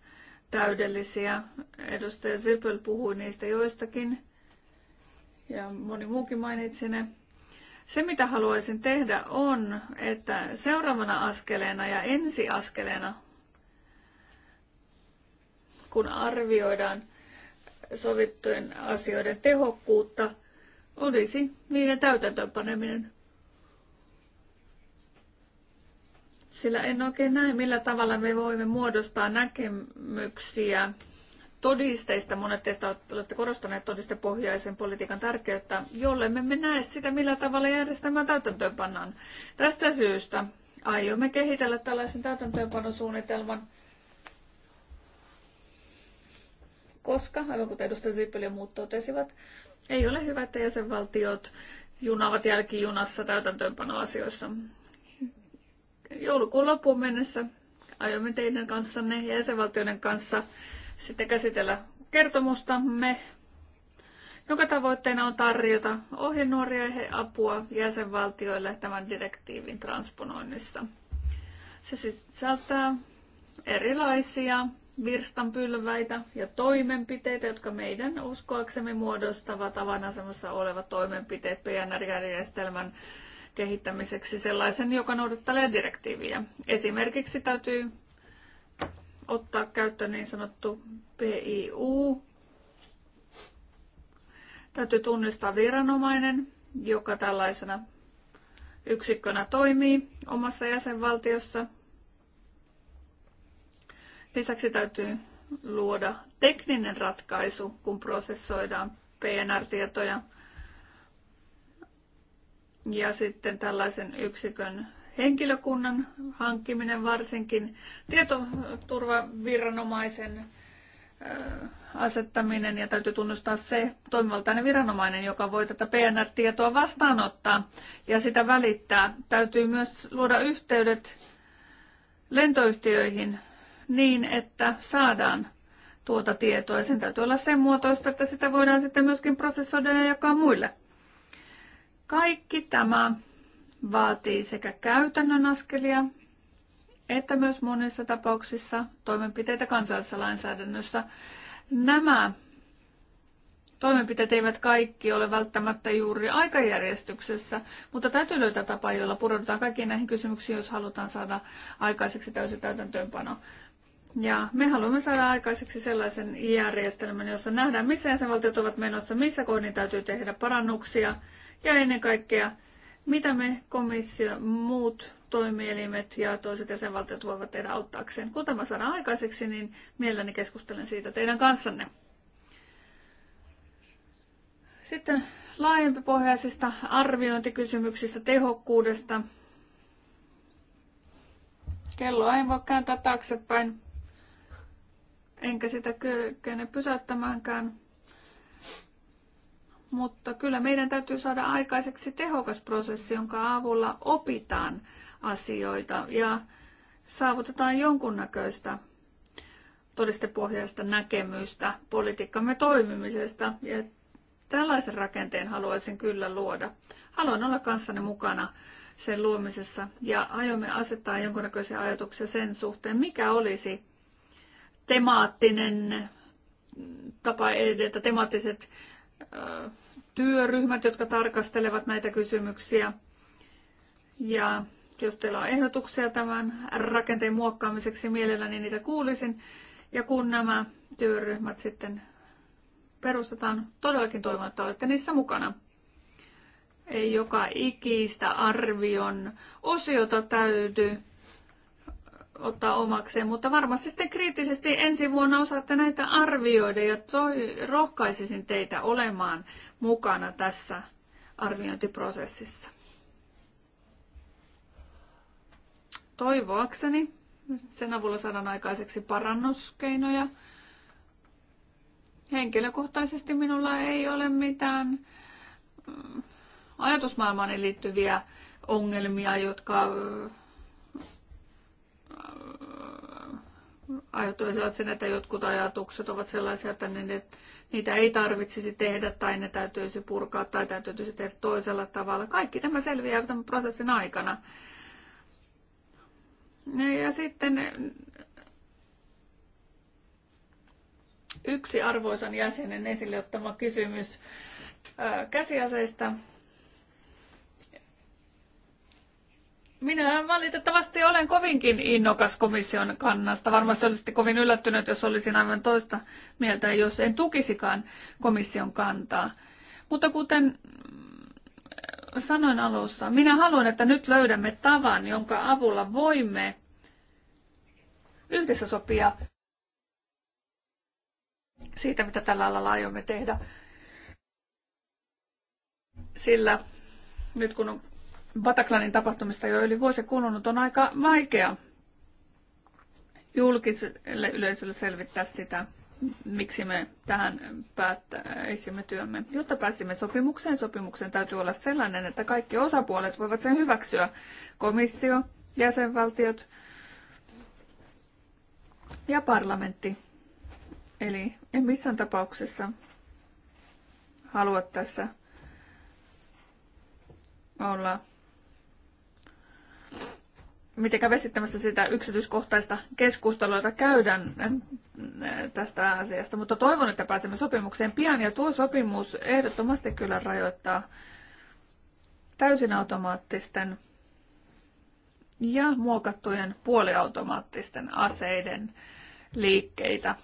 täydellisiä. Edustaja Zippel puhui niistä joistakin ja moni muukin mainitsi ne. Se, mitä haluaisin tehdä, on, että seuraavana askeleena ja ensiaskeleena kun arvioidaan sovittujen asioiden tehokkuutta, olisi niiden täytäntöönpaneminen. Sillä en oikein näe, millä tavalla me voimme muodostaa näkemyksiä todisteista. Monet teistä olette korostaneet todistepohjaisen politiikan tärkeyttä, jolle me emme näe sitä, millä tavalla järjestelmää täytäntöönpannaan. Tästä syystä aiomme kehitellä tällaisen täytäntöönpanosuunnitelman, koska, aivan kuten edustaja Zippel ja muut totesivat, ei ole hyvä, että jäsenvaltiot junaavat jälkijunassa täytäntöönpanoasioissa. Joulukuun loppuun mennessä aiomme teidän kanssanne ja jäsenvaltioiden kanssa sitten käsitellä kertomustamme, jonka tavoitteena on tarjota ohjenuoria ja apua jäsenvaltioille tämän direktiivin transponoinnissa. Se sisältää erilaisia virstanpylväitä ja toimenpiteitä, jotka meidän uskoaksemme muodostavat avainasemassa olevat toimenpiteet PNR-järjestelmän kehittämiseksi sellaisen, joka noudattelee direktiiviä. Esimerkiksi täytyy ottaa käyttöön niin sanottu PIU. Täytyy tunnistaa viranomainen, joka tällaisena yksikkönä toimii omassa jäsenvaltiossa Lisäksi täytyy luoda tekninen ratkaisu, kun prosessoidaan PNR-tietoja. Ja sitten tällaisen yksikön henkilökunnan hankkiminen varsinkin, tietoturvaviranomaisen asettaminen ja täytyy tunnustaa se toimivaltainen viranomainen, joka voi tätä PNR-tietoa vastaanottaa ja sitä välittää. Täytyy myös luoda yhteydet lentoyhtiöihin niin, että saadaan tuota tietoa. Ja sen täytyy olla sen muotoista, että sitä voidaan sitten myöskin prosessoida ja jakaa muille. Kaikki tämä vaatii sekä käytännön askelia että myös monissa tapauksissa toimenpiteitä kansallisessa lainsäädännössä. Nämä toimenpiteet eivät kaikki ole välttämättä juuri aikajärjestyksessä, mutta täytyy löytää tapa, jolla pureudutaan kaikkiin näihin kysymyksiin, jos halutaan saada aikaiseksi täysin täytäntöönpano. Ja me haluamme saada aikaiseksi sellaisen järjestelmän, jossa nähdään, missä jäsenvaltiot ovat menossa, missä kohdin täytyy tehdä parannuksia ja ennen kaikkea, mitä me komissio, muut toimielimet ja toiset jäsenvaltiot voivat tehdä auttaakseen. Kun tämä saadaan aikaiseksi, niin mielelläni keskustelen siitä teidän kanssanne. Sitten laajempipohjaisista arviointikysymyksistä, tehokkuudesta. Kello ei voi kääntää taaksepäin enkä sitä kykene pysäyttämäänkään. Mutta kyllä meidän täytyy saada aikaiseksi tehokas prosessi, jonka avulla opitaan asioita ja saavutetaan jonkunnäköistä todistepohjaista näkemystä politiikkamme toimimisesta. Ja tällaisen rakenteen haluaisin kyllä luoda. Haluan olla kanssanne mukana sen luomisessa ja aiomme asettaa jonkunnäköisiä ajatuksia sen suhteen, mikä olisi temaattinen tapa edetä, temaattiset työryhmät, jotka tarkastelevat näitä kysymyksiä. Ja jos teillä on ehdotuksia tämän rakenteen muokkaamiseksi, mielelläni niin niitä kuulisin. Ja kun nämä työryhmät sitten perustetaan, todellakin toivon, että olette niissä mukana. Ei joka ikistä arvion osiota täytyy ottaa omakseen, mutta varmasti sitten kriittisesti ensi vuonna osaatte näitä arvioida ja toi, rohkaisisin teitä olemaan mukana tässä arviointiprosessissa. Toivoakseni sen avulla saadaan aikaiseksi parannuskeinoja. Henkilökohtaisesti minulla ei ole mitään mm, ajatusmaailmaani liittyviä ongelmia, jotka aiheuttaisivat sen, että jotkut ajatukset ovat sellaisia, että ne, niitä ei tarvitsisi tehdä tai ne täytyisi purkaa tai täytyisi tehdä toisella tavalla. Kaikki tämä selviää tämän prosessin aikana. Ja sitten yksi arvoisan jäsenen esille ottama kysymys käsiaseista Minä valitettavasti olen kovinkin innokas komission kannasta. Varmasti olisitte kovin yllättynyt, jos olisin aivan toista mieltä, jos en tukisikaan komission kantaa. Mutta kuten mm, sanoin alussa, minä haluan, että nyt löydämme tavan, jonka avulla voimme yhdessä sopia siitä, mitä tällä alalla aiomme tehdä. Sillä nyt kun on Bataclanin tapahtumista jo yli vuosi kulunut on aika vaikea julkiselle yleisölle selvittää sitä, miksi me tähän päättäisimme työmme. Jotta pääsimme sopimukseen, sopimuksen täytyy olla sellainen, että kaikki osapuolet voivat sen hyväksyä. Komissio, jäsenvaltiot ja parlamentti. Eli en missään tapauksessa halua tässä olla mitenkä vesittämässä sitä yksityiskohtaista keskustelua, jota käydään äh, tästä asiasta, mutta toivon, että pääsemme sopimukseen pian, ja tuo sopimus ehdottomasti kyllä rajoittaa täysin automaattisten ja muokattujen puoliautomaattisten aseiden liikkeitä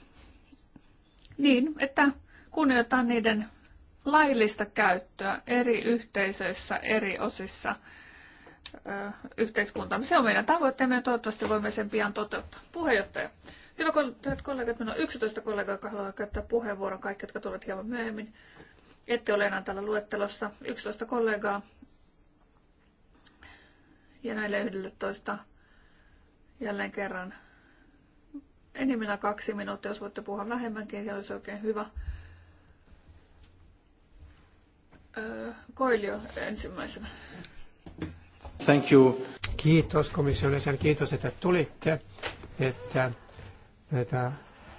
niin, että kunnioitetaan niiden laillista käyttöä eri yhteisöissä, eri osissa – yhteiskuntaamme. Se on meidän tavoitteemme ja toivottavasti voimme sen pian toteuttaa. Puheenjohtaja, hyvä kollegat, kollegat, minulla on 11 kollegaa, jotka haluavat käyttää puheenvuoron, kaikki, jotka tulevat hieman myöhemmin. Ette ole enää tällä luettelossa. 11 kollegaa ja näille 11 jälleen kerran enimmillään kaksi minuuttia, jos voitte puhua vähemmänkin, se olisi oikein hyvä. Koilio ensimmäisenä. Thank you. Kiitos komission jäsen, kiitos, että tulitte, että näitä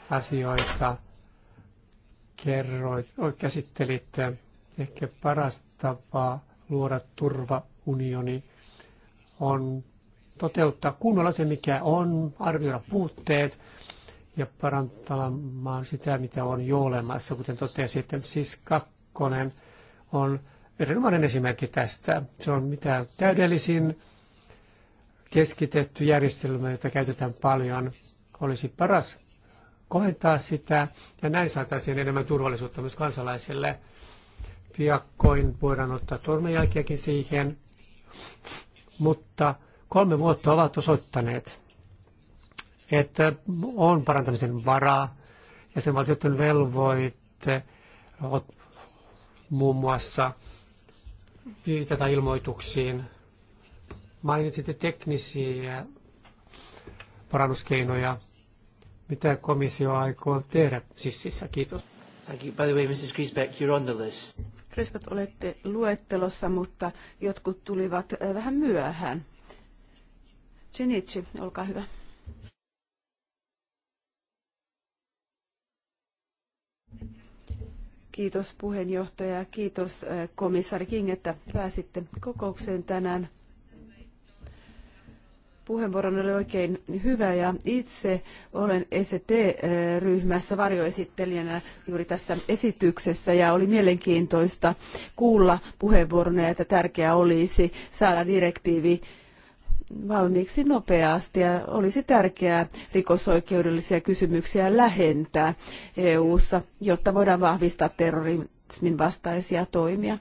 asioita kerroit, käsittelitte. Ehkä paras tapa luoda turvaunioni on toteuttaa kunnolla se, mikä on, arvioida puutteet ja parantamaan sitä, mitä on jo olemassa. Kuten totesin, sitten siis kakkonen on erinomainen esimerkki tästä. Se on mitä täydellisin keskitetty järjestelmä, jota käytetään paljon, olisi paras kohentaa sitä ja näin saataisiin enemmän turvallisuutta myös kansalaisille. Piakkoin voidaan ottaa tormenjälkiäkin siihen, mutta kolme vuotta ovat osoittaneet, että on parantamisen varaa ja sen valtioiden velvoitteet muun muassa viitata ilmoituksiin. Mainitsitte teknisiä parannuskeinoja. Mitä komissio aikoo tehdä sississä? Kiitos. Thank you. By the way, Mrs. Griesbeck, you're on the list. Griesbeck, olette luettelossa, mutta jotkut tulivat äh, vähän myöhään. Genici, olkaa hyvä. Kiitos puheenjohtaja ja kiitos eh, komissaari King, että pääsitte kokoukseen tänään. Puheenvuoron oli oikein hyvä ja itse olen ST-ryhmässä varjoesittelijänä juuri tässä esityksessä ja oli mielenkiintoista kuulla puheenvuoronne, että tärkeää olisi saada direktiivi valmiiksi nopeasti ja olisi tärkeää rikosoikeudellisia kysymyksiä lähentää EU-ssa, jotta voidaan vahvistaa terrorismin vastaisia toimia.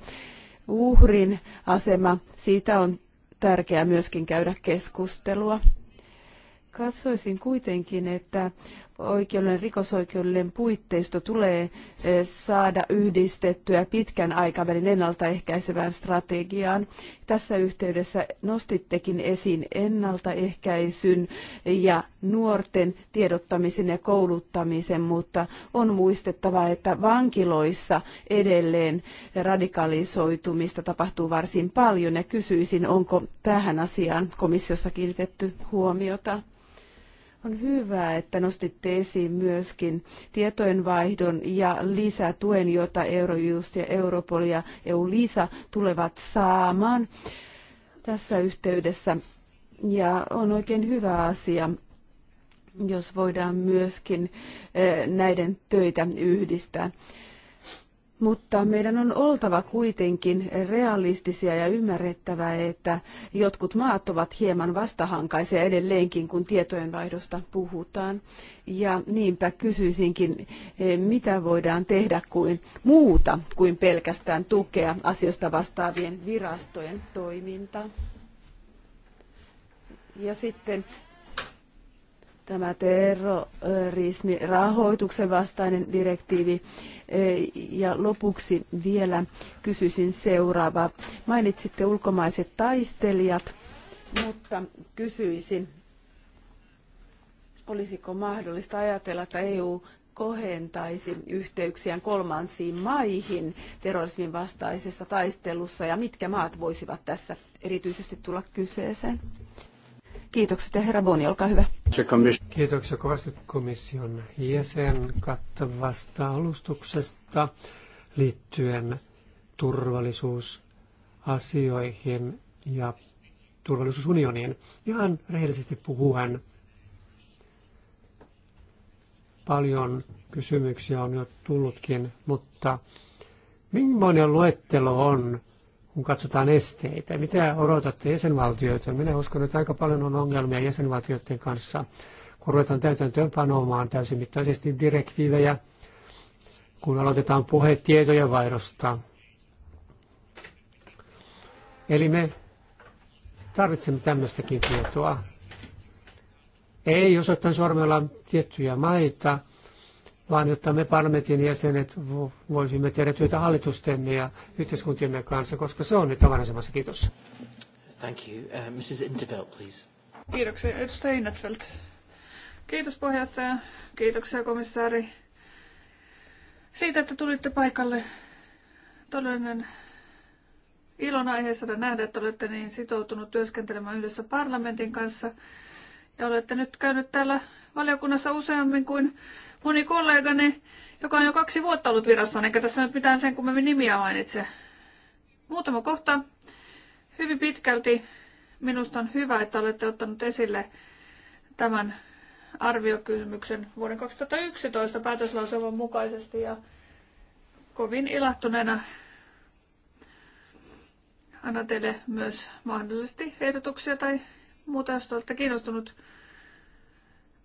Uhrin asema, siitä on tärkeää myöskin käydä keskustelua. Katsoisin kuitenkin, että oikeuden rikosoikeuden puitteisto tulee eh, saada yhdistettyä pitkän aikavälin ennaltaehkäisevään strategiaan. Tässä yhteydessä nostittekin esiin ennaltaehkäisyn ja nuorten tiedottamisen ja kouluttamisen, mutta on muistettava, että vankiloissa edelleen radikalisoitumista tapahtuu varsin paljon ja kysyisin, onko tähän asiaan komissiossa kiinnitetty huomiota. On hyvä, että nostitte esiin myöskin tietojenvaihdon ja lisätuen, jota Eurojust ja Europol ja EU-LISA tulevat saamaan tässä yhteydessä. Ja on oikein hyvä asia, jos voidaan myöskin eh, näiden töitä yhdistää. Mutta meidän on oltava kuitenkin realistisia ja ymmärrettävää, että jotkut maat ovat hieman vastahankaisia edelleenkin, kun tietojenvaihdosta puhutaan. Ja niinpä kysyisinkin, eh, mitä voidaan tehdä kuin muuta kuin pelkästään tukea asioista vastaavien virastojen toimintaa. Ja sitten tämä terrorismi rahoituksen vastainen direktiivi. E, ja lopuksi vielä kysyisin seuraavaa. Mainitsitte ulkomaiset taistelijat, mutta kysyisin, olisiko mahdollista ajatella, että EU kohentaisi yhteyksiä kolmansiin maihin terrorismin vastaisessa taistelussa ja mitkä maat voisivat tässä erityisesti tulla kyseeseen? Kiitokset ja herra Boni, olkaa hyvä. Kiitoksia kovasti komission jäsen kattavasta alustuksesta liittyen turvallisuusasioihin ja turvallisuusunioniin. Ihan rehellisesti puhuen paljon kysymyksiä on jo tullutkin, mutta millainen luettelo on kun katsotaan esteitä. Mitä odotatte jäsenvaltioita? Minä uskon, että aika paljon on ongelmia jäsenvaltioiden kanssa, kun ruvetaan täytäntöönpanomaan mittaisesti direktiivejä, kun aloitetaan puhe tietojen vaihdosta. Eli me tarvitsemme tämmöistäkin tietoa. Ei osoittaa sormella tiettyjä maita, vaan jotta me parlamentin jäsenet voisimme tehdä työtä hallitustemme ja yhteiskuntiemme kanssa, koska se on nyt avainasemassa. Kiitos. Thank you. Uh, Mrs. Intervelt, please. Kiitoksia, edustaja Innetfeldt. Kiitos puheenjohtaja, kiitoksia komissaari siitä, että tulitte paikalle. Todellinen ilon aiheessa nähdä, että olette niin sitoutunut työskentelemään yhdessä parlamentin kanssa ja olette nyt käynyt täällä valiokunnassa useammin kuin moni kollegani, joka on jo kaksi vuotta ollut virassa, eikä tässä nyt mitään sen kummemmin nimiä mainitse. Muutama kohta. Hyvin pitkälti minusta on hyvä, että olette ottanut esille tämän arviokysymyksen vuoden 2011 päätöslauselman mukaisesti ja kovin ilahtuneena annan teille myös mahdollisesti ehdotuksia tai muuta, jos olette kiinnostunut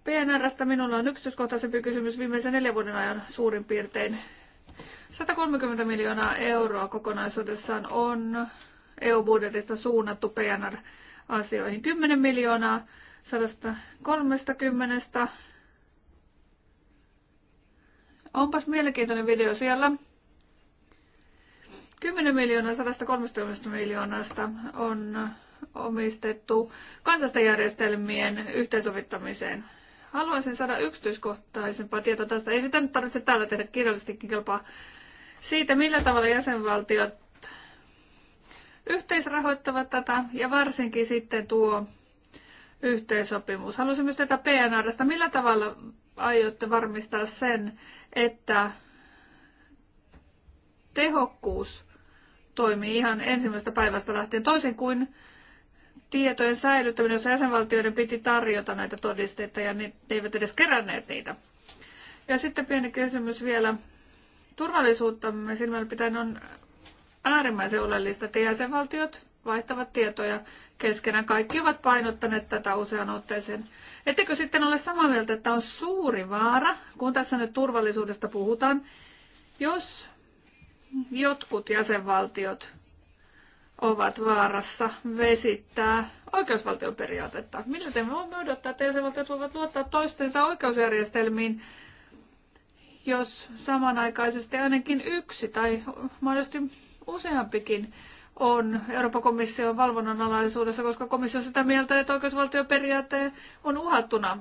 PNRstä minulla on yksityiskohtaisempi kysymys viimeisen neljän vuoden ajan suurin piirtein. 130 miljoonaa euroa kokonaisuudessaan on EU-budjetista suunnattu PNR-asioihin. 10 miljoonaa 130. Onpas mielenkiintoinen video siellä. 10 miljoonaa 130 miljoonasta on omistettu kansallisten järjestelmien yhteensovittamiseen. Haluaisin saada yksityiskohtaisempaa tietoa tästä. Ei sitä nyt tarvitse täällä tehdä kirjallisestikin kelpaa. Siitä, millä tavalla jäsenvaltiot yhteisrahoittavat tätä ja varsinkin sitten tuo yhteissopimus. Haluaisin myös tätä PNRstä. Millä tavalla aiotte varmistaa sen, että tehokkuus toimii ihan ensimmäisestä päivästä lähtien, toisin kuin tietojen säilyttäminen, jos jäsenvaltioiden piti tarjota näitä todisteita ja ne eivät edes keränneet niitä. Ja sitten pieni kysymys vielä. Turvallisuuttamme silmällä pitäen on äärimmäisen oleellista, että jäsenvaltiot vaihtavat tietoja keskenään. Kaikki ovat painottaneet tätä usean otteeseen. Ettekö sitten ole samaa mieltä, että on suuri vaara, kun tässä nyt turvallisuudesta puhutaan, jos jotkut jäsenvaltiot ovat vaarassa vesittää oikeusvaltion periaatetta. Millä te voimme odottaa, että jäsenvaltiot voivat luottaa toistensa oikeusjärjestelmiin, jos samanaikaisesti ainakin yksi tai mahdollisesti useampikin on Euroopan komission valvonnan alaisuudessa, koska komissio on sitä mieltä, että oikeusvaltioperiaate on uhattuna.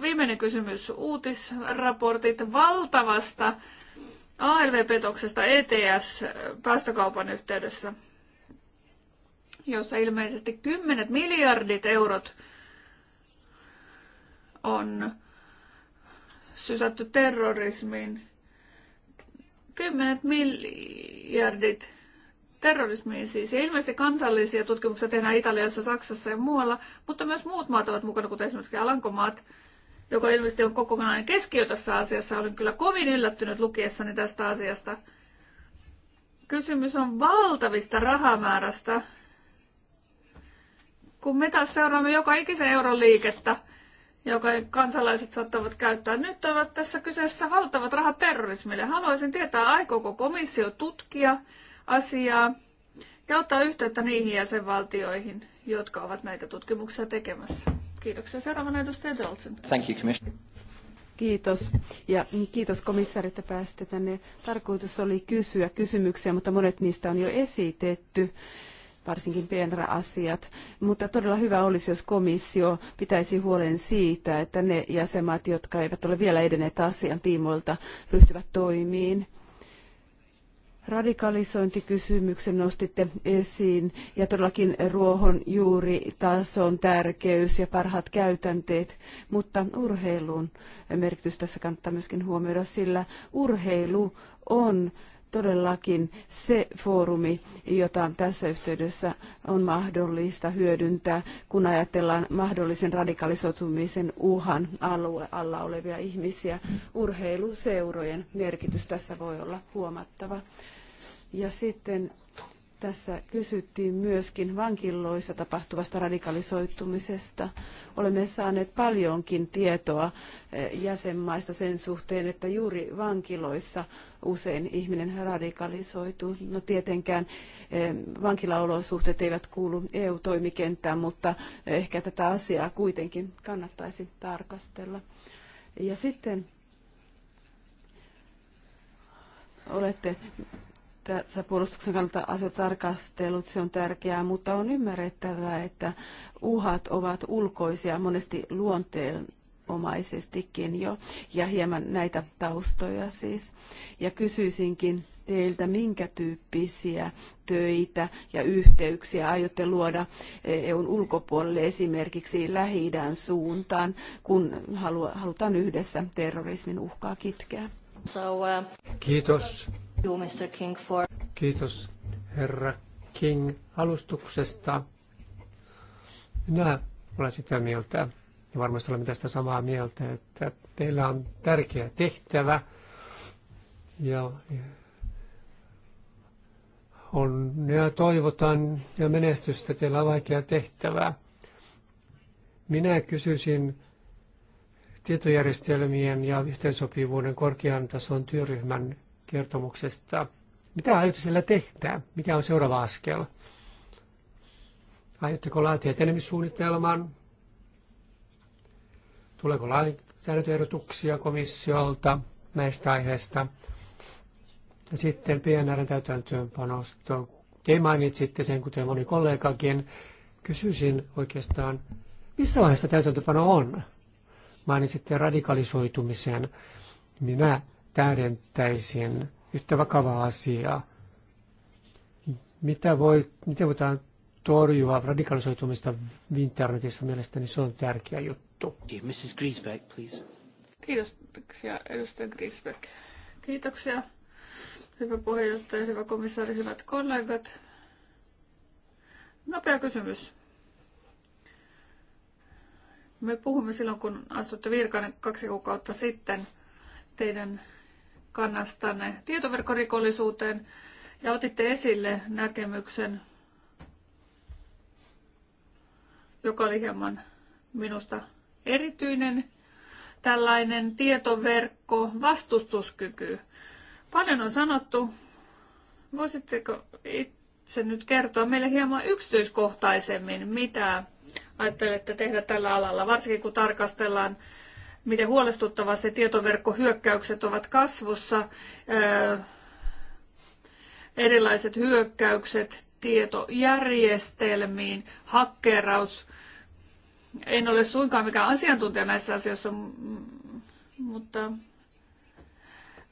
Viimeinen kysymys, uutisraportit valtavasta ALV-petoksesta ETS-päästökaupan yhteydessä jossa ilmeisesti kymmenet miljardit eurot on sysätty terrorismiin. Kymmenet miljardit terrorismiin siis. Ja ilmeisesti kansallisia tutkimuksia tehdään Italiassa, Saksassa ja muualla, mutta myös muut maat ovat mukana, kuten esimerkiksi Alankomaat, joka ilmeisesti on kokonainen keskiö tässä asiassa. Olin kyllä kovin yllättynyt lukiessani tästä asiasta. Kysymys on valtavista rahamäärästä, kun me taas seuraamme joka ikisen euron liikettä, joka kansalaiset saattavat käyttää. Nyt ovat tässä kyseessä valtavat rahat terrorismille. Haluaisin tietää, aikooko komissio tutkia asiaa ja ottaa yhteyttä niihin jäsenvaltioihin, jotka ovat näitä tutkimuksia tekemässä. Kiitoksia. Seuraavana edustaja Johnson. Thank you, Commissioner. Kiitos. Ja kiitos komissaari, että pääsitte tänne. Tarkoitus oli kysyä kysymyksiä, mutta monet niistä on jo esitetty varsinkin PNR-asiat, mutta todella hyvä olisi, jos komissio pitäisi huolen siitä, että ne jäsenmaat, jotka eivät ole vielä edenneet asian tiimoilta, ryhtyvät toimiin. Radikalisointikysymyksen nostitte esiin ja todellakin ruohonjuuritason tärkeys ja parhaat käytänteet, mutta urheilun merkitys tässä kannattaa myöskin huomioida, sillä urheilu on todellakin se foorumi, jota tässä yhteydessä on mahdollista hyödyntää, kun ajatellaan mahdollisen radikalisoitumisen uhan alue, alla olevia ihmisiä. Urheiluseurojen merkitys tässä voi olla huomattava. Ja sitten tässä kysyttiin myöskin vankiloissa tapahtuvasta radikalisoitumisesta. Olemme saaneet paljonkin tietoa eh, jäsenmaista sen suhteen, että juuri vankiloissa usein ihminen radikalisoituu. No tietenkään eh, vankilaolosuhteet eivät kuulu EU-toimikenttään, mutta ehkä tätä asiaa kuitenkin kannattaisi tarkastella. Ja sitten olette tässä puolustuksen kannalta asetarkastelut, se on tärkeää, mutta on ymmärrettävää, että uhat ovat ulkoisia monesti luonteen omaisestikin jo, ja hieman näitä taustoja siis. Ja kysyisinkin teiltä, minkä tyyppisiä töitä ja yhteyksiä aiotte luoda EUn ulkopuolelle esimerkiksi lähi suuntaan, kun halutaan yhdessä terrorismin uhkaa kitkeä? Uh, Kiitos. Kiitos herra King alustuksesta. Minä olen sitä mieltä, ja varmasti olemme tästä samaa mieltä, että teillä on tärkeä tehtävä ja on, ja toivotan ja menestystä, teillä on vaikea tehtävä. Minä kysyisin tietojärjestelmien ja yhteensopivuuden korkean tason työryhmän kertomuksesta. Mitä aiotte siellä tehdä? Mikä on seuraava askel? Aiotteko laatia etenemissuunnitelman? Tuleeko lainsäädäntöehdotuksia komissiolta näistä aiheista? Ja sitten PNR täytäntöönpanosta. Te mainitsitte sen, kuten moni kollegakin. Kysyisin oikeastaan, missä vaiheessa täytäntöpano on? Mainitsitte radikalisoitumisen. Minä tähdentäisin yhtä vakavaa asiaa. Mitä voi, miten voidaan torjua radikalisoitumista internetissä? Mielestäni se on tärkeä juttu. Mrs. Griesbeck, please. Kiitoksia, edustaja Griesbeck. Kiitoksia, hyvä puheenjohtaja, hyvä komissaari, hyvät kollegat. Nopea kysymys. Me puhumme silloin, kun astutte virkaan kaksi kuukautta sitten teidän kannastanne tietoverkkorikollisuuteen ja otitte esille näkemyksen, joka oli hieman minusta erityinen, tällainen tietoverkko vastustuskyky. Paljon on sanottu. Voisitteko itse nyt kertoa meille hieman yksityiskohtaisemmin, mitä ajattelette tehdä tällä alalla, varsinkin kun tarkastellaan miten huolestuttavasti tietoverkkohyökkäykset ovat kasvussa. Erilaiset hyökkäykset tietojärjestelmiin, hakkeraus. En ole suinkaan mikään asiantuntija näissä asioissa, mutta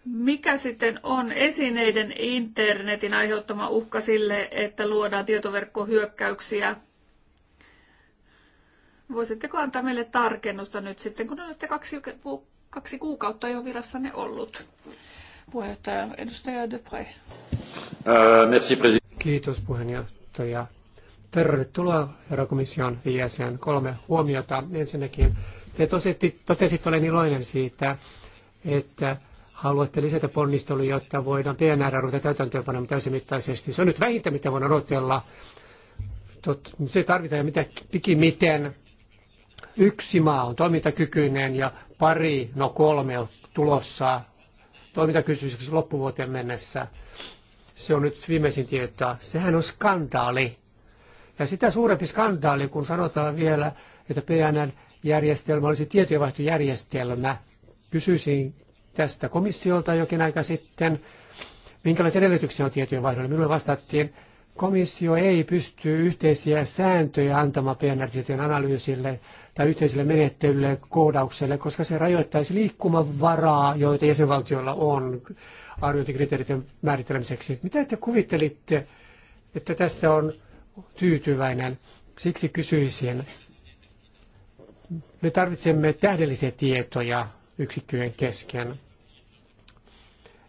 mikä sitten on esineiden internetin aiheuttama uhka sille, että luodaan tietoverkkohyökkäyksiä – Voisitteko antaa meille tarkennusta nyt sitten, kun olette kaksi, kaksi kuukautta jo virassanne ollut? Puheenjohtaja, edustaja euh, Depre. Kiitos puheenjohtaja. Tervetuloa herra komission jäsen. Kolme huomiota. Ensinnäkin te tosi, totesit, olen iloinen siitä, että haluatte lisätä ponnistelua, jotta voidaan PNR ruveta täytäntöönpanemaan täysimittaisesti. Se on nyt vähintä, mitä voidaan odotella. Tot, se tarvitaan mitä pikimiten yksi maa on toimintakykyinen ja pari, no kolme on tulossa toimintakysymykseksi loppuvuoteen mennessä. Se on nyt viimeisin tietoa. Sehän on skandaali. Ja sitä suurempi skandaali, kun sanotaan vielä, että PNR-järjestelmä olisi tietojenvaihtojärjestelmä. Kysyisin tästä komissiolta jokin aika sitten, minkälaisia edellytyksiä on tietojenvaihdolle. Minulle vastattiin, komissio ei pysty yhteisiä sääntöjä antamaan PNR-tietojen analyysille tai yhteiselle menettelylle, koodaukselle, koska se rajoittaisi liikkumavaraa, joita jäsenvaltioilla on arviointikriteereiden määrittelemiseksi. Mitä te kuvittelitte, että tässä on tyytyväinen? Siksi kysyisin. Me tarvitsemme tähdellisiä tietoja yksikköjen kesken.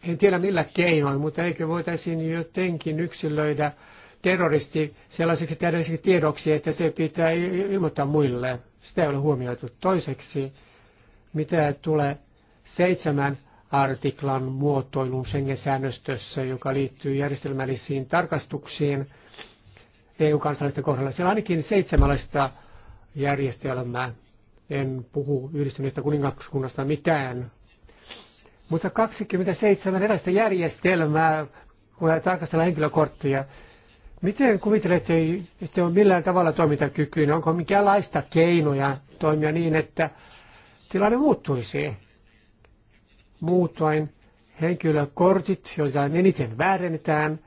En tiedä millä keinoin, mutta eikö voitaisiin jotenkin yksilöidä terroristi sellaiseksi täydelliseksi tiedoksi, että se pitää ilmoittaa muille. Sitä ei ole huomioitu. Toiseksi, mitä tulee seitsemän artiklan muotoilun Schengen-säännöstössä, joka liittyy järjestelmällisiin tarkastuksiin EU-kansalaisten kohdalla. Siellä on ainakin seitsemänlaista järjestelmää. En puhu yhdistyneestä kuningaskunnasta mitään. Mutta 27 erästä järjestelmää, kun tarkastellaan henkilökorttia, Miten kuvittelette, että on millään tavalla toimintakykyinen? Onko mikäänlaista keinoja toimia niin, että tilanne muuttuisi? Muutoin henkilökortit, joita eniten väärennetään,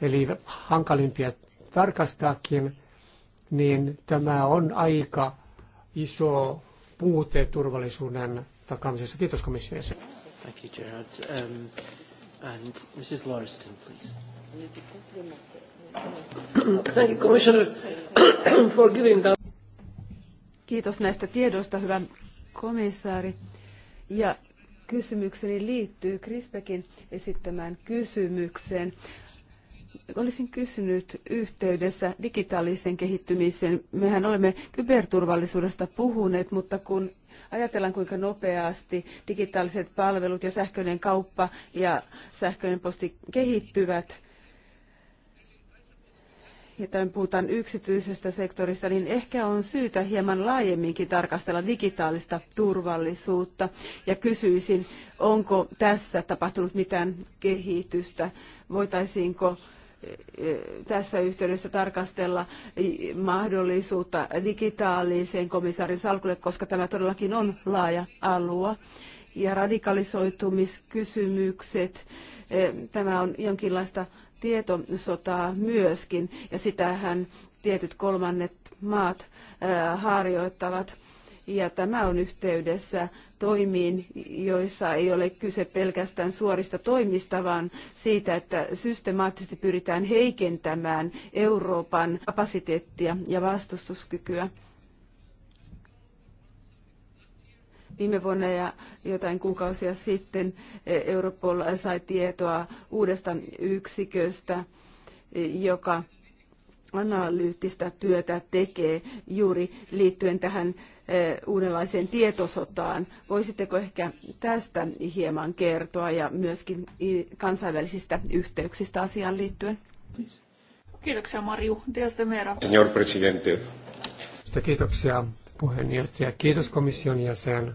eli hankalimpia tarkastaakin, niin tämä on aika iso puute turvallisuuden takaamisessa. Kiitos komission Thank you, Gerard. Um, and Mrs. Lauriston, please. Thank you, Commissioner, for giving that. Kiitos näistä tiedoista, hyvä komissaari. Ja kysymykseni liittyy Krispekin esittämään kysymykseen. Olisin kysynyt yhteydessä digitaalisen kehittymiseen. Mehän olemme kyberturvallisuudesta puhuneet, mutta kun ajatellaan kuinka nopeasti digitaaliset palvelut ja sähköinen kauppa ja sähköinen posti kehittyvät, ja tämän puhutaan yksityisestä sektorista, niin ehkä on syytä hieman laajemminkin tarkastella digitaalista turvallisuutta. Ja kysyisin, onko tässä tapahtunut mitään kehitystä? Voitaisiinko eh, tässä yhteydessä tarkastella eh, mahdollisuutta digitaaliseen komissaarin salkulle, koska tämä todellakin on laaja alue. Ja radikalisoitumiskysymykset, eh, tämä on jonkinlaista tietosotaa myöskin, ja sitähän tietyt kolmannet maat harjoittavat. Ja tämä on yhteydessä toimiin, joissa ei ole kyse pelkästään suorista toimista, vaan siitä, että systemaattisesti pyritään heikentämään Euroopan kapasiteettia ja vastustuskykyä. Viime vuonna ja jotain kuukausia sitten Europol sai tietoa uudesta yksiköstä, joka analyyttistä työtä tekee juuri liittyen tähän e, uudenlaiseen tietosotaan. Voisitteko ehkä tästä hieman kertoa ja myöskin kansainvälisistä yhteyksistä asiaan liittyen? Kiitoksia Marju. Dios de Señor presidente. Kiitoksia puheenjohtaja. Kiitos komission jäsen.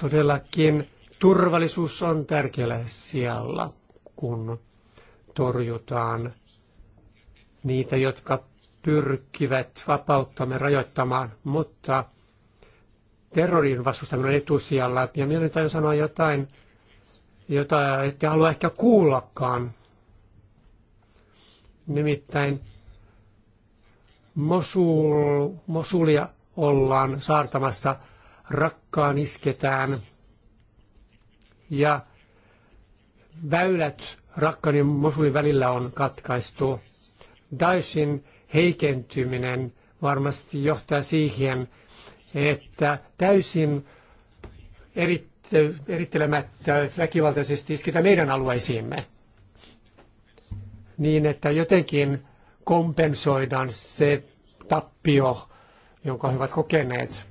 Todellakin turvallisuus on tärkeällä sijalla, kun torjutaan niitä, jotka pyrkivät vapauttamme rajoittamaan, mutta terrorin vastustaminen on etusijalla. Ja minä nyt sanoa jotain, jota ette halua ehkä kuullakaan. Nimittäin Mosul, Mosulia ollaan saartamassa rak, nokkaan isketään. Ja väylät Rakkan ja Mosulin välillä on katkaistu. Daishin heikentyminen varmasti johtaa siihen, että täysin erittelemättä väkivaltaisesti isketään meidän alueisiimme. Niin, että jotenkin kompensoidaan se tappio, jonka he ovat kokeneet.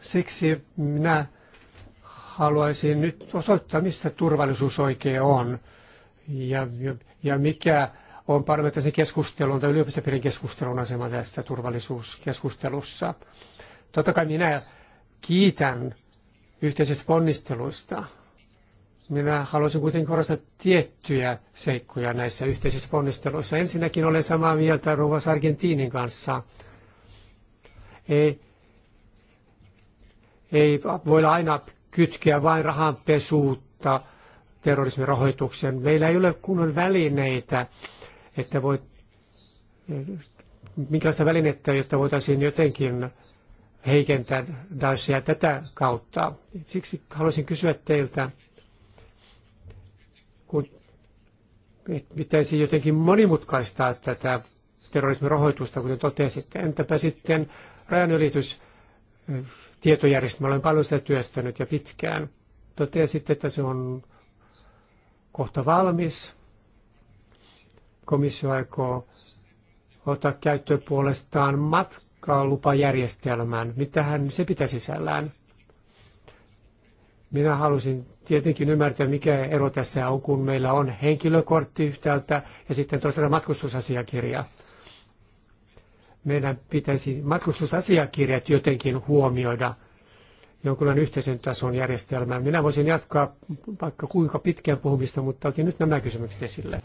Siksi minä haluaisin nyt osoittaa, missä turvallisuus oikein on ja, ja, ja mikä on parlamentaarisen keskustelun tai yliopistopiirin keskustelun asema tässä turvallisuuskeskustelussa. Totta kai minä kiitän yhteisistä ponnisteluista. Minä haluaisin kuitenkin korostaa tiettyjä seikkoja näissä yhteisissä ponnisteluissa. Ensinnäkin olen samaa mieltä Ruvas Argentiinin kanssa. Ei ei voi aina kytkeä vain rahanpesuutta terrorismin rahoitukseen. Meillä ei ole kunnon välineitä, että voi, minkälaista välinettä, jotta voitaisiin jotenkin heikentää Daeshia tätä kautta. Siksi haluaisin kysyä teiltä, kun pitäisi jotenkin monimutkaistaa tätä terrorismin rahoitusta, kuten totesitte. Entäpä sitten rajanylitys tietojärjestelmä. Olen paljon sitä työstänyt ja pitkään. sitten, että se on kohta valmis. Komissio aikoo ottaa käyttöön puolestaan matkalupajärjestelmän. Mitähän se pitää sisällään? Minä halusin tietenkin ymmärtää, mikä ero tässä on, kun meillä on henkilökortti yhtäältä ja sitten toisaalta matkustusasiakirja meidän pitäisi matkustusasiakirjat jotenkin huomioida jonkunlainen yhteisen tason järjestelmään. Minä voisin jatkaa vaikka kuinka pitkään puhumista, mutta otin nyt nämä kysymykset esille.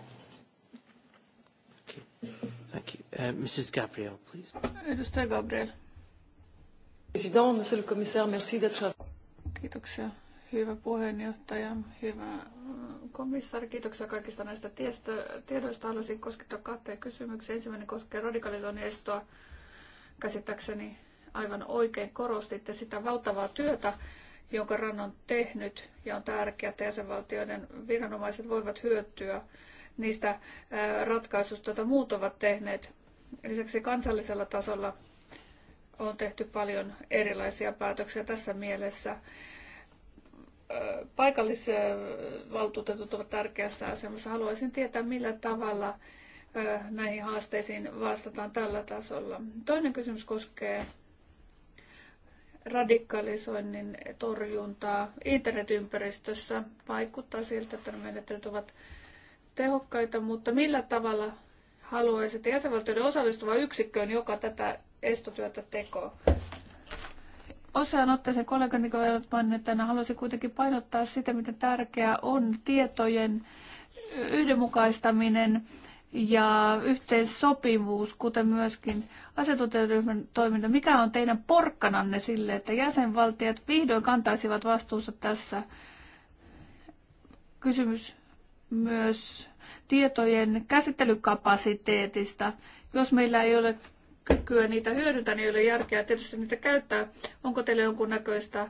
Uh, Kiitoksia Hyvä puheenjohtaja, hyvä komissaari. Kiitoksia kaikista näistä tiestä, tiedoista. Haluaisin koskettaa kahteen kysymykseen. Ensimmäinen koskee radikalisoinnin estoa. Käsittääkseni aivan oikein korostitte sitä valtavaa työtä, jonka RAN on tehnyt ja on tärkeää, että jäsenvaltioiden viranomaiset voivat hyötyä niistä ratkaisuista, joita muut ovat tehneet. Lisäksi kansallisella tasolla on tehty paljon erilaisia päätöksiä tässä mielessä paikallisvaltuutetut ovat tärkeässä asemassa. Haluaisin tietää, millä tavalla näihin haasteisiin vastataan tällä tasolla. Toinen kysymys koskee radikalisoinnin torjuntaa internetympäristössä. Vaikuttaa siltä, että menettelyt ovat tehokkaita, mutta millä tavalla haluaisit jäsenvaltioiden osallistuvan yksikköön, joka tätä estotyötä tekoo? Osaan otteeseen kollegani ovat että tänään, haluaisin kuitenkin painottaa sitä, miten tärkeää on tietojen yhdenmukaistaminen ja yhteissopivuus, kuten myöskin asetunteuryhmän toiminta. Mikä on teidän porkkananne sille, että jäsenvaltiot vihdoin kantaisivat vastuussa tässä? Kysymys myös tietojen käsittelykapasiteetista. Jos meillä ei ole kykyä niitä hyödyntää, niin ei ole järkeä tietysti niitä käyttää. Onko teillä jonkunnäköistä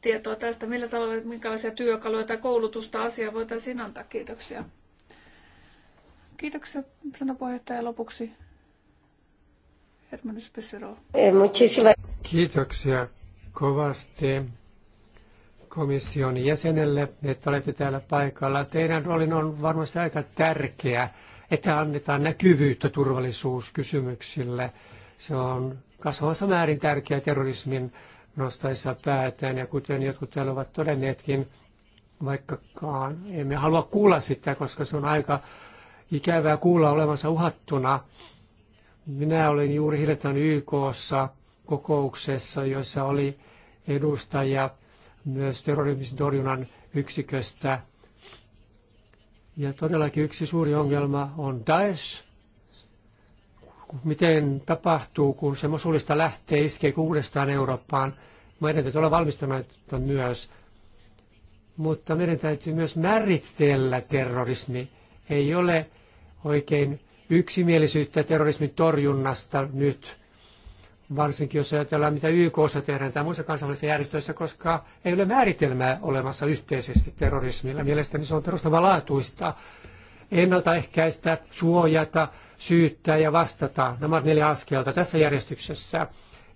tietoa tästä, millä tavalla, minkälaisia työkaluja tai koulutusta asiaa voitaisiin antaa? Kiitoksia. Kiitoksia, puheenjohtaja lopuksi. Hermanus Pesero. Eh, Kiitoksia kovasti komission jäsenelle, että olette täällä paikalla. Teidän roolin on varmasti aika tärkeä että annetaan näkyvyyttä turvallisuuskysymyksille. Se on kasvavassa määrin tärkeä terrorismin nostaessa päätään. Ja kuten jotkut täällä ovat todenneetkin, vaikkakaan emme halua kuulla sitä, koska se on aika ikävää kuulla olevansa uhattuna. Minä olin juuri hiljattain YKssa kokouksessa, jossa oli edustajia myös terrorismin torjunnan yksiköstä ja todellakin yksi suuri ongelma on Daesh. Miten tapahtuu, kun se Mosulista lähtee, iskee uudestaan Eurooppaan? Meidän täytyy olla valmistamatta myös. Mutta meidän täytyy myös määritellä terrorismi. Ei ole oikein yksimielisyyttä terrorismin torjunnasta nyt varsinkin jos ajatellaan, mitä YKssa tehdään tai muissa kansainvälisissä järjestöissä, koska ei ole määritelmää olemassa yhteisesti terrorismilla. Mielestäni se on perustavanlaatuista ennaltaehkäistä, suojata, syyttää ja vastata. Nämä ovat neljä askelta tässä järjestyksessä.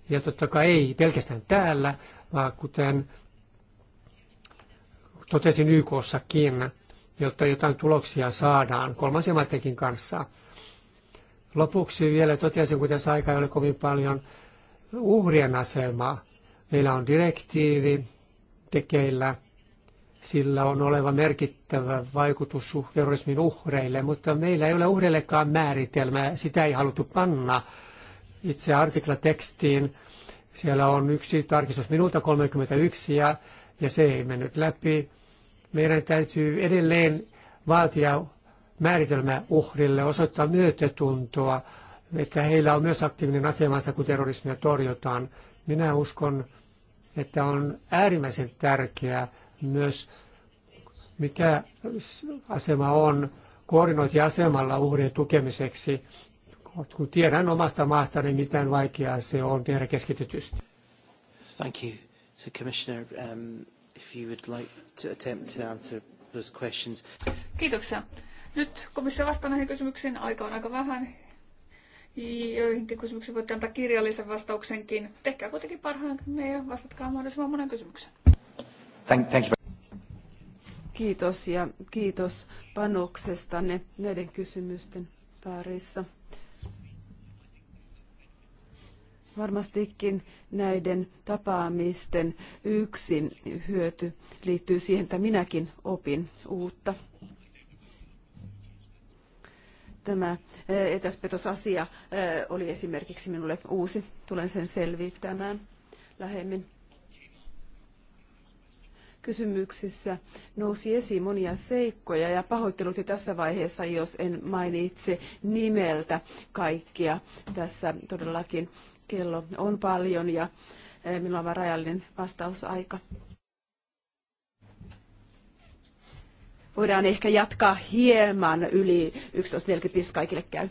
Ja totta kai ei pelkästään täällä, vaan kuten totesin YKssakin, jotta jotain tuloksia saadaan kolmansien maidenkin kanssa. Lopuksi vielä totesin, kun tässä aikaa ei ole kovin paljon, uhrien asema. Meillä on direktiivi tekeillä. Sillä on oleva merkittävä vaikutus uh, terrorismin uhreille, mutta meillä ei ole uhreillekaan määritelmää. Sitä ei haluttu panna itse artiklatekstiin. Siellä on yksi tarkistus minuuta 31 ja, ja se ei mennyt läpi. Meidän täytyy edelleen vaatia määritelmä uhrille, osoittaa myötätuntoa, että heillä on myös aktiivinen asemansa, kun terrorismia torjutaan. Minä uskon, että on äärimmäisen tärkeää myös, mikä asema on koordinointiasemalla uhrien tukemiseksi. Kun tiedän omasta maastani, niin miten vaikeaa se on tehdä keskitytysti. Thank you. So, Commissioner, um, if you would like to attempt to answer those questions. Kiitoksia. Nyt komissio vastaa näihin kysymyksiin. Aika on aika vähän joihin kysymyksiin voitte antaa kirjallisen vastauksenkin. Tehkää kuitenkin parhaanne ja vastatkaa mahdollisimman monen kysymyksen. Thank, thank you. Kiitos ja kiitos panoksestanne näiden kysymysten parissa. Varmastikin näiden tapaamisten yksi hyöty liittyy siihen, että minäkin opin uutta. Tämä eh, etäspetosasia eh, oli esimerkiksi minulle uusi. Tulen sen selvittämään lähemmin. Kysymyksissä nousi esiin monia seikkoja ja pahoittelut jo tässä vaiheessa, jos en mainitse nimeltä kaikkia. Tässä todellakin kello on paljon ja eh, minulla on vain rajallinen vastausaika. voidaan ehkä jatkaa hieman yli 11.45 kaikille käy.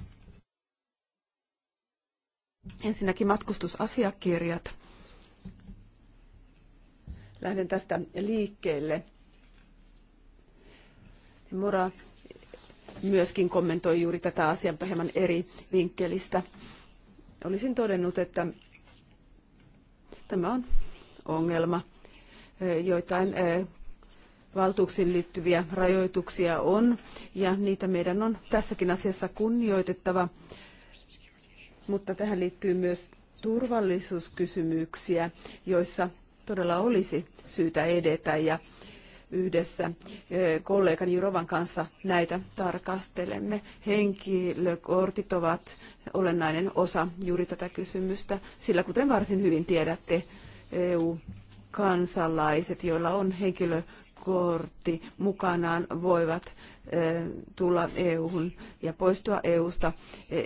Ensinnäkin matkustusasiakirjat. Lähden tästä liikkeelle. Mora myöskin kommentoi juuri tätä asiaa, mutta hieman eri vinkkelistä. Olisin todennut, että tämä on ongelma. Joitain eh, valtuuksiin liittyviä rajoituksia on, ja niitä meidän on tässäkin asiassa kunnioitettava, mutta tähän liittyy myös turvallisuuskysymyksiä, joissa todella olisi syytä edetä, ja yhdessä e, kollegan Jurovan kanssa näitä tarkastelemme. Henkilökortit ovat olennainen osa juuri tätä kysymystä, sillä kuten varsin hyvin tiedätte, EU-kansalaiset, joilla on henkilö kortti mukanaan voivat eh, tulla EU-hun ja poistua EU-sta eh,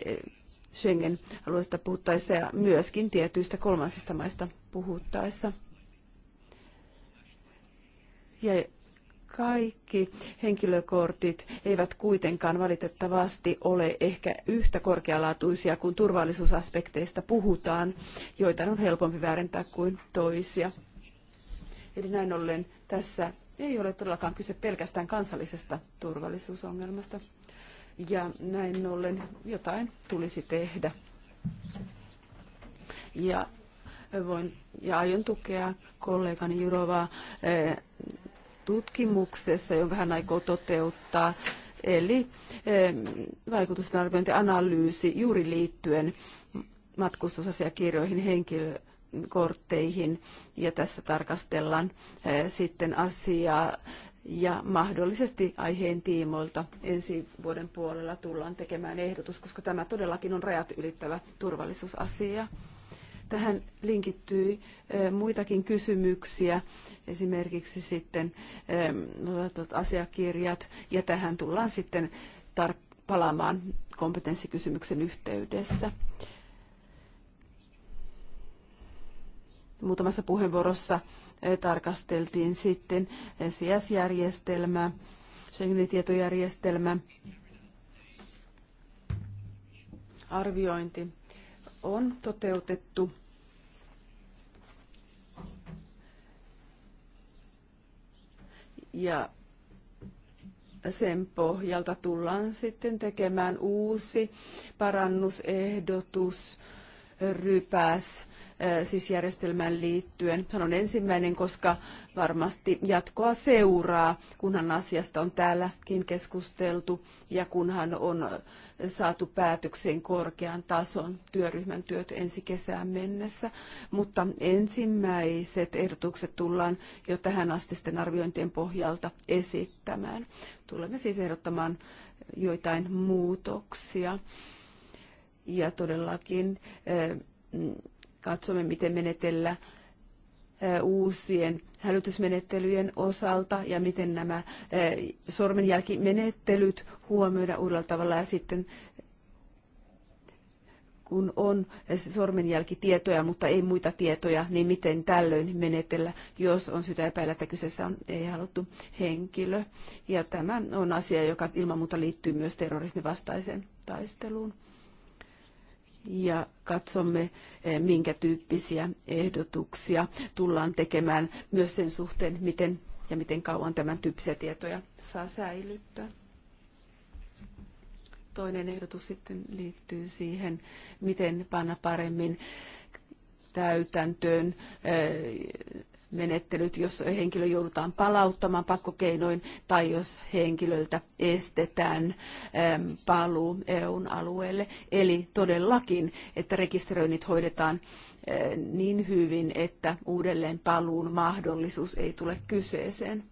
Schengen-alueesta puhuttaessa ja myöskin tietyistä kolmansista maista puhuttaessa. Ja kaikki henkilökortit eivät kuitenkaan valitettavasti ole ehkä yhtä korkealaatuisia, kun turvallisuusaspekteista puhutaan, joita on helpompi väärentää kuin toisia. Eli näin ollen tässä ei ole todellakaan kyse pelkästään kansallisesta turvallisuusongelmasta. Ja näin ollen jotain tulisi tehdä. Ja voin ja aion tukea kollegani Jurovaa eh, tutkimuksessa, jonka hän aikoo toteuttaa. Eli eh, arviointianalyysi juuri liittyen matkustusasiakirjoihin, henkilö, kortteihin ja tässä tarkastellaan sitten asiaa ja mahdollisesti aiheen tiimoilta ensi vuoden puolella tullaan tekemään ehdotus, koska tämä todellakin on rajat ylittävä turvallisuusasia. Tähän linkittyy muitakin kysymyksiä, esimerkiksi sitten asiakirjat, ja tähän tullaan sitten palaamaan kompetenssikysymyksen yhteydessä. Muutamassa puheenvuorossa eh, tarkasteltiin sitten sis järjestelmä Schengenin tietojärjestelmä, arviointi on toteutettu. Ja sen pohjalta tullaan sitten tekemään uusi parannusehdotus, rypäs siis järjestelmään liittyen. Sanon ensimmäinen, koska varmasti jatkoa seuraa, kunhan asiasta on täälläkin keskusteltu ja kunhan on saatu päätökseen korkean tason työryhmän työt ensi kesään mennessä. Mutta ensimmäiset ehdotukset tullaan jo tähän astisten arviointien pohjalta esittämään. Tulemme siis ehdottamaan joitain muutoksia. Ja todellakin katsomme, miten menetellä uusien hälytysmenettelyjen osalta ja miten nämä sormenjälkimenettelyt huomioida uudella tavalla ja sitten kun on sormenjälkitietoja, mutta ei muita tietoja, niin miten tällöin menetellä, jos on syytä epäillä, että kyseessä on ei-haluttu henkilö. Ja tämä on asia, joka ilman muuta liittyy myös terrorismin vastaiseen taisteluun ja katsomme, eh, minkä tyyppisiä ehdotuksia tullaan tekemään myös sen suhteen, miten ja miten kauan tämän tyyppisiä tietoja saa säilyttää. Toinen ehdotus sitten liittyy siihen, miten panna paremmin täytäntöön eh, menettelyt, jos henkilö joudutaan palauttamaan pakkokeinoin tai jos henkilöltä estetään ähm, paluu EUn alueelle. Eli todellakin, että rekisteröinnit hoidetaan äh, niin hyvin, että uudelleen paluun mahdollisuus ei tule kyseeseen.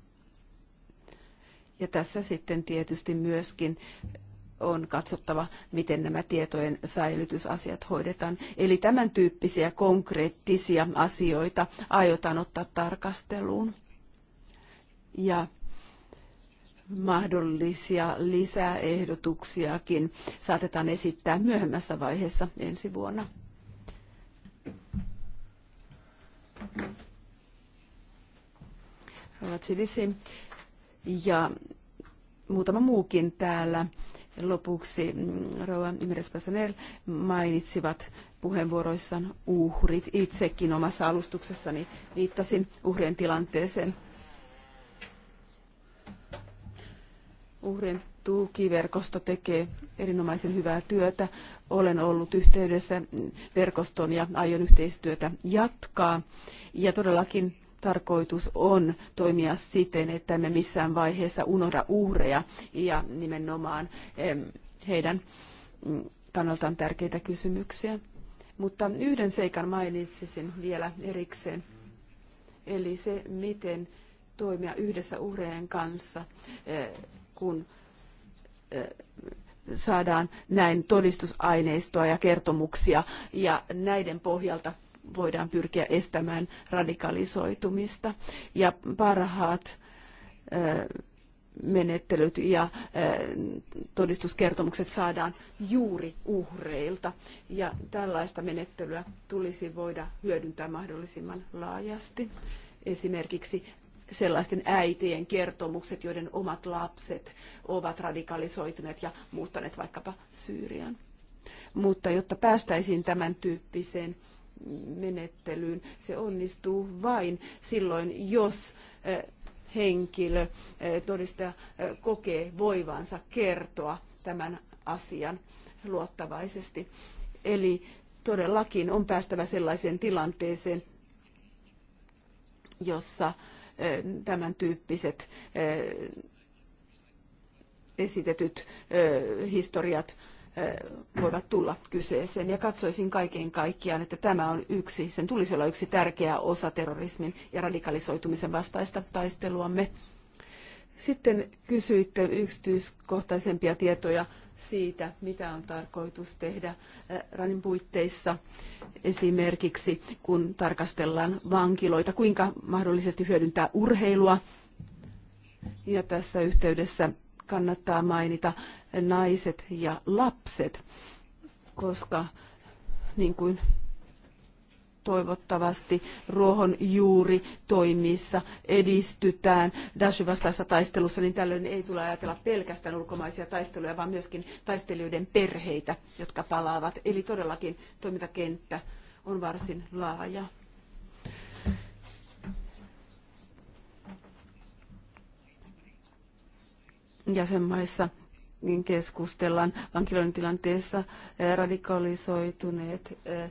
Ja tässä sitten tietysti myöskin on katsottava, miten nämä tietojen säilytysasiat hoidetaan. Eli tämän tyyppisiä konkreettisia asioita aiotaan ottaa tarkasteluun. Ja mahdollisia lisäehdotuksiakin saatetaan esittää myöhemmässä vaiheessa ensi vuonna. Ja muutama muukin täällä lopuksi mm, Rova Imrespasanel mainitsivat puheenvuoroissaan uhrit. Itsekin omassa alustuksessani viittasin uhrien tilanteeseen. Uhrien tukiverkosto tekee erinomaisen hyvää työtä. Olen ollut yhteydessä verkoston ja aion yhteistyötä jatkaa. Ja todellakin tarkoitus on toimia siten, että me missään vaiheessa unohda uhreja ja nimenomaan heidän mm, kannaltaan tärkeitä kysymyksiä. Mutta yhden seikan mainitsisin vielä erikseen, eli se, miten toimia yhdessä uhreen kanssa, eh, kun eh, saadaan näin todistusaineistoa ja kertomuksia, ja näiden pohjalta voidaan pyrkiä estämään radikalisoitumista ja parhaat menettelyt ja todistuskertomukset saadaan juuri uhreilta. Ja tällaista menettelyä tulisi voida hyödyntää mahdollisimman laajasti. Esimerkiksi sellaisten äitien kertomukset, joiden omat lapset ovat radikalisoituneet ja muuttaneet vaikkapa Syyrian. Mutta jotta päästäisiin tämän tyyppiseen menettelyyn. Se onnistuu vain silloin, jos henkilö, todistaja kokee voivansa kertoa tämän asian luottavaisesti. Eli todellakin on päästävä sellaiseen tilanteeseen, jossa tämän tyyppiset esitetyt historiat voivat tulla kyseeseen. Ja katsoisin kaiken kaikkiaan, että tämä on yksi, sen tulisi olla yksi tärkeä osa terrorismin ja radikalisoitumisen vastaista taisteluamme. Sitten kysyitte yksityiskohtaisempia tietoja siitä, mitä on tarkoitus tehdä RANin puitteissa esimerkiksi, kun tarkastellaan vankiloita, kuinka mahdollisesti hyödyntää urheilua. Ja tässä yhteydessä kannattaa mainita naiset ja lapset, koska niin kuin toivottavasti juuri toimissa edistytään Dashi vastaisessa taistelussa, niin tällöin ei tule ajatella pelkästään ulkomaisia taisteluja, vaan myöskin taistelijoiden perheitä, jotka palaavat. Eli todellakin toimintakenttä on varsin laaja. Jäsenmaissa niin keskustellaan vankiloiden tilanteessa eh, radikalisoituneet eh,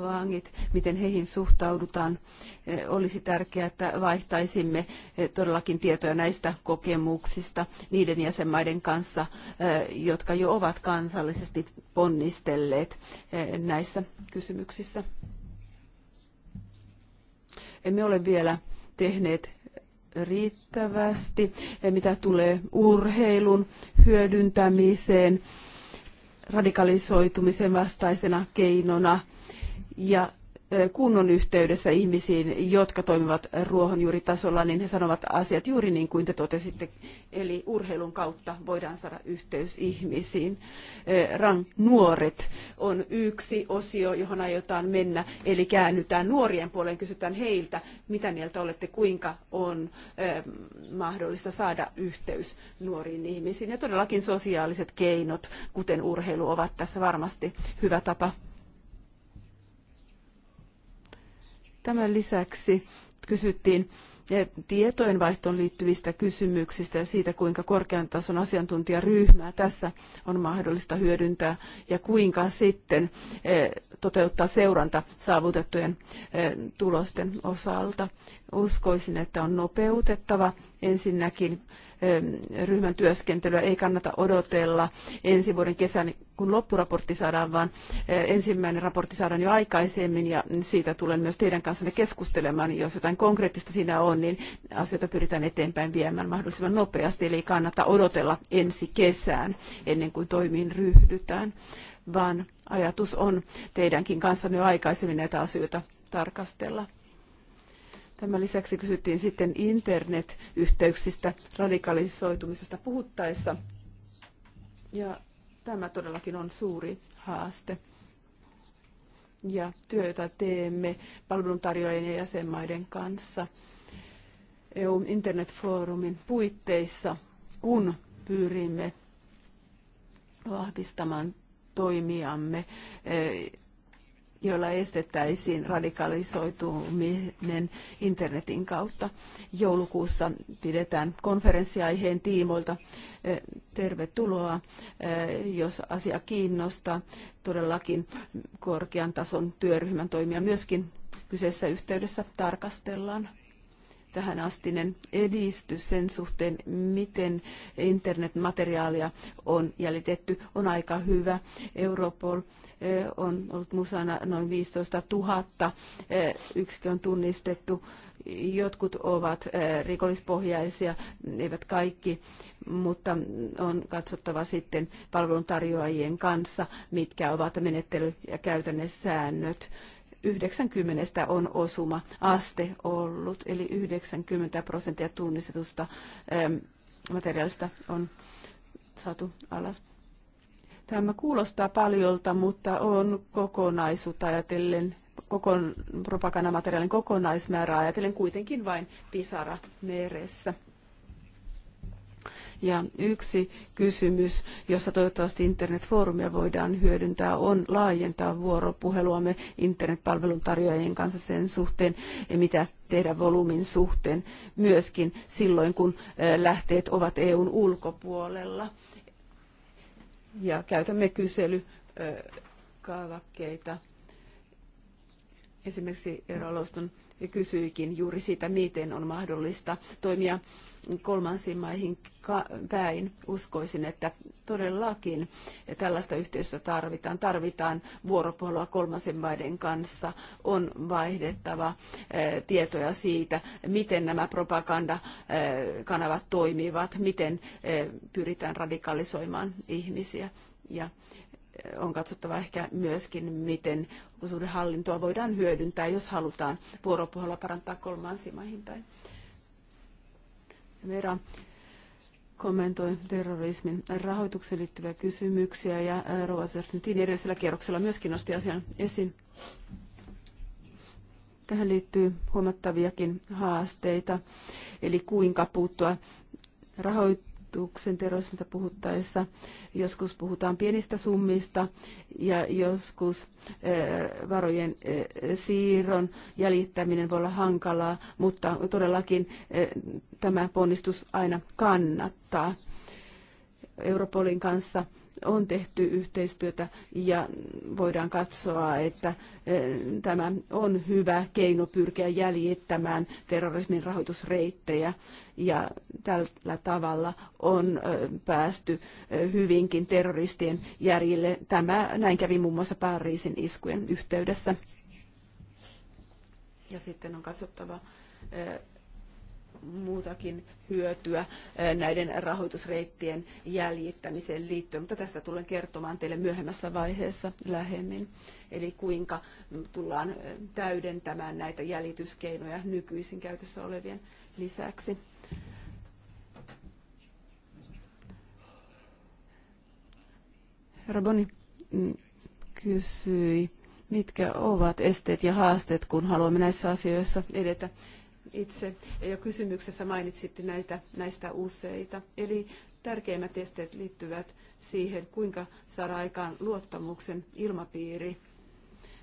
vangit, miten heihin suhtaudutaan. Eh, olisi tärkeää, että vaihtaisimme todellakin tietoja näistä kokemuksista niiden jäsenmaiden kanssa, jotka jo ovat kansallisesti ponnistelleet näissä kysymyksissä. Emme ole vielä tehneet riittävästi, eh, mitä tulee urheilun hyödyntämiseen radikalisoitumisen vastaisena keinona ja kunnon yhteydessä ihmisiin, jotka toimivat ruohonjuuritasolla, niin he sanovat asiat juuri niin kuin te totesitte. Eli urheilun kautta voidaan saada yhteys ihmisiin. Rang nuoret on yksi osio, johon aiotaan mennä. Eli käännytään nuorien puoleen, kysytään heiltä, mitä mieltä olette, kuinka on mahdollista saada yhteys nuoriin ihmisiin. Ja todellakin sosiaaliset keinot, kuten urheilu, ovat tässä varmasti hyvä tapa Tämän lisäksi kysyttiin eh, tietojenvaihtoon liittyvistä kysymyksistä ja siitä, kuinka korkean tason asiantuntijaryhmää tässä on mahdollista hyödyntää ja kuinka sitten eh, toteuttaa seuranta saavutettujen eh, tulosten osalta. Uskoisin, että on nopeutettava ensinnäkin ryhmän työskentelyä ei kannata odotella ensi vuoden kesän, kun loppuraportti saadaan, vaan ensimmäinen raportti saadaan jo aikaisemmin ja siitä tulen myös teidän kanssanne keskustelemaan. Jos jotain konkreettista siinä on, niin asioita pyritään eteenpäin viemään mahdollisimman nopeasti, eli ei kannata odotella ensi kesään ennen kuin toimiin ryhdytään, vaan ajatus on teidänkin kanssanne jo aikaisemmin näitä asioita tarkastella. Tämän lisäksi kysyttiin sitten internet internet-yhteyksistä radikalisoitumisesta puhuttaessa. Ja tämä todellakin on suuri haaste. Ja työ, jota teemme palveluntarjoajien ja jäsenmaiden kanssa EU-internetfoorumin puitteissa, kun pyrimme vahvistamaan toimiamme joilla estettäisiin radikalisoituminen internetin kautta. Joulukuussa pidetään konferenssiaiheen tiimoilta. Eh, tervetuloa, eh, jos asia kiinnostaa. Todellakin korkean tason työryhmän toimia myöskin kyseessä yhteydessä tarkastellaan tähän astinen edistys sen suhteen, miten internetmateriaalia on jäljitetty, on aika hyvä. Europol eh, on ollut musana noin 15 000 yksikön tunnistettu jotkut ovat eh, rikollispohjaisia, eivät kaikki, mutta on katsottava sitten palveluntarjoajien kanssa, mitkä ovat menettely- ja käytännössäännöt. säännöt 90 on osuma-aste ollut, eli 90 prosenttia tunnistetusta ähm, materiaalista on saatu alas. Tämä kuulostaa paljolta, mutta on kokonaisuutta ajatellen, kokon, propagandamateriaalin kokonaismäärää ajatellen kuitenkin vain pisara meressä. Ja yksi kysymys, jossa toivottavasti internetfoorumia voidaan hyödyntää, on laajentaa vuoropuheluamme internetpalvelun tarjoajien kanssa sen suhteen, mitä tehdä volyymin suhteen myöskin silloin, kun lähteet ovat EUn ulkopuolella. Ja käytämme kyselykaavakkeita. Esimerkiksi Eero kysyikin juuri siitä, miten on mahdollista toimia kolmansiin maihin päin. Uskoisin, että todellakin tällaista yhteistyötä tarvitaan. Tarvitaan vuoropuolua kolmansien maiden kanssa. On vaihdettava eh, tietoja siitä, miten nämä propagandakanavat eh, toimivat, miten eh, pyritään radikalisoimaan ihmisiä. Ja on katsottava ehkä myöskin, miten hallintoa voidaan hyödyntää, jos halutaan vuoropuhella parantaa kolmansiin maihin päin. Vera kommentoi terrorismin rahoitukseen liittyviä kysymyksiä ja Rova Zernitin edellisellä kierroksella myöskin nosti asian esiin. Tähän liittyy huomattaviakin haasteita, eli kuinka puuttua rahoitukseen rahoituksen terrorismista puhuttaessa joskus puhutaan pienistä summista ja joskus eh, varojen eh, siirron jäljittäminen voi olla hankalaa, mutta todellakin eh, tämä ponnistus aina kannattaa. Europolin kanssa on tehty yhteistyötä ja voidaan katsoa, että tämä on hyvä keino pyrkiä jäljittämään terrorismin rahoitusreittejä ja tällä tavalla on päästy hyvinkin terroristien järjille. Tämä näin kävi muun muassa Pariisin iskujen yhteydessä. Ja sitten on katsottava muutakin hyötyä näiden rahoitusreittien jäljittämiseen liittyen, mutta tästä tulen kertomaan teille myöhemmässä vaiheessa lähemmin. Eli kuinka tullaan täydentämään näitä jäljityskeinoja nykyisin käytössä olevien lisäksi. Herra Boni mm, kysyi, mitkä ovat esteet ja haasteet, kun haluamme näissä asioissa edetä itse. Ja kysymyksessä mainitsitte näitä, näistä useita. Eli tärkeimmät esteet liittyvät siihen, kuinka saada aikaan luottamuksen ilmapiiri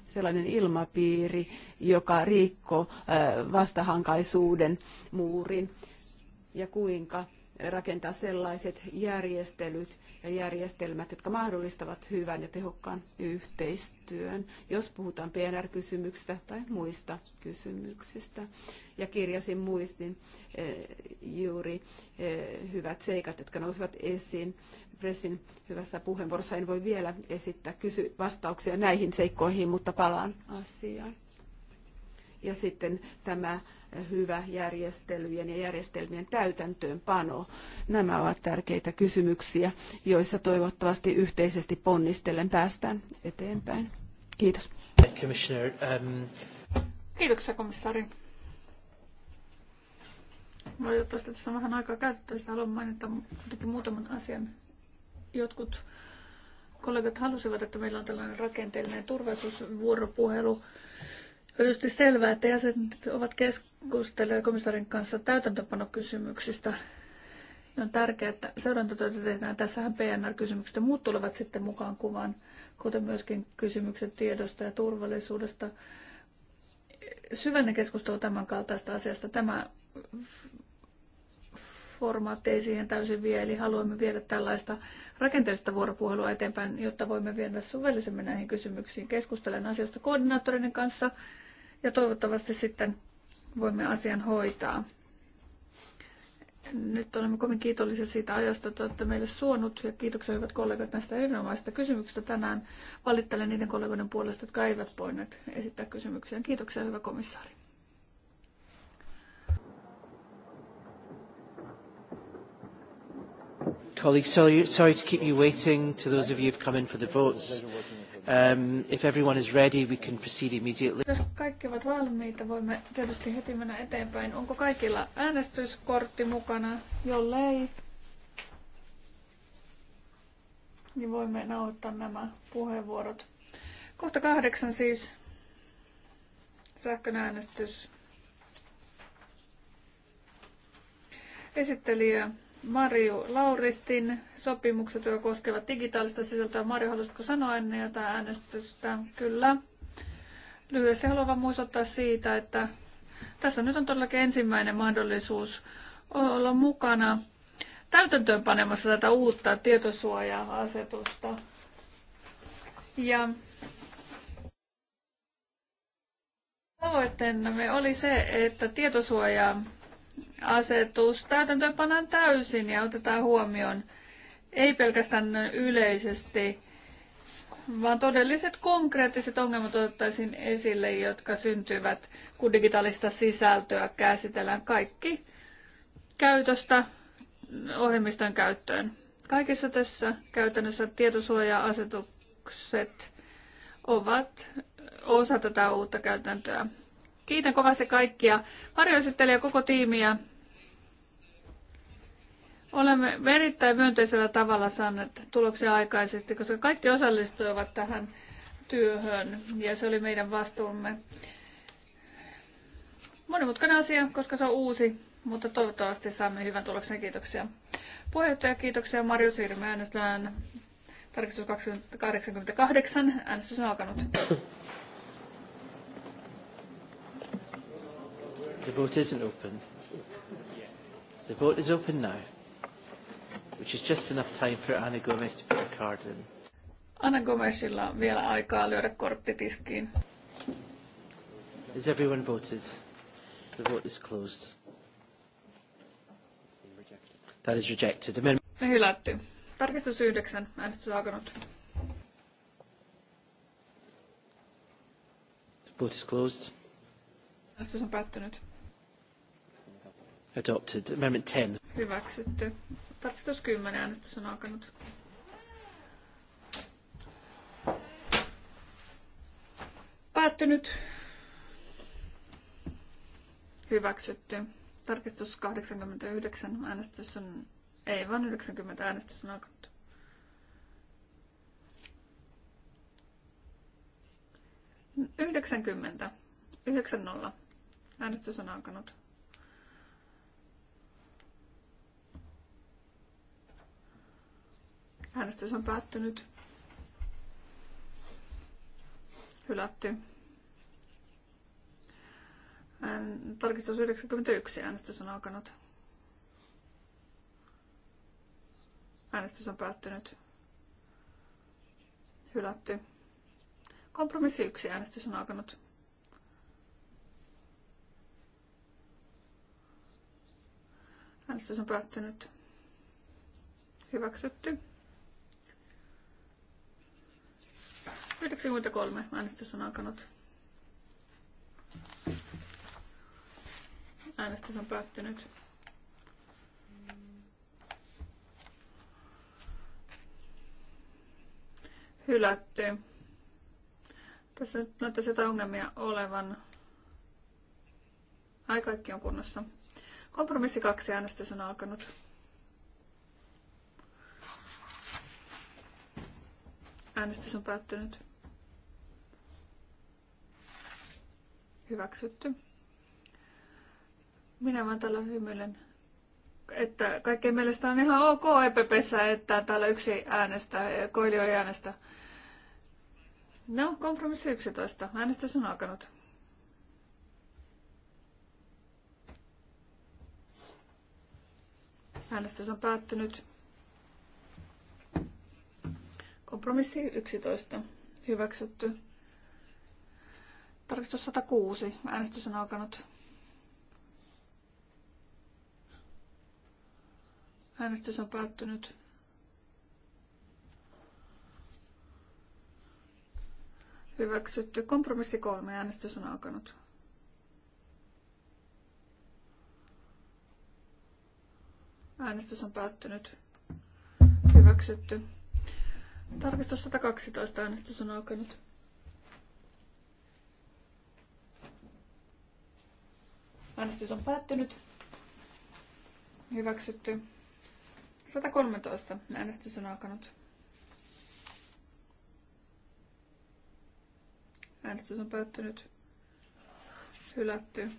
sellainen ilmapiiri, joka riikko vastahankaisuuden muurin ja kuinka rakentaa sellaiset järjestelyt, ja järjestelmät, jotka mahdollistavat hyvän ja tehokkaan yhteistyön, jos puhutaan PNR-kysymyksistä tai muista kysymyksistä. Ja kirjasin muistin eh, juuri eh, hyvät seikat, jotka nousivat esiin Pressin hyvässä puheenvuorossa. En voi vielä esittää kysy vastauksia näihin seikkoihin, mutta palaan asiaan ja sitten tämä hyvä järjestelyjen ja järjestelmien täytäntöönpano. Nämä ovat tärkeitä kysymyksiä, joissa toivottavasti yhteisesti ponnistellen päästään eteenpäin. Kiitos. Commissioner, um, Kiitoksia komissaari. Valitettavasti tässä on vähän aikaa käytettävissä. Haluan mainita kuitenkin muutaman asian. Jotkut kollegat halusivat, että meillä on tällainen rakenteellinen turvallisuusvuoropuhelu on tietysti selvää, että jäsenet ovat keskustelleet komissaarin kanssa täytäntöpanokysymyksistä. On tärkeää, että seurantatyötä tehdään. Tässähän PNR-kysymykset ja muut tulevat sitten mukaan kuvaan, kuten myöskin kysymykset tiedosta ja turvallisuudesta. Syvänne keskustelu tämän kaltaista asiasta. Tämä formaatti ei siihen täysin vie, eli haluamme viedä tällaista rakenteellista vuoropuhelua eteenpäin, jotta voimme viedä suvellisemmin näihin kysymyksiin. Keskustelen asiasta koordinaattorinen kanssa ja toivottavasti sitten voimme asian hoitaa. Nyt olemme kovin kiitollisia siitä ajasta, että olette meille suonut ja kiitoksia hyvät kollegat näistä erinomaisista kysymyksistä tänään. Valittelen niiden kollegoiden puolesta, jotka eivät voineet esittää kysymyksiä. Kiitoksia hyvä komissaari. Colleagues, sorry, sorry to keep you waiting to those of you who've come in for the votes. Um, if everyone is ready, we can proceed immediately. Jos kaikki ovat valmiita, voimme tietysti heti mennä eteenpäin. Onko kaikilla äänestyskortti mukana? Jollei, niin voimme nauhoittaa nämä puheenvuorot. Kohta kahdeksan siis sähkön äänestys. Esittelijä Marju Lauristin sopimukset, jotka koskevat digitaalista sisältöä. Marju, haluaisitko sanoa ennen jotain äänestystä? Kyllä. Lyhyesti haluan vain muistuttaa siitä, että tässä nyt on todellakin ensimmäinen mahdollisuus olla mukana täytäntöönpanemassa tätä uutta tietosuoja-asetusta. Ja tavoitteenamme oli se, että tietosuojaa asetus täytäntöönpannaan täysin ja otetaan huomioon ei pelkästään yleisesti, vaan todelliset konkreettiset ongelmat otettaisiin esille, jotka syntyvät, kun digitaalista sisältöä käsitellään kaikki käytöstä ohjelmiston käyttöön. Kaikissa tässä käytännössä tietosuoja-asetukset ovat osa tätä uutta käytäntöä. Kiitän kovasti kaikkia varjoesittelijä koko tiimiä. Olemme erittäin myönteisellä tavalla saaneet tuloksia aikaisesti, koska kaikki osallistuivat tähän työhön ja se oli meidän vastuumme. Monimutkainen asia, koska se on uusi, mutta toivottavasti saamme hyvän tuloksen. Kiitoksia puheenjohtaja, kiitoksia Marjo Sirmi. Äänestetään tarkistus 88. Äänestys on alkanut. The vote isn't open. The vote is open now, which is just enough time for Anna Gomez to put a card in. Anna Gomezilla on vielä aikaa lyödä korttitiskiin. Has everyone voted? The vote is closed. That is rejected. The men... Hylätty. Tarkistus yhdeksän. Äänestys alkanut. Vote is closed. Äänestys on päättynyt. Adopted. Amendment 10. Hyväksytty. Tarkistus 10. Äänestys on alkanut. Päättynyt. Hyväksytty. Tarkistus 89. Äänestys on... Ei, vaan 90. Äänestys on alkanut. Yhdeksänkymmentä. Yhdeksän nolla. Äänestys on alkanut. Äänestys on päättynyt. Hylätty. Tarkistus 91. Äänestys on alkanut. Äänestys on päättynyt. Hylätty. Kompromissi 1. Äänestys on alkanut. Äänestys on päättynyt. Hyväksytty. 93. Äänestys on alkanut. Äänestys on päättynyt. Hylätty. Tässä nyt näyttäisi jotain ongelmia olevan. Ai kaikki on kunnossa. Kompromissi kaksi äänestys on alkanut. Äänestys on päättynyt. Hyväksytty. Minä vaan tällä hymyilen, että kaikkien mielestä on ihan ok EPPssä, että täällä yksi äänestä, Koilio ei äänestä. No, kompromissi 11. Äänestys on alkanut. Äänestys on päättynyt. Kompromissi 11. Hyväksytty. Tarkistus 106. Äänestys on alkanut. Äänestys on päättynyt. Hyväksytty. Kompromissi kolme. Äänestys on alkanut. Äänestys on päättynyt. Hyväksytty. Tarkistus 112. Äänestys on alkanut. Äänestys on päättynyt. Hyväksytty. 113. Äänestys on alkanut. Äänestys on päättynyt. Hylätty.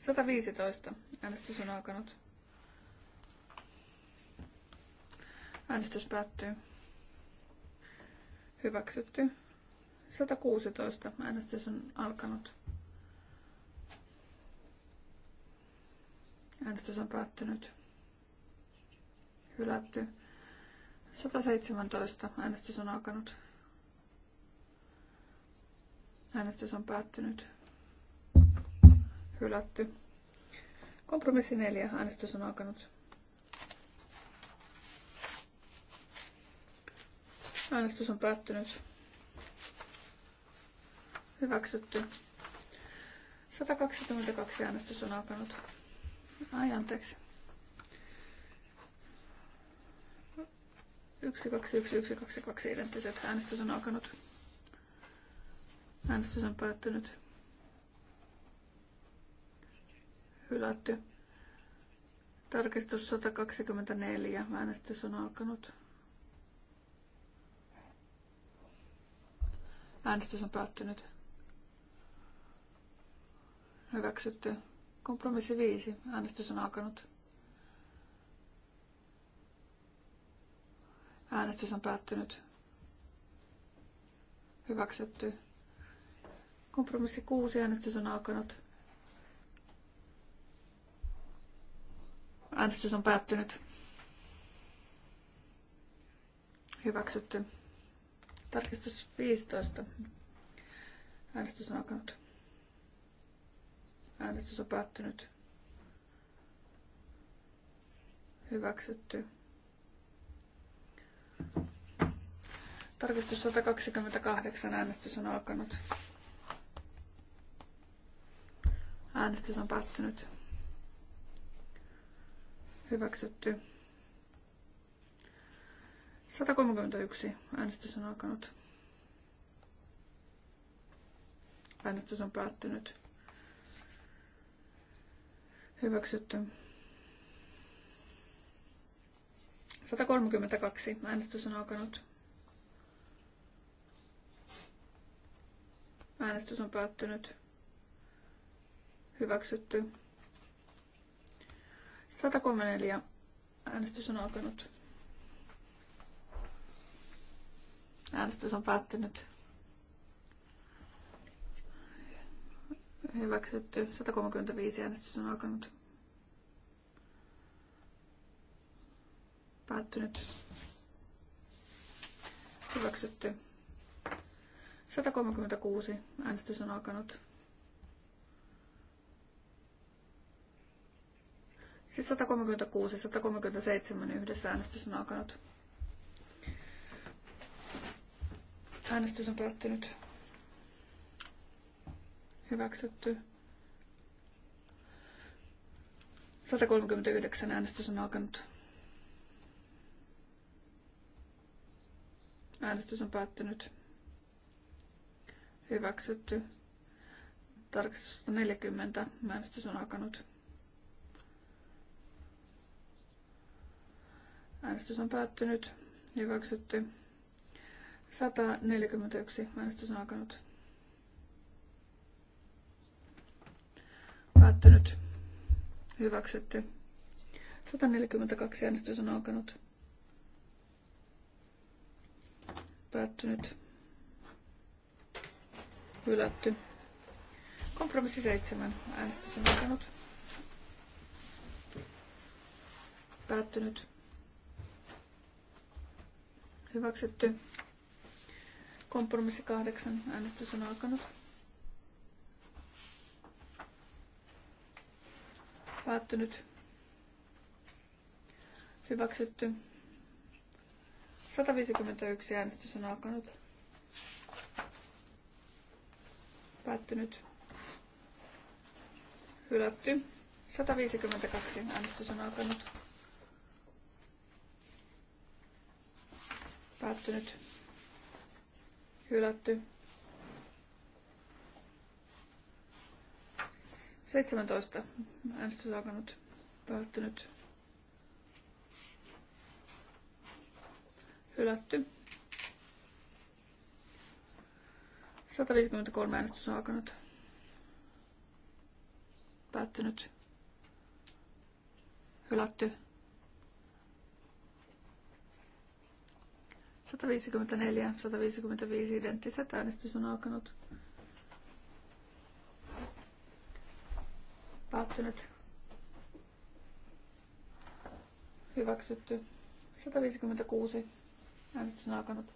115. Äänestys on alkanut. Äänestys päättyy. Hyväksytty. 116. Äänestys on alkanut. Äänestys on päättynyt. Hylätty. 117. Äänestys on alkanut. Äänestys on päättynyt. Hylätty. Kompromissi 4. Äänestys on alkanut. Äänestys on päättynyt. Hyväksytty. 122 äänestys on alkanut. Ai anteeksi. 2 identtiset äänestys on alkanut. Äänestys on päättynyt. Hylätty. Tarkistus 124. Äänestys on alkanut. Äänestys on päättynyt. Hyväksytty. Kompromissi viisi. Äänestys on alkanut. Äänestys on päättynyt. Hyväksytty. Kompromissi kuusi. Äänestys on alkanut. Äänestys on päättynyt. Hyväksytty. Tarkistus 15. Äänestys on alkanut. Äänestys on päättynyt. Hyväksytty. Tarkistus 128. Äänestys on alkanut. Äänestys on päättynyt. Hyväksytty. 131. Äänestys on alkanut. Äänestys on päättynyt. Hyväksytty. 132. Äänestys on alkanut. Äänestys on päättynyt. Hyväksytty. 134. Äänestys on alkanut. Äänestys on päättynyt. Hyväksytty. 135 äänestys on alkanut. Päättynyt. Hyväksytty. 136 äänestys on alkanut. Siis 136 ja 137 yhdessä äänestys on alkanut. Äänestys on päättynyt. Hyväksytty. 139 äänestys on alkanut. Äänestys on päättynyt. Hyväksytty. Tarkistus 140. Äänestys on alkanut. Äänestys on päättynyt. Hyväksytty. 141. Äänestys on alkanut. päättynyt. Hyväksytty. 142 äänestys on alkanut. Päättynyt. Hylätty. Kompromissi 7. Äänestys on alkanut. Päättynyt. Hyväksytty. Kompromissi 8. Äänestys on alkanut. Päättynyt. Hyväksytty. 151 äänestys on alkanut. Päättynyt. Hylätty. 152 äänestys on alkanut. Päättynyt. Hylätty. 17. Äänestys alkanut. Päättynyt. Hylätty. 153 äänestys on alkanut. Päättynyt. Hylätty. 154, 155 identtiset äänestys on alkanut. Päättynyt. Hyväksytty. 156. Äänestys on alkanut.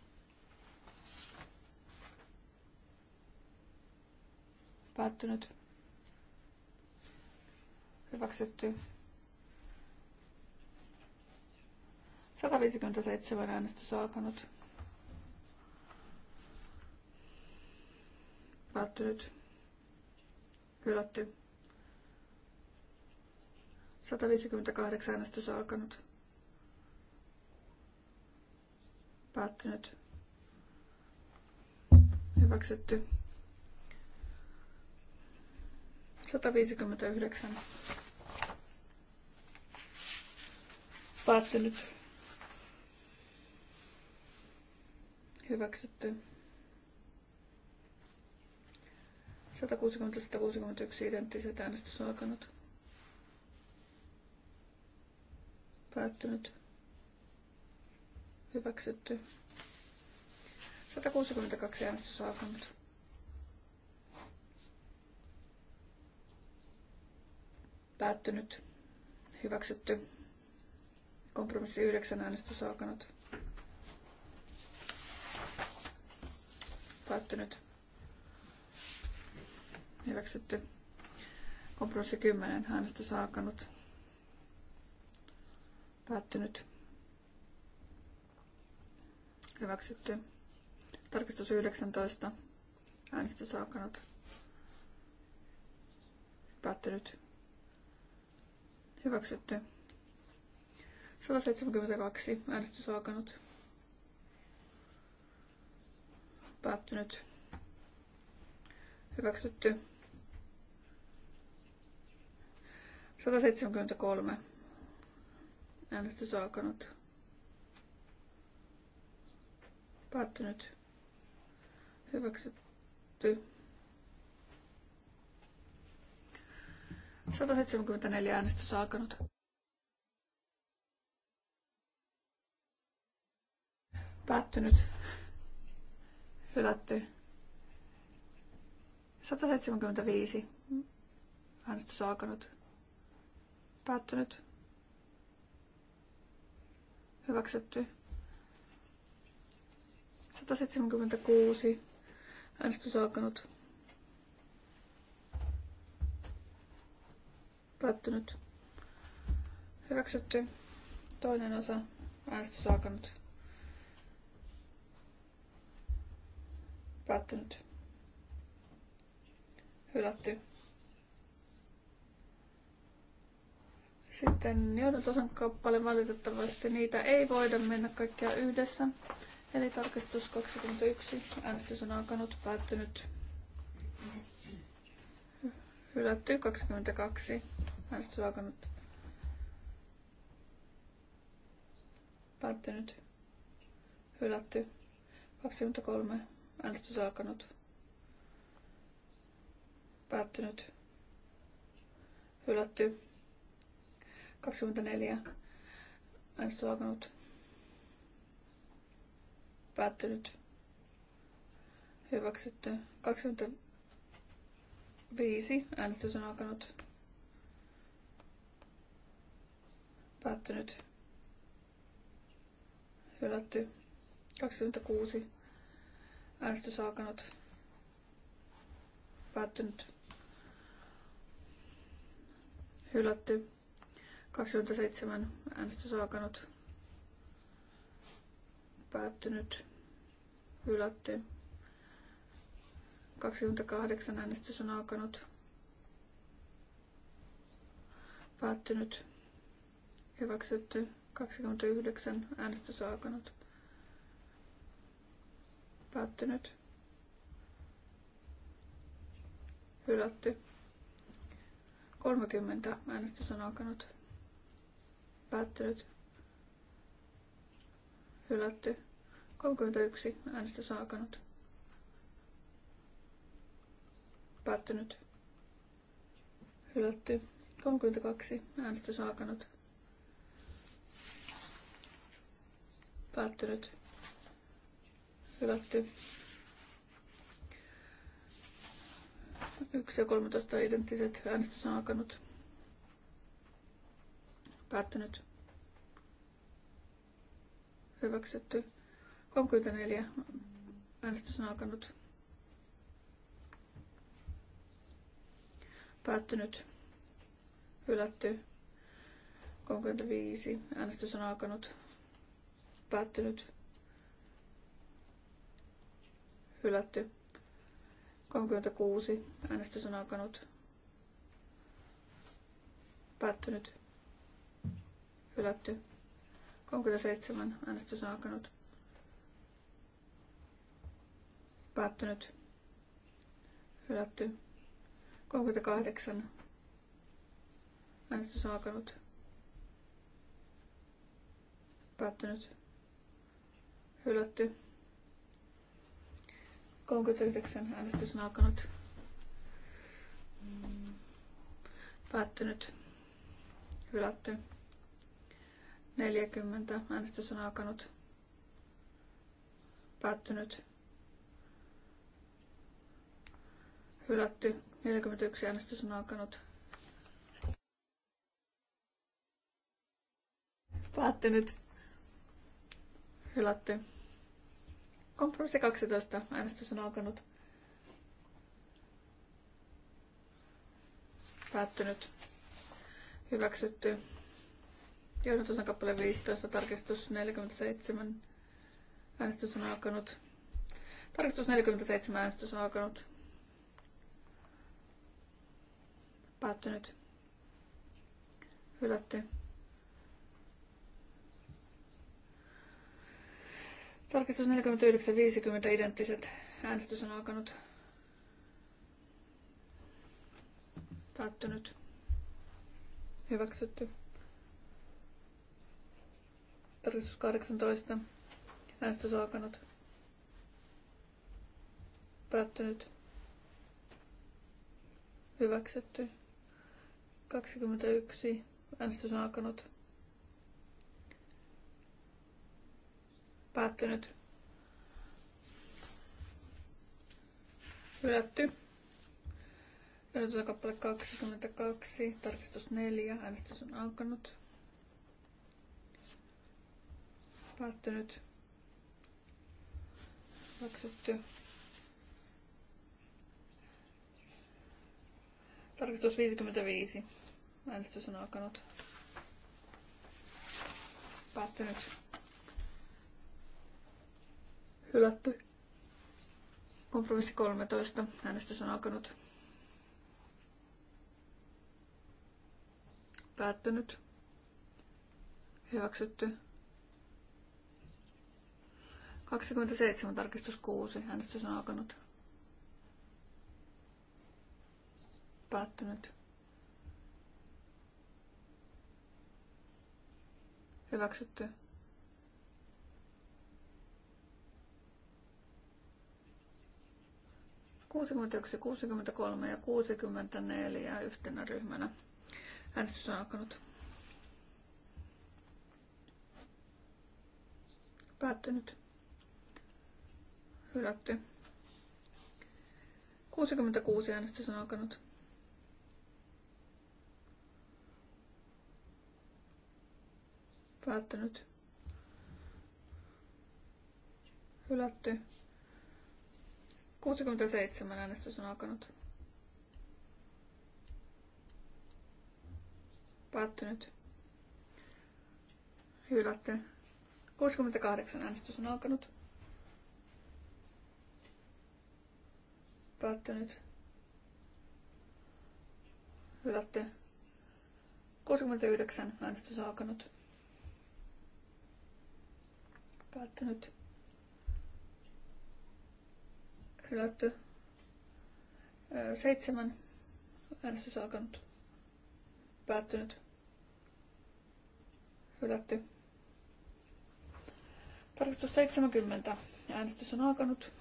Päättynyt. Hyväksytty. 157 äänestys alkanut. Päättynyt. Hylätty. 158 äänestys alkanut. Päättynyt. Hyväksytty. 159. Päättynyt. Hyväksytty. 160-161 identtiset äänestys alkanut. Päättynyt. Hyväksytty. 162 äänestys alkanut. Päättynyt. Hyväksytty. Kompromissi 9 äänestys alkanut. Päättynyt. Hyväksytty. Kompromissi 10 äänestys alkanut. Päättynyt. Hyväksytty. Tarkistus 19. Äänestys alkanut. Päättynyt. Hyväksytty. 172. Äänestys alkanut. Päättynyt. Hyväksytty. 173. Äänestys alkanut. Päättynyt. Hyväksytty. 174 äänestys alkanut. Päättynyt. Hylätty. 175 äänestys alkanut. Päättynyt. Hyväksytty. 176. Äänestys alkanut. Päättynyt. Hyväksytty. Toinen osa. Äänestys alkanut. Päättynyt. Hylätty. Sitten johdantosan kappale valitettavasti niitä ei voida mennä kaikkia yhdessä. Eli tarkistus 21. Äänestys on alkanut, päättynyt. Hylätty 22. Äänestys on alkanut. Päättynyt. Hylätty. 23. Äänestys on alkanut. Päättynyt. Hylätty. 24. Äänestys alkanut. Päättynyt. Hyväksytty. 25. Äänestys on alkanut. Päättynyt. Hylätty. 26. Äänestys on alkanut. Päättynyt. Hylätty. 27 äänestys alkanut. Päättynyt. Hylätty. 28 äänestys on alkanut. Päättynyt. Hyväksytty. 29 äänestys alkanut. Päättynyt. Hylätty. 30 äänestys on alkanut. Päättynyt. Hylätty. 31. Äänestys alkanut. Päättynyt. Hylätty. 32. Äänestys alkanut. Päättynyt. Hylätty. 1 ja 13 identtiset äänestys on alkanut. Päättynyt. Hyväksytty. 34. Äänestys on alkanut. Päättynyt. Hylätty. 35. Äänestys on alkanut. Päättynyt. Hylätty. 36. Äänestys on alkanut. Päättynyt. Hylätty. 37. Äänestys on alkanut. Päättynyt. Hylätty. 38. Äänestys on alkanut. Päättynyt. Hylätty. 39. Äänestys on alkanut. Päättynyt. Hylätty. 40. Äänestys on alkanut. Päättynyt. Hylätty. 41. Äänestys on alkanut. Päättynyt. Hylätty. Kompromissi 12. Äänestys on alkanut. Päättynyt. Hyväksytty on kappale 15, tarkistus 47. Äänestys on alkanut. Tarkistus 47, äänestys on alkanut. Päättynyt. Hylätty. Tarkistus 49-50 identtiset. Äänestys on alkanut. Päättynyt. Hyväksytty. Tarkistus 18. Äänestys alkanut. Päättynyt. Hyväksytty. 21. Äänestys on alkanut. Päättynyt. Hylätty. Yritys kappale 22, tarkistus 4, äänestys on alkanut. Päättynyt. Hyväksytty. Tarkistus 55. Äänestys on alkanut. Päättynyt. Hylätty. Kompromissi 13. Äänestys on alkanut. Päättynyt. Hyväksytty. 27 tarkistus 6. Äänestys on alkanut. Päättynyt. Hyväksytty. Kuusikymmentäyksi, kuusikymmentäkolme ja kuusikymmentäneljä yhtenä ryhmänä. Äänestys on alkanut. Päättynyt. Hylätty. 66 äänestys on alkanut. Päättänyt. Hylätty. 67 äänestys on alkanut. Päättynyt. Hylätty. 68 äänestys on alkanut. Päättynyt. Hylätty. 69 äänestys alkanut. Päättynyt. Hylätty. Seitsemän. Äänestys alkanut. Päättynyt. Hylätty. Tarkistus 70. Äänestys on alkanut.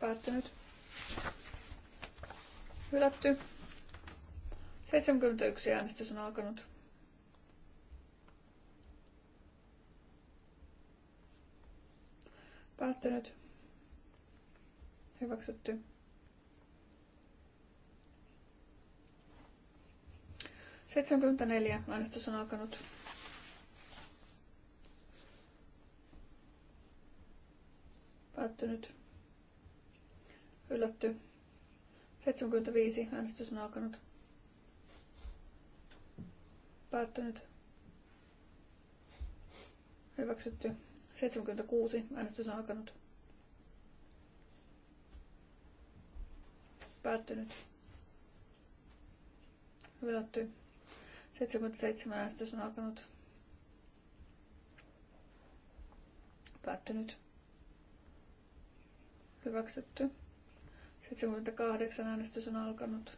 Päättynyt. Hylätty. 71 äänestys on alkanut. Päättynyt. Hyväksytty. Seitsemänkymmentäneljä. Äänestys on alkanut. Päättynyt. Yllätty. 75. Äänestys on alkanut. Päättynyt. Hyväksytty. 76. Äänestys on alkanut. Päättynyt. Hylätty. 77. Äänestys on alkanut. Päättynyt. Hyväksytty. 78 äänestys on alkanut.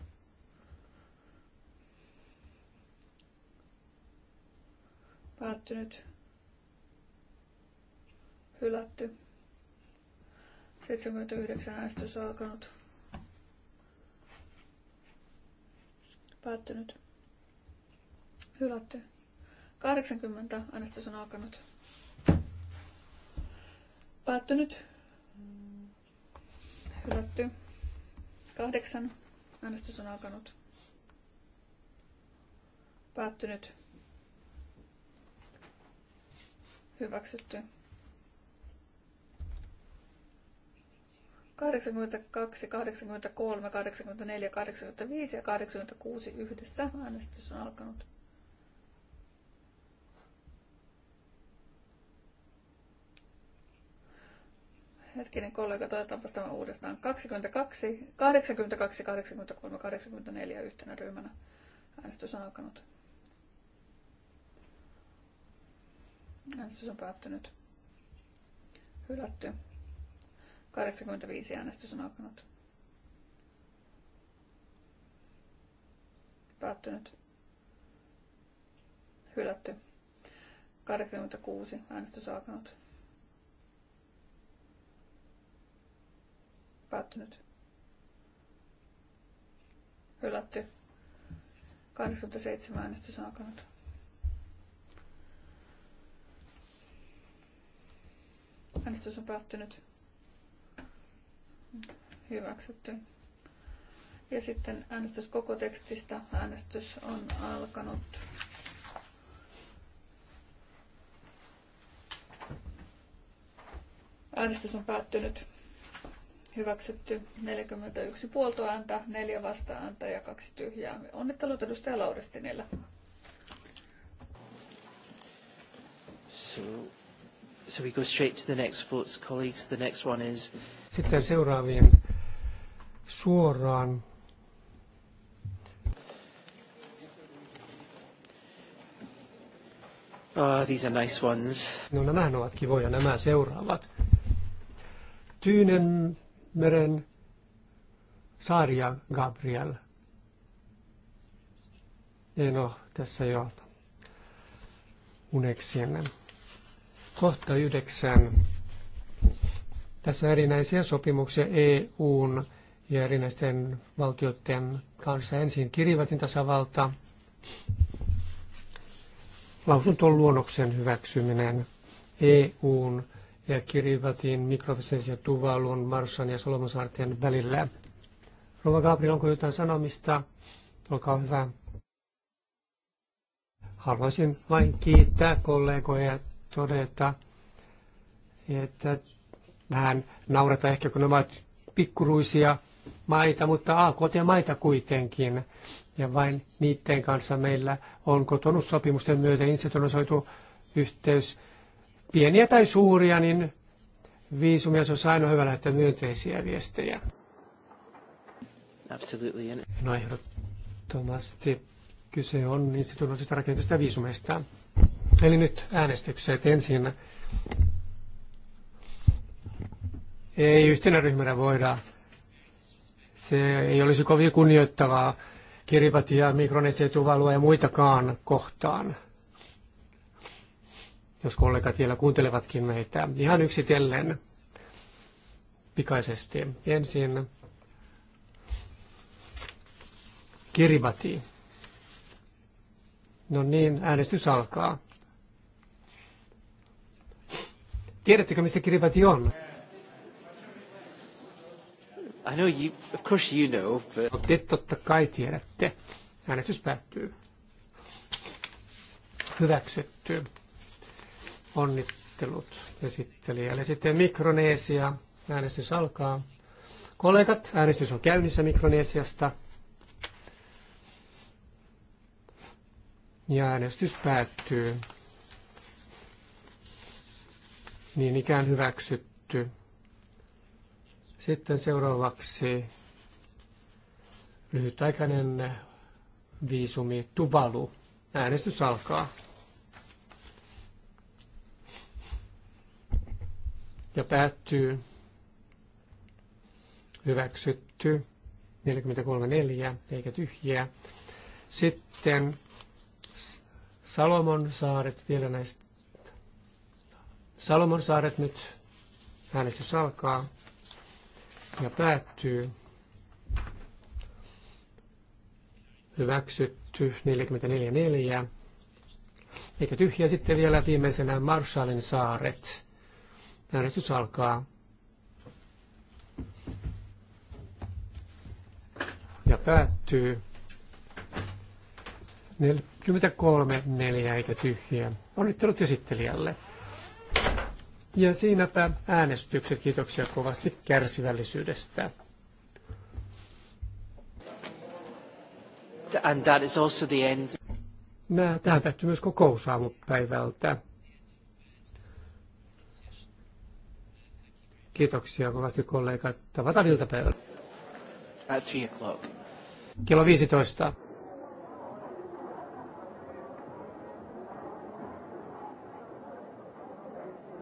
Päättynyt. Hylätty. 79 äänestys on alkanut. Päättynyt. Hylätty. 80 äänestys on alkanut. Päättynyt. Hylätty kahdeksan. Äänestys on alkanut. Päättynyt. Hyväksytty. 82, 83, 84, 85 ja 86 yhdessä. Äänestys on alkanut. Hetkinen kollega, otetaanpa tämä uudestaan. 22, 82, 83, 84 yhtenä ryhmänä. Äänestys on alkanut. Äänestys on päättynyt. Hylätty. 85 äänestys on alkanut. Päättynyt. Hylätty. 86 äänestys on alkanut. Päättynyt. Hylätty. 87 äänestys alkanut. Äänestys on päättynyt. Hyväksytty. Ja sitten äänestys koko tekstistä. Äänestys on alkanut. Äänestys on päättynyt. Hyväksytty 41 puoltoääntä, 4 vastaääntä ja 2 tyhjää. Onnittelut edustaja Lauristinille. So, so we go straight to the next votes, colleagues. The next one is... Sitten seuraavien suoraan Oh, these are nice ones. No nämähän ovat kivoja nämä seuraavat. Tyynen meren saaria, Gabriel. eno no, tässä jo uneksin. Kohta yhdeksän. Tässä erinäisiä sopimuksia EUn ja erinäisten valtioiden kanssa. Ensin Kirivatin tasavalta, lausuntoon luonnoksen hyväksyminen EUn ja Kiribatin, Mikrofises ja Tuvalun, Marsan ja Solomonsaartien välillä. Rova Gabriel, onko jotain sanomista? Olkaa hyvä. Haluaisin vain kiittää kollegoja ja todeta, että vähän naurata ehkä, kun ne ovat pikkuruisia maita, mutta AKT-maita kuitenkin. Ja vain niiden kanssa meillä on kotonussopimusten myötä institutionalisoitu yhteys pieniä tai suuria, niin viisumia se on aina hyvä lähettää myönteisiä viestejä. Absolutely. No ehdottomasti kyse on instituutioista rakenteista viisumeista. Eli nyt äänestykset ensin. Ei yhtenä ryhmänä voida. Se ei olisi kovin kunnioittavaa Kiribati ja Mikronesia, Tuvalua ja muitakaan kohtaan jos kollegat vielä kuuntelevatkin meitä, ihan yksitellen pikaisesti. Ensin Kiribati. No niin, äänestys alkaa. Tiedättekö, missä Kiribati on? I know you, of course you know, but... No, te totta kai tiedätte. Äänestys päättyy. Hyväksytty. Onnittelut esittelijälle. Sitten Mikronesia, Äänestys alkaa. Kollegat, äänestys on käynnissä Mikronesiasta. Ja äänestys päättyy. Niin ikään hyväksytty. Sitten seuraavaksi lyhytaikainen viisumi Tuvalu. Äänestys alkaa. ja päättyy. Hyväksytty. 43.4, eikä tyhjiä. Sitten Salomon saaret vielä näistä. Salomon saaret nyt äänestys alkaa ja päättyy. Hyväksytty 44.4. Eikä tyhjä sitten vielä viimeisenä Marshallin saaret. Järjestys alkaa. Ja päättyy. 43, 4 eikä tyhjiä. Onnittelut esittelijälle. Ja siinäpä äänestykset. Kiitoksia kovasti kärsivällisyydestä. And that is also the end. Tähän päättyy myös kokousaamupäivältä. Kiitoksia kovasti kollegat. Tavataan iltapäivällä. At 3 o'clock. Kello 15.